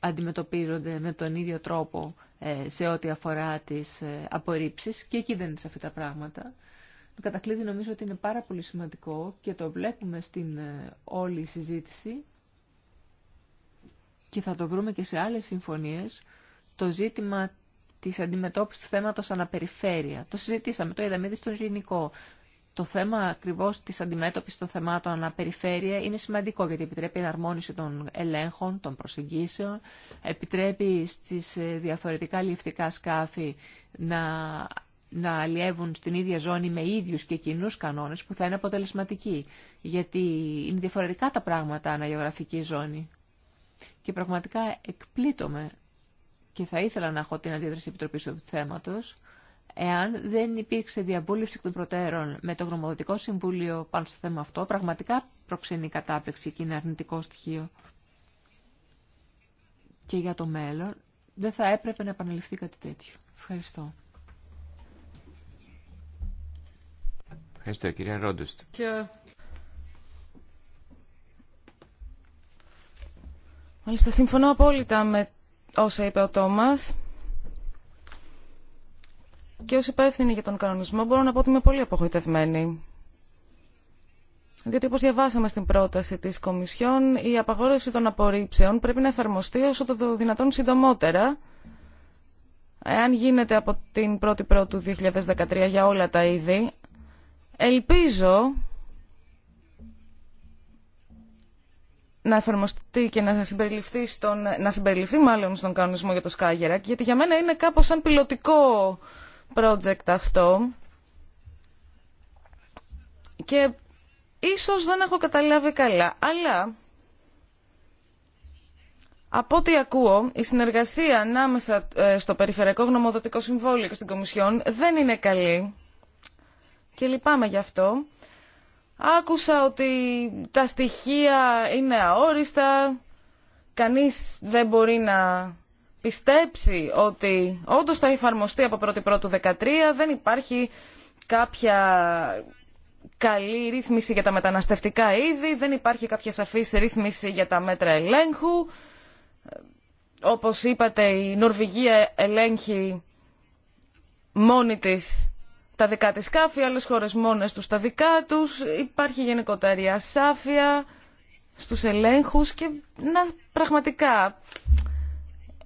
αντιμετωπίζονται με τον ίδιο τρόπο ε, σε ό,τι αφορά τις ε, απορρίψεις και εκεί δεν είναι σε αυτά τα πράγματα. Το κατακλείδι νομίζω ότι είναι πάρα πολύ σημαντικό και το βλέπουμε στην ε, όλη συζήτηση και θα το βρούμε και σε άλλες συμφωνίες το ζήτημα της αντιμετώπισης του θέματος αναπεριφέρεια. Το συζητήσαμε, το είδαμε ήδη στον ελληνικό το θέμα ακριβώ τη αντιμέτωπη των θεμάτων αναπεριφέρεια είναι σημαντικό γιατί επιτρέπει εναρμόνιση των ελέγχων, των προσεγγίσεων, επιτρέπει στι ε, διαφορετικά ληφτικά σκάφη να, να αλλιεύουν στην ίδια ζώνη με ίδιου και κοινού κανόνε που θα είναι αποτελεσματικοί. Γιατί είναι διαφορετικά τα πράγματα αναγεωγραφική ζώνη. Και πραγματικά εκπλήττομαι και θα ήθελα να έχω την αντίδραση επιτροπή του θέματος Εάν δεν υπήρξε διαβούλευση των προτέρων με το γνωμοδοτικό συμβούλιο πάνω στο θέμα αυτό, πραγματικά προξενεί κατάπληξη και είναι αρνητικό στοιχείο. Και για το μέλλον δεν θα έπρεπε να επαναληφθεί κάτι τέτοιο. Ευχαριστώ. Ευχαριστώ, κυρία Ρόντουστ. Και... Μάλιστα, συμφωνώ απόλυτα με όσα είπε ο Τόμας. Και ως υπεύθυνη για τον κανονισμό μπορώ να πω ότι είμαι πολύ απογοητευμένη. Διότι όπως διαβάσαμε στην πρόταση της Κομισιόν, η απαγόρευση των απορρίψεων πρέπει να εφαρμοστεί όσο το δυνατόν συντομότερα, εάν γίνεται από την 1η του 2013 για όλα τα είδη. Ελπίζω να εφαρμοστεί και να συμπεριληφθεί, στον, να συμπεριληφθεί μάλλον στον κανονισμό για το Σκάγερα, γιατί για μένα είναι κάπως σαν πιλωτικό project αυτό και ίσως δεν έχω καταλάβει καλά, αλλά από ό,τι ακούω, η συνεργασία ανάμεσα ε, στο Περιφερειακό Γνωμοδοτικό Συμβόλιο και στην Κομισιόν δεν είναι καλή και λυπάμαι γι' αυτό. Άκουσα ότι τα στοιχεία είναι αόριστα, κανείς δεν μπορεί να πιστέψει ότι όντως θα εφαρμοστεί από 1η Πρώτου 13 δεν υπάρχει κάποια καλή ρύθμιση για τα μεταναστευτικά είδη, δεν υπάρχει κάποια σαφής ρύθμιση για τα μέτρα ελέγχου. Όπως είπατε η Νορβηγία ελέγχει μόνη της τα δικά της σκάφη, άλλες χώρες μόνες τους τα δικά τους. Υπάρχει γενικότερη ασάφεια στους ελέγχους και να πραγματικά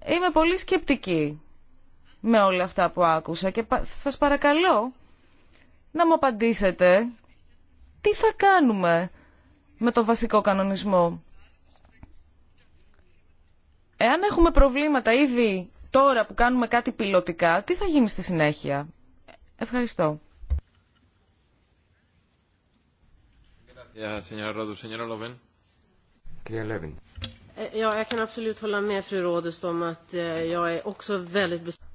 Είμαι πολύ σκεπτική με όλα αυτά που άκουσα και σας παρακαλώ να μου απαντήσετε τι θα κάνουμε με το βασικό κανονισμό. Εάν έχουμε προβλήματα ήδη τώρα που κάνουμε κάτι πιλωτικά, τι θα γίνει στη συνέχεια. Ευχαριστώ. Κύριε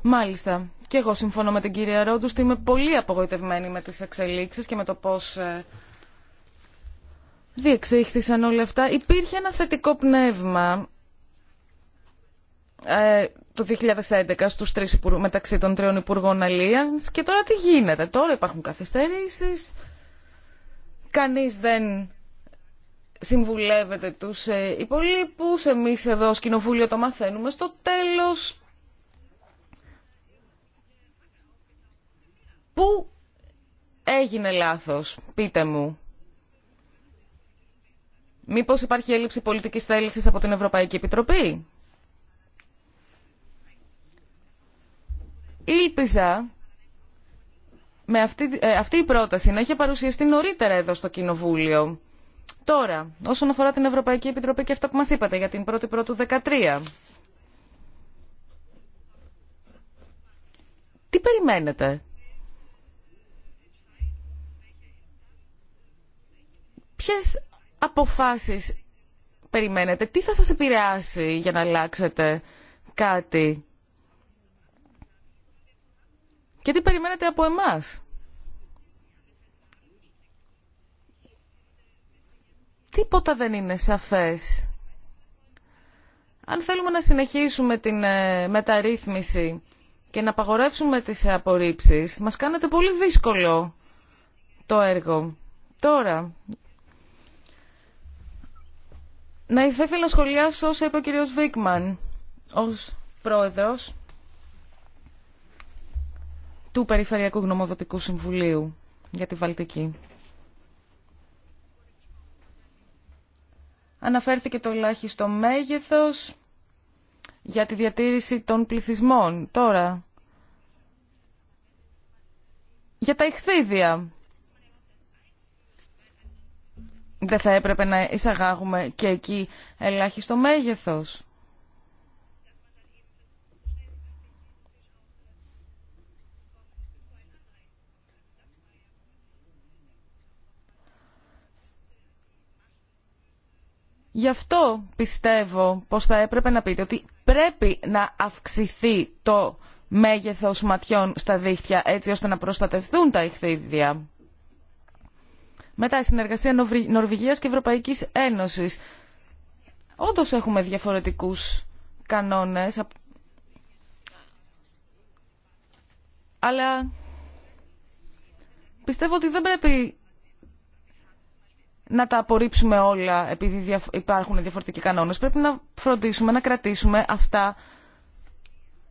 Μάλιστα. Και εγώ συμφωνώ με την κυρία ότι Είμαι πολύ απογοητευμένη με τις εξελίξεις και με το πώς ε, διεξήχθησαν όλα αυτά. Υπήρχε ένα θετικό πνεύμα ε, το 2011 στους τρεις μεταξύ των τριών υπουργών Αλίας και τώρα τι γίνεται. Τώρα υπάρχουν καθυστερήσεις. Κανείς δεν συμβουλεύετε τους ε, υπολείπους. Εμείς εδώ ως κοινοβούλιο το μαθαίνουμε στο τέλος. Πού έγινε λάθος, πείτε μου. Μήπως υπάρχει έλλειψη πολιτικής θέλησης από την Ευρωπαϊκή Επιτροπή. Ήλπιζα με αυτή, ε, αυτή η πρόταση να είχε παρουσιαστεί νωρίτερα εδώ στο Κοινοβούλιο Τώρα, όσον αφορά την Ευρωπαϊκή Επιτροπή και αυτό που μας είπατε για την 1η Πρώτου 13, τι περιμένετε. Ποιες αποφάσεις περιμένετε, τι θα σας επηρεάσει για να αλλάξετε κάτι και τι περιμένετε από εμάς. τίποτα δεν είναι σαφές. Αν θέλουμε να συνεχίσουμε την ε, μεταρρύθμιση και να απαγορεύσουμε τις απορρίψεις, μας κάνετε πολύ δύσκολο το έργο. Τώρα, να ήθελα να σχολιάσω όσα είπε ο κύριος Βίκμαν ως πρόεδρος του Περιφερειακού Γνωμοδοτικού Συμβουλίου για τη Βαλτική. Αναφέρθηκε το ελάχιστο μέγεθος για τη διατήρηση των πληθυσμών. Τώρα, για τα ηχθίδια. Δεν θα έπρεπε να εισαγάγουμε και εκεί ελάχιστο μέγεθος. Γι' αυτό πιστεύω πως θα έπρεπε να πείτε ότι πρέπει να αυξηθεί το μέγεθος ματιών στα δίχτυα έτσι ώστε να προστατευτούν τα ηχθίδια. Μετά η συνεργασία Νορβηγίας και Ευρωπαϊκής Ένωσης. Όντως έχουμε διαφορετικούς κανόνες, αλλά πιστεύω ότι δεν πρέπει να τα απορρίψουμε όλα επειδή υπάρχουν διαφορετικοί κανόνες. Πρέπει να φροντίσουμε να κρατήσουμε αυτά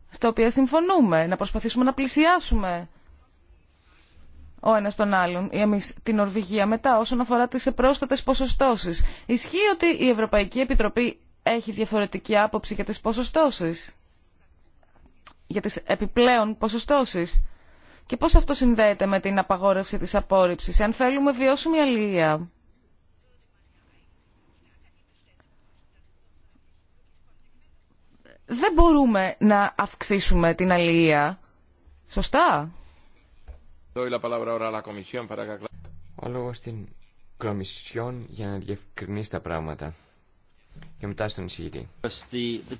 στα οποία συμφωνούμε, να προσπαθήσουμε να πλησιάσουμε ο ένα τον άλλον, ή εμεί την Νορβηγία. Μετά, όσον αφορά τι πρόσθετε ποσοστώσει, ισχύει ότι η εμει την ορβηγια μετα Επιτροπή έχει διαφορετική άποψη για τι ποσοστώσει, για τι επιπλέον ποσοστώσει. Και πώς αυτό συνδέεται με την απαγόρευση της απόρριψης αν θέλουμε βιώσιμη αλληλεία. δεν μπορούμε να αυξήσουμε την αλληλεία. Σωστά. Ο λόγος στην Κομισιόν για να διευκρινίσει τα πράγματα. Και μετά στον εισηγητή.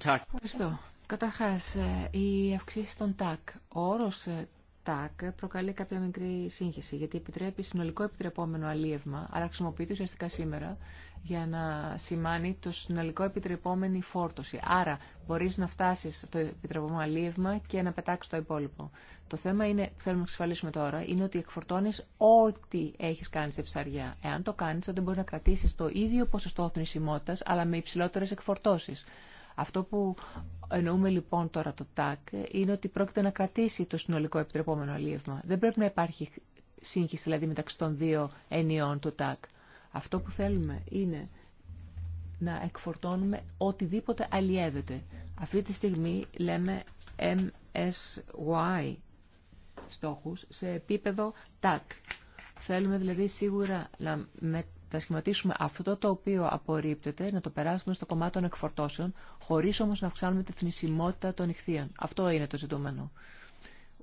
Ευχαριστώ. Καταρχάς, η ε, αυξήση των ΤΑΚ. Ο όρος ε, ΤΑΚ προκαλεί κάποια μικρή σύγχυση, γιατί επιτρέπει συνολικό επιτρεπόμενο αλίευμα, αλλά χρησιμοποιείται ουσιαστικά σήμερα για να σημάνει το συνολικό επιτρεπόμενη φόρτωση. Άρα μπορεί να φτάσει στο επιτρεπόμενο αλίευμα και να πετάξει το υπόλοιπο. Το θέμα είναι, που θέλουμε να εξασφαλίσουμε τώρα είναι ότι εκφορτώνεις ό,τι έχει κάνει σε ψαριά. Εάν το κάνει, τότε μπορεί να κρατήσει το ίδιο ποσοστό θνησιμότητα, αλλά με υψηλότερε εκφορτώσει. Αυτό που εννοούμε λοιπόν τώρα το ΤΑΚ είναι ότι πρόκειται να κρατήσει το συνολικό επιτρεπόμενο αλίευμα. Δεν πρέπει να υπάρχει σύγχυση δηλαδή μεταξύ των δύο ενιών του ΤΑΚ. Αυτό που θέλουμε είναι να εκφορτώνουμε οτιδήποτε αλλιεύεται. Αυτή τη στιγμή λέμε MSY στόχους σε επίπεδο TAC. Θέλουμε δηλαδή σίγουρα να θα σχηματίσουμε αυτό το οποίο απορρίπτεται, να το περάσουμε στο κομμάτι των εκφορτώσεων, χωρί όμω να αυξάνουμε τη θνησιμότητα των ηχθείων. Αυτό είναι το ζητούμενο.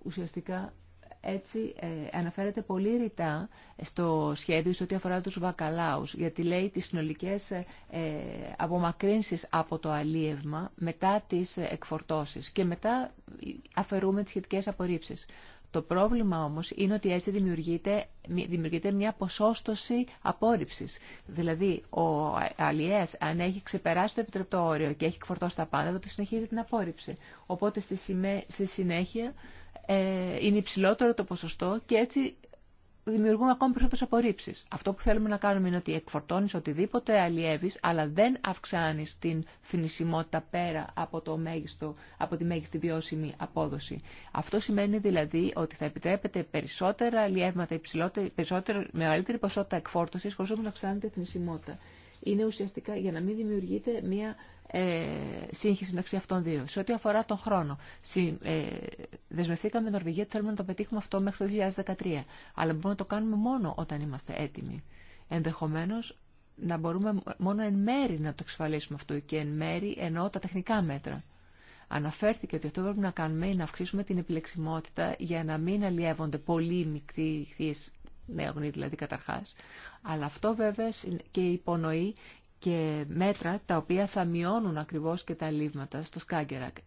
Ουσιαστικά έτσι ε, αναφέρεται πολύ ρητά στο σχέδιο σε ό,τι αφορά τους βακαλάους, γιατί λέει τις συνολικές ε, ε απομακρύνσεις από το αλίευμα μετά τις εκφορτώσεις και μετά ε, αφαιρούμε τις σχετικές απορρίψεις. Το πρόβλημα όμως είναι ότι έτσι δημιουργείται, μια ποσόστοση απόρριψης. Δηλαδή, ο αλλιέας αν έχει ξεπεράσει το επιτρεπτό όριο και έχει εκφορτώσει τα πάντα, τότε συνεχίζει την απόρριψη. Οπότε στη, συνέχεια ε, είναι υψηλότερο το ποσοστό και έτσι δημιουργούμε ακόμη περισσότερε απορρίψει. Αυτό που θέλουμε να κάνουμε είναι ότι εκφορτώνει οτιδήποτε αλλιεύει, αλλά δεν αυξάνει την θνησιμότητα πέρα από, το μέγιστο, από τη μέγιστη βιώσιμη απόδοση. Αυτό σημαίνει δηλαδή ότι θα επιτρέπεται περισσότερα αλλιεύματα, περισσότερη, μεγαλύτερη ποσότητα εκφόρτωση, χωρί όμω να αυξάνεται η θνησιμότητα είναι ουσιαστικά για να μην δημιουργείται μία ε, σύγχυση μεταξύ αυτών δύο. Σε ό,τι αφορά τον χρόνο, συ, ε, δεσμευθήκαμε με Νορβηγία ότι θέλουμε να το πετύχουμε αυτό μέχρι το 2013. Αλλά μπορούμε να το κάνουμε μόνο όταν είμαστε έτοιμοι. Ενδεχομένω να μπορούμε μόνο εν μέρη να το εξασφαλίσουμε αυτό και εν μέρη εννοώ τα τεχνικά μέτρα. Αναφέρθηκε ότι αυτό που πρέπει να κάνουμε είναι να αυξήσουμε την επιλεξιμότητα για να μην αλλιεύονται πολύ μικροί νέαγνοι δηλαδή καταρχάς. Αλλά αυτό βέβαια και υπονοεί και μέτρα τα οποία θα μειώνουν ακριβώς και τα λίβματα στο Σκάγκερακ.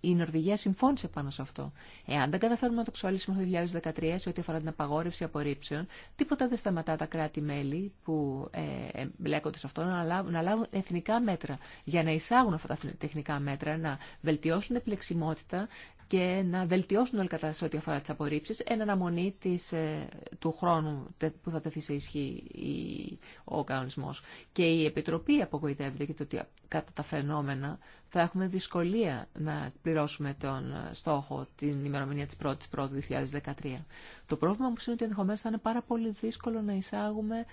Η Νορβηγία συμφώνησε πάνω σε αυτό. Εάν δεν καταφέρουμε να το εξολύσουμε το 2013 σε ό,τι αφορά την απαγόρευση απορρίψεων, τίποτα δεν σταματά τα κράτη-μέλη που ε, μπλέκονται σε αυτό να να λάβουν εθνικά μέτρα για να εισάγουν αυτά τα τεχνικά μέτρα, να βελτιώσουν την επιλεξιμότητα και να βελτιώσουν όλη κατάσταση ό,τι αφορά τις απορρίψεις εν αναμονή της, ε, του χρόνου που θα τεθεί σε ισχύ ο κανονισμός. Και η Επιτροπή απογοητεύεται και το ότι κατά τα φαινόμενα θα έχουμε δυσκολία να πληρώσουμε τον ε, στόχο την ημερομηνία της 1ης πρώτου 2013. Το πρόβλημα μου είναι ότι ενδεχομένω θα είναι πάρα πολύ δύσκολο να εισάγουμε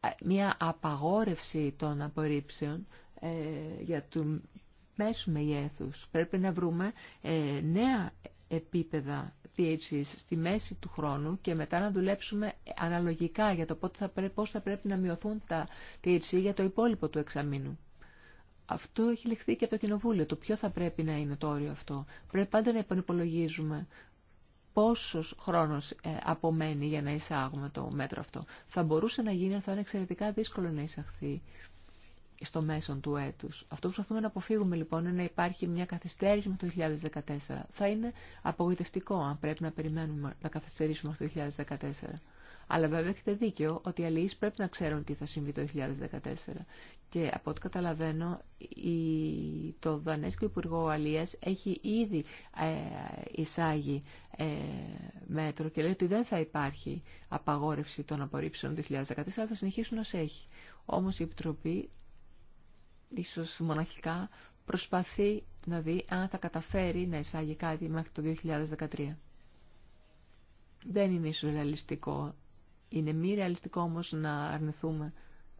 ε, μια απαγόρευση των απορρίψεων για του πέσουμε οι Πρέπει να βρούμε ε, νέα επίπεδα THC στη μέση του χρόνου και μετά να δουλέψουμε αναλογικά για το πότε θα πρέπει, πώς θα πρέπει να μειωθούν τα THC για το υπόλοιπο του εξαμήνου. Αυτό έχει λεχθεί και από το Κοινοβούλιο. Το ποιο θα πρέπει να είναι το όριο αυτό. Πρέπει πάντα να υπολογίζουμε πόσος χρόνος ε, απομένει για να εισάγουμε το μέτρο αυτό. Θα μπορούσε να γίνει, αλλά θα είναι εξαιρετικά δύσκολο να εισαχθεί στο μέσον του έτους. Αυτό που προσπαθούμε να αποφύγουμε λοιπόν είναι να υπάρχει μια καθυστέρηση με το 2014. Θα είναι απογοητευτικό αν πρέπει να περιμένουμε να καθυστερήσουμε το 2014. Αλλά βέβαια έχετε δίκιο ότι οι αλληλείς πρέπει να ξέρουν τι θα συμβεί το 2014. Και από ό,τι καταλαβαίνω, η... το Δανέσκο Υπουργό Αλίας έχει ήδη ε, εισάγει ε, μέτρο και λέει ότι δεν θα υπάρχει απαγόρευση των απορρίψεων το 2014, αλλά θα συνεχίσουν ως έχει. Όμως η Επιτροπή ίσως μοναχικά, προσπαθεί να δει αν θα καταφέρει να εισάγει κάτι μέχρι το 2013. Δεν είναι ίσως ρεαλιστικό. Είναι μη ρεαλιστικό όμως να αρνηθούμε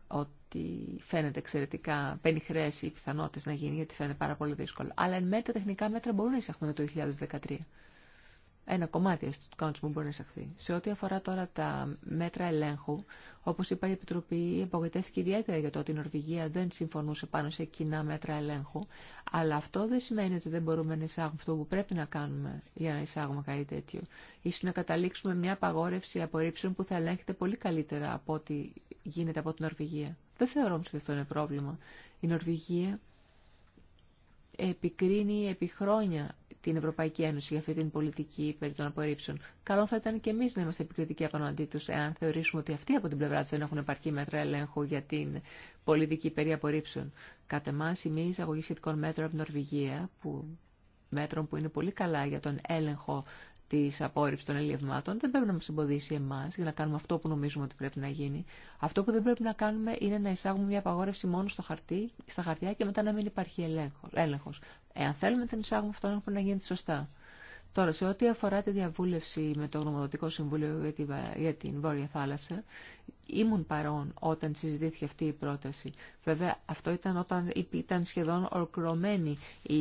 ότι φαίνεται εξαιρετικά πενιχρές οι πιθανότητε να γίνει, γιατί φαίνεται πάρα πολύ δύσκολο. Αλλά εν μέρει τα τεχνικά μέτρα μπορούν να εισαχθούν το 2013 ένα κομμάτι του που μπορεί να εισαχθεί. Σε ό,τι αφορά τώρα τα μέτρα ελέγχου, όπω είπα, η Επιτροπή απογοητεύτηκε ιδιαίτερα για το ότι η Νορβηγία δεν συμφωνούσε πάνω σε κοινά μέτρα ελέγχου. Αλλά αυτό δεν σημαίνει ότι δεν μπορούμε να εισάγουμε αυτό που πρέπει να κάνουμε για να εισάγουμε κάτι τέτοιο. σω να καταλήξουμε μια απαγόρευση απορρίψεων που θα ελέγχεται πολύ καλύτερα από ό,τι γίνεται από την Νορβηγία. Δεν θεωρώ όμω ότι αυτό είναι πρόβλημα. Η Νορβηγία επικρίνει επί χρόνια την Ευρωπαϊκή Ένωση για αυτή την πολιτική περί των απορρίψεων. Καλό θα ήταν και εμεί να είμαστε επικριτικοί απέναντί του, εάν θεωρήσουμε ότι αυτοί από την πλευρά του δεν έχουν επαρκή μέτρα ελέγχου για την πολιτική περί απορρίψεων. Κατά εμά, η μη εισαγωγή σχετικών μέτρων από την Νορβηγία, που, μέτρων που είναι πολύ καλά για τον έλεγχο τη απόρριψη των ελευμάτων, δεν πρέπει να μα εμποδίσει εμά για να κάνουμε αυτό που νομίζουμε ότι πρέπει να γίνει. Αυτό που δεν πρέπει να κάνουμε είναι να εισάγουμε μια απαγόρευση μόνο στο χαρτί, στα χαρτιά και μετά να μην υπάρχει έλεγχο. Εάν θέλουμε να την εισάγουμε αυτό, πρέπει να γίνει σωστά. Τώρα, σε ό,τι αφορά τη διαβούλευση με το Γνωμοδοτικό Συμβούλιο για την Βόρεια Θάλασσα, ήμουν παρόν όταν συζητήθηκε αυτή η πρόταση. Βέβαια, αυτό ήταν όταν ήταν σχεδόν ολοκληρωμένη η,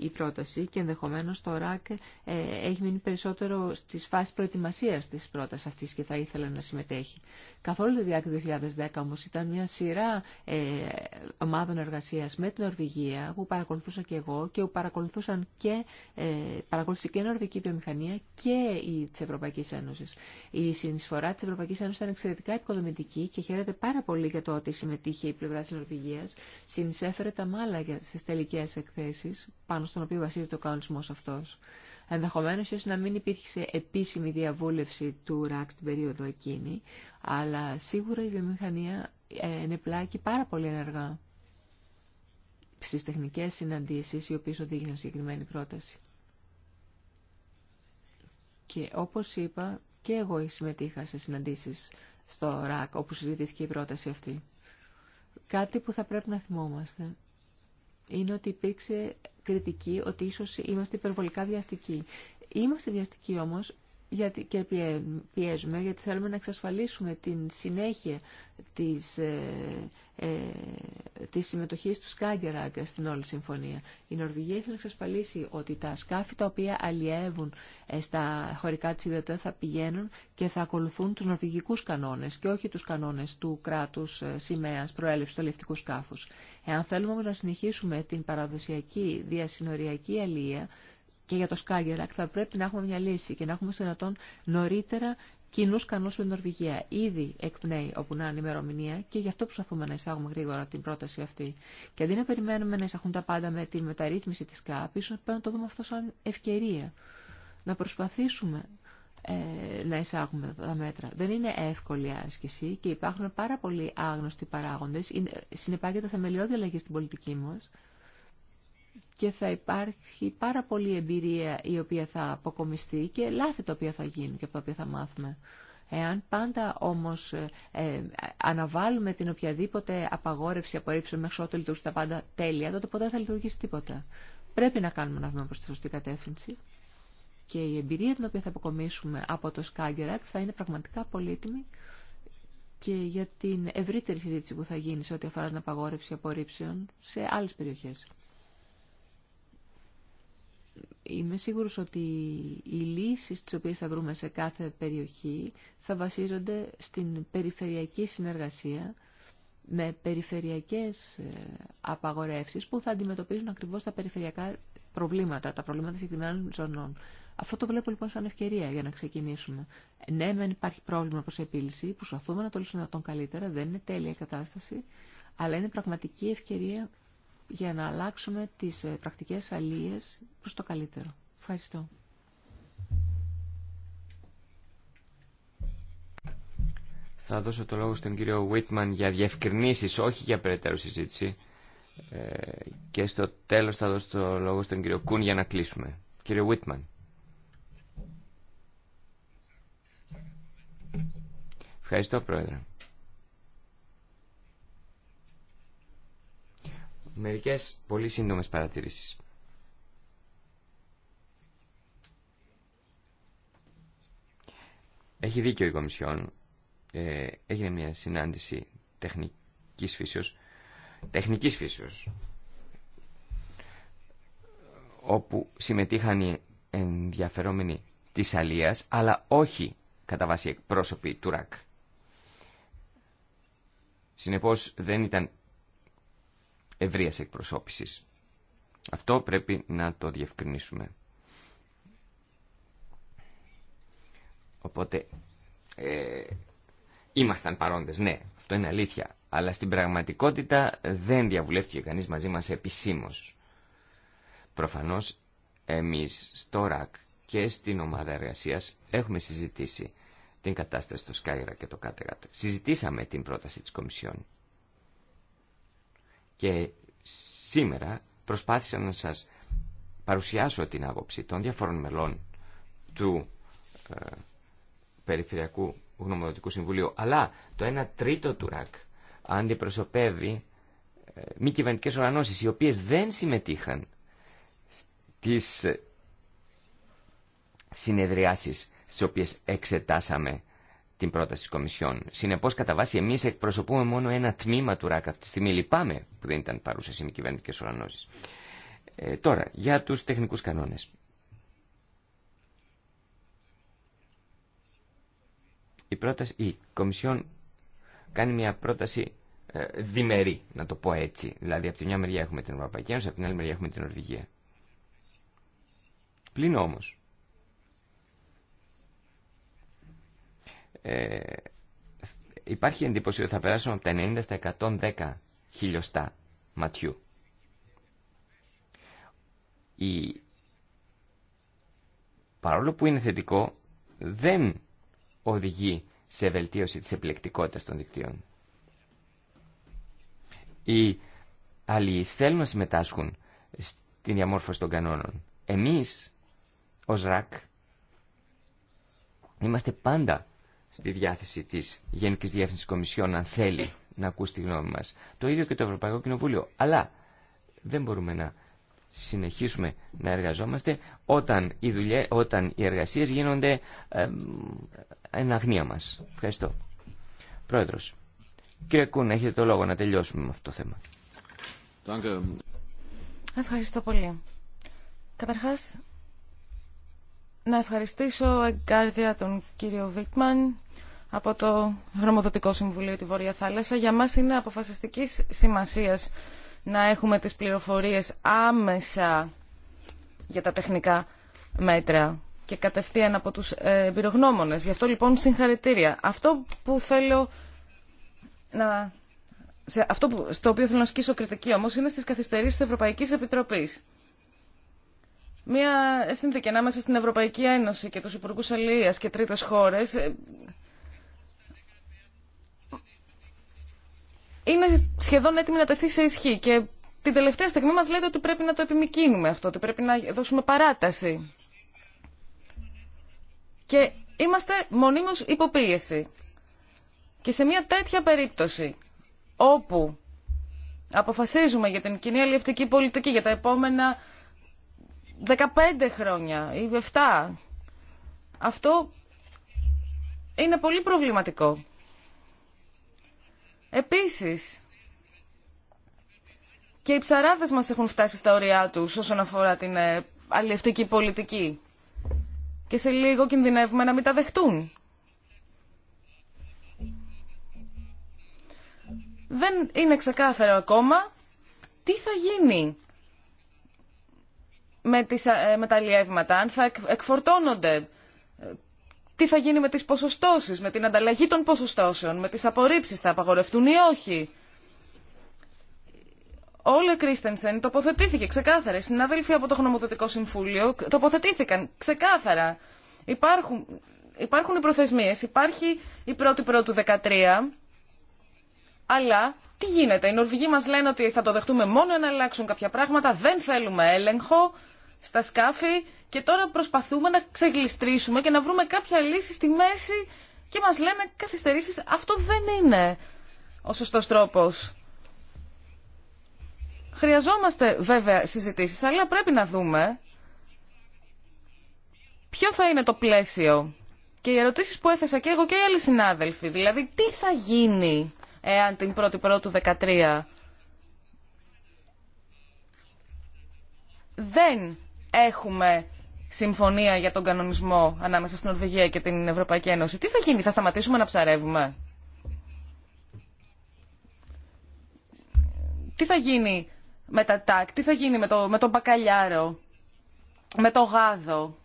η... πρόταση και ενδεχομένως το ΡΑΚ ε, έχει μείνει περισσότερο στις φάσεις προετοιμασίας της πρότασης αυτής και θα ήθελε να συμμετέχει. Καθόλου τη διάρκεια του 2010 όμως ήταν μια σειρά ε, ομάδων εργασίας με την Νορβηγία που παρακολουθούσα και εγώ και που παρακολουθούσαν και, ε, παρακολουθούσε και η Νορβική βιομηχανία και η της Ευρωπαϊκής Η συνεισφορά της Ευρωπαϊκής Ένωσης ήταν εξαιρετική εξαιρετικά επικοδομητική και χαίρεται πάρα πολύ για το ότι συμμετείχε η πλευρά τη Νορβηγία. συνεισέφερε τα μάλα στι τελικέ εκθέσει, πάνω στον οποίο βασίζεται ο κανονισμό αυτό. Ενδεχομένω ίσω να μην υπήρχε επίσημη διαβούλευση του ΡΑΚ στην περίοδο εκείνη, αλλά σίγουρα η βιομηχανία ε, ενεπλάκει πάρα πολύ ενεργά στι τεχνικέ συναντήσει, οι οποίε οδήγησαν συγκεκριμένη πρόταση. Και όπως είπα, και εγώ συμμετείχα σε συναντήσεις στο ΡΑΚ, όπου συζητήθηκε η πρόταση αυτή. Κάτι που θα πρέπει να θυμόμαστε είναι ότι υπήρξε κριτική ότι ίσως είμαστε υπερβολικά διαστικοί. Είμαστε διαστικοί όμως γιατί, και πιέζουμε γιατί θέλουμε να εξασφαλίσουμε την συνέχεια της, ε, ε της συμμετοχής του Σκάγκεραγκ στην όλη συμφωνία. Η Νορβηγία ήθελε να εξασφαλίσει ότι τα σκάφη τα οποία αλλιεύουν ε, στα χωρικά της ιδιωτέ θα πηγαίνουν και θα ακολουθούν τους νορβηγικούς κανόνες και όχι τους κανόνες του κράτους ε, σημαίας προέλευσης του αλλιευτικού σκάφους. Εάν θέλουμε να συνεχίσουμε την παραδοσιακή διασυνοριακή αλληλεία, και για το Σκάγκερακ. Θα πρέπει να έχουμε μια λύση και να έχουμε στο δυνατόν νωρίτερα κοινού κανόνε με την Νορβηγία. Ήδη εκπνέει όπου να είναι η ημερομηνία και γι' αυτό προσπαθούμε να εισάγουμε γρήγορα την πρόταση αυτή. Και αντί να περιμένουμε να εισαχούν τα πάντα με τη μεταρρύθμιση τη ΚΑΠ, ίσω πρέπει να το δούμε αυτό σαν ευκαιρία. Να προσπαθήσουμε ε, να εισάγουμε τα μέτρα. Δεν είναι εύκολη άσκηση και υπάρχουν πάρα πολλοί άγνωστοι παράγοντε. Συνεπάγεται θεμελιώδη αλλαγή στην πολιτική μα και θα υπάρχει πάρα πολλή εμπειρία η οποία θα αποκομιστεί και λάθη τα οποία θα γίνουν και από τα οποία θα μάθουμε. Εάν πάντα όμως ε, ε, αναβάλουμε την οποιαδήποτε απαγόρευση, απορρίψεων μέχρι ότι λειτουργήσει τα πάντα τέλεια, τότε ποτέ θα λειτουργήσει τίποτα. Πρέπει να κάνουμε ένα βήμα προς τη σωστή κατεύθυνση και η εμπειρία την οποία θα αποκομίσουμε από το Σκάγκερακ θα είναι πραγματικά πολύτιμη και για την ευρύτερη συζήτηση που θα γίνει σε ό,τι αφορά την απαγόρευση απορρίψεων σε άλλες περιοχές. Είμαι σίγουρος ότι οι λύσεις τις οποίες θα βρούμε σε κάθε περιοχή θα βασίζονται στην περιφερειακή συνεργασία με περιφερειακές ε, απαγορεύσεις που θα αντιμετωπίζουν ακριβώς τα περιφερειακά προβλήματα, τα προβλήματα συγκεκριμένων ζωνών. Αυτό το βλέπω λοιπόν σαν ευκαιρία για να ξεκινήσουμε. Ναι, δεν υπάρχει πρόβλημα προς επίλυση, προσπαθούμε να το λύσουμε τον καλύτερα, δεν είναι τέλεια η κατάσταση, αλλά είναι πραγματική ευκαιρία για να αλλάξουμε τις ε, πρακτικές αλίες προς το καλύτερο. Ευχαριστώ. Θα δώσω το λόγο στον κύριο Βίτμαν για διευκρινήσεις, όχι για περαιτέρω συζήτηση. Ε, και στο τέλος θα δώσω το λόγο στον κύριο Κούν για να κλείσουμε. Κύριο Βίτμαν. Ευχαριστώ, Πρόεδρε. Μερικές πολύ σύντομες παρατηρήσεις. Έχει δίκιο η Κομισιόν. Ε, έγινε μια συνάντηση τεχνικής φύσεως, τεχνικής φύσεως, όπου συμμετείχαν οι ενδιαφερόμενοι της Αλίας, αλλά όχι κατά βάση εκπρόσωποι του ΡΑΚ. Συνεπώς δεν ήταν ευρείας εκπροσώπησης. Αυτό πρέπει να το διευκρινίσουμε. Οπότε, ε, ήμασταν παρόντες, ναι, αυτό είναι αλήθεια. Αλλά στην πραγματικότητα δεν διαβουλεύτηκε κανείς μαζί μας επισήμως. Προφανώς, εμείς στο ΡΑΚ και στην ομάδα εργασίας έχουμε συζητήσει την κατάσταση στο Σκάιρα και το Κάτεγατ. Συζητήσαμε την πρόταση της Κομισιόν. Και σήμερα προσπάθησα να σας παρουσιάσω την άποψη των διαφορών μελών του ε, Περιφερειακού Γνωμοδοτικού Συμβουλίου, αλλά το 1 τρίτο του ΡΑΚ αντιπροσωπεύει ε, μη κυβερνητικέ οργανώσεις, οι οποίες δεν συμμετείχαν στις ε, συνεδριάσεις στις οποίες εξετάσαμε την πρόταση της Κομισιόν. Συνεπώς, κατά βάση, Εμεί εκπροσωπούμε μόνο ένα τμήμα του ΡΑΚ αυτή τη στιγμή. Λυπάμαι που δεν ήταν παρούσε οι μη κυβερνητικέ οργανώσει. Ε, τώρα, για του τεχνικού κανόνε. Η, πρόταση, η Κομισιόν κάνει μια πρόταση ε, διμερή, να το πω έτσι. Δηλαδή, από τη μια μεριά έχουμε την Ευρωπαϊκή Ένωση, από την άλλη μεριά έχουμε την Ορβηγία. Πλην όμως, Ε, υπάρχει εντύπωση ότι θα περάσουμε από τα 90 στα 110 χιλιοστά ματιού. Η... Παρόλο που είναι θετικό, δεν οδηγεί σε βελτίωση της επιλεκτικότητας των δικτύων. Οι άλλοι θέλουν να συμμετάσχουν στην διαμόρφωση των κανόνων. Εμείς, ως ΡΑΚ, είμαστε πάντα στη διάθεση της Γενικής Διεύθυνσης Κομισιόν αν θέλει να ακούσει τη γνώμη μας. Το ίδιο και το Ευρωπαϊκό Κοινοβούλιο. Αλλά δεν μπορούμε να συνεχίσουμε να εργαζόμαστε όταν οι, δουλειές, όταν οι εργασίες γίνονται εν αγνία μας. Ευχαριστώ. Πρόεδρος, κύριε Κούν, έχετε το λόγο να τελειώσουμε με αυτό το θέμα. Ευχαριστώ πολύ. Καταρχάς, να ευχαριστήσω εγκάρδια τον κύριο Βίτμαν από το Γνωμοδοτικό Συμβουλίο τη Βορεια Θάλασσα. Για μας είναι αποφασιστικής σημασίας να έχουμε τις πληροφορίες άμεσα για τα τεχνικά μέτρα και κατευθείαν από τους ε, εμπειρογνώμονες. Γι' αυτό λοιπόν συγχαρητήρια. Αυτό που θέλω να... αυτό που, στο οποίο θέλω να σκίσω κριτική όμως είναι στις καθυστερήσεις της Ευρωπαϊκής Επιτροπής. Μία σύνθηκη ανάμεσα στην Ευρωπαϊκή Ένωση και τους Υπουργούς Αλίας και τρίτες χώρες ε, είναι σχεδόν έτοιμη να τεθεί σε ισχύ και την τελευταία στιγμή μας λέτε ότι πρέπει να το επιμηκύνουμε αυτό, ότι πρέπει να δώσουμε παράταση. Και είμαστε μονίμως υποπίεση. Και σε μια τέτοια περίπτωση όπου αποφασίζουμε για την κοινή αλληλευτική πολιτική για τα επόμενα 15 χρόνια ή 7. Αυτό είναι πολύ προβληματικό. Επίσης, και οι ψαράδες μας έχουν φτάσει στα ωριά τους όσον αφορά την ε, αλληλευτική πολιτική. Και σε λίγο κινδυνεύουμε να μην τα δεχτούν. Δεν είναι ξεκάθαρο ακόμα τι θα γίνει με, τις, ε, με τα αλλιεύματα, αν θα εκφορτώνονται, ε, τι θα γίνει με τις ποσοστώσεις, με την ανταλλαγή των ποσοστώσεων, με τις απορρίψεις, θα απαγορευτούν ή όχι. Όλε Κρίστενσεν τοποθετήθηκε ξεκάθαρα. Οι συνάδελφοι από το Γνωμοδοτικό Συμφούλιο τοποθετήθηκαν ξεκάθαρα. Υπάρχουν, υπάρχουν οι προθεσμίες, υπάρχει η 1η Πρώτου 13, αλλά τι γίνεται. Οι συναδελφοι απο το γνωμοδοτικο συμφουλιο τοποθετηθηκαν ξεκαθαρα υπαρχουν υπαρχουν οι προθεσμιες υπαρχει η πρωτη η πρωτου 13 αλλα τι γινεται οι νορβηγοι μας λένε ότι θα το δεχτούμε μόνο αν αλλάξουν κάποια πράγματα, δεν θέλουμε έλεγχο στα σκάφη και τώρα προσπαθούμε να ξεγλιστρήσουμε και να βρούμε κάποια λύση στη μέση και μας λένε καθυστερήσεις. Αυτό δεν είναι ο σωστός τρόπος. Χρειαζόμαστε βέβαια συζητήσεις, αλλά πρέπει να δούμε ποιο θα είναι το πλαίσιο. Και οι ερωτήσεις που έθεσα και εγώ και οι άλλοι συνάδελφοι, δηλαδή τι θα γίνει εάν την 1η του 13 δεν έχουμε συμφωνία για τον κανονισμό ανάμεσα στην Νορβηγία και την Ευρωπαϊκή Ένωση, τι θα γίνει, θα σταματήσουμε να ψαρεύουμε. Τι θα γίνει με τα τάκ, τι θα γίνει με, το, με τον μπακαλιάρο, με το γάδο.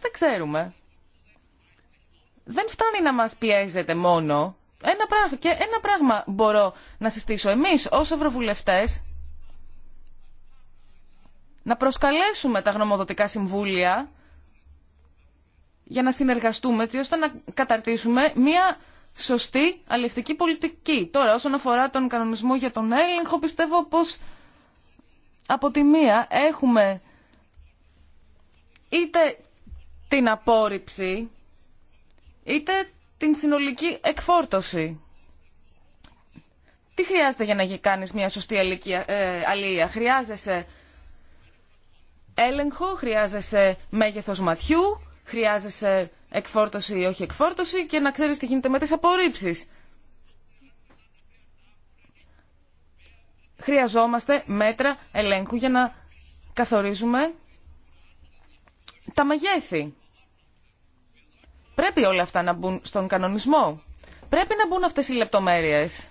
Δεν ξέρουμε. Δεν φτάνει να μας πιέζεται μόνο. Ένα πράγμα, και ένα πράγμα μπορώ να συστήσω. Εμείς ως ευρωβουλευτές να προσκαλέσουμε τα γνωμοδοτικά συμβούλια για να συνεργαστούμε έτσι ώστε να καταρτήσουμε μια σωστή αλληλευτική πολιτική. Τώρα όσον αφορά τον κανονισμό για τον έλεγχο πιστεύω πως από τη μία έχουμε είτε την απόρριψη είτε την συνολική εκφόρτωση. Τι χρειάζεται για να κάνεις μια σωστή αλληλεία. Ε, Χρειάζεσαι έλεγχο, χρειάζεσαι μέγεθος ματιού, χρειάζεσαι εκφόρτωση ή όχι εκφόρτωση και να ξέρεις τι γίνεται με τις απορρίψεις. Χρειαζόμαστε μέτρα ελέγχου για να καθορίζουμε τα μεγέθη. Πρέπει όλα αυτά να μπουν στον κανονισμό. Πρέπει να μπουν αυτές οι λεπτομέρειες.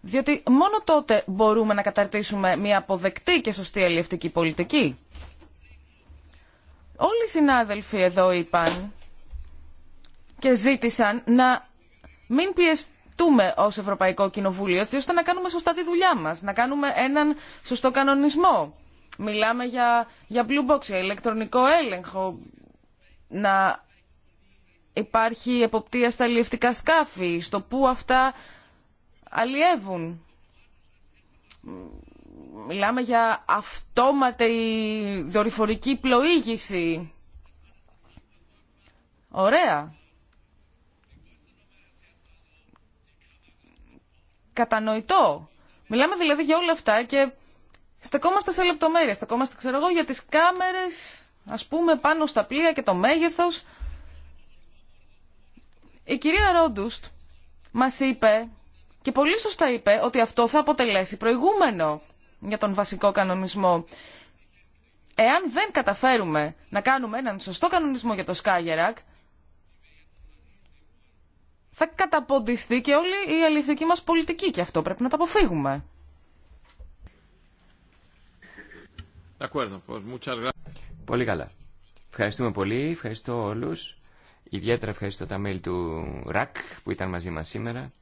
Διότι μόνο τότε μπορούμε να καταρτήσουμε μια αποδεκτή και σωστή αλληλευτική πολιτική. Όλοι οι συνάδελφοι εδώ είπαν και ζήτησαν να μην πιεστούμε ως Ευρωπαϊκό Κοινοβούλιο, έτσι ώστε να κάνουμε σωστά τη δουλειά μας, να κάνουμε έναν σωστό κανονισμό. Μιλάμε για, για blue box, για ηλεκτρονικό έλεγχο, να υπάρχει εποπτεία στα αλληλευτικά σκάφη, στο πού αυτά αλλιεύουν. Μιλάμε για αυτόματη δορυφορική πλοήγηση. Ωραία. Κατανοητό. Μιλάμε δηλαδή για όλα αυτά και στεκόμαστε σε λεπτομέρειες. Στεκόμαστε, ξέρω εγώ, για τις κάμερες, ας πούμε, πάνω στα πλοία και το μέγεθος. Η κυρία Ρόντουστ μας είπε και πολύ σωστά είπε ότι αυτό θα αποτελέσει προηγούμενο για τον βασικό κανονισμό. Εάν δεν καταφέρουμε να κάνουμε έναν σωστό κανονισμό για το Σκάγερακ, θα καταποντιστεί και όλη η αληθική μας πολιτική και αυτό πρέπει να τα αποφύγουμε. Πολύ καλά. Ευχαριστούμε πολύ, ευχαριστώ όλους. Ιδιαίτερα ευχαριστώ τα μέλη του ΡΑΚ που ήταν μαζί μας σήμερα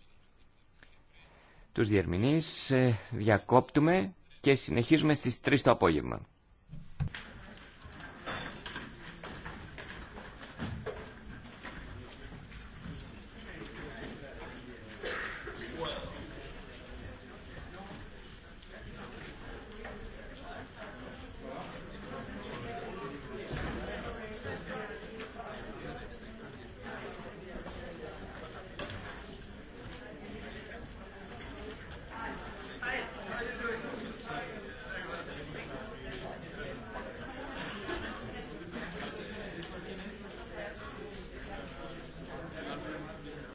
τους διερμηνείς. Ε, διακόπτουμε και συνεχίζουμε στις 3 το απόγευμα.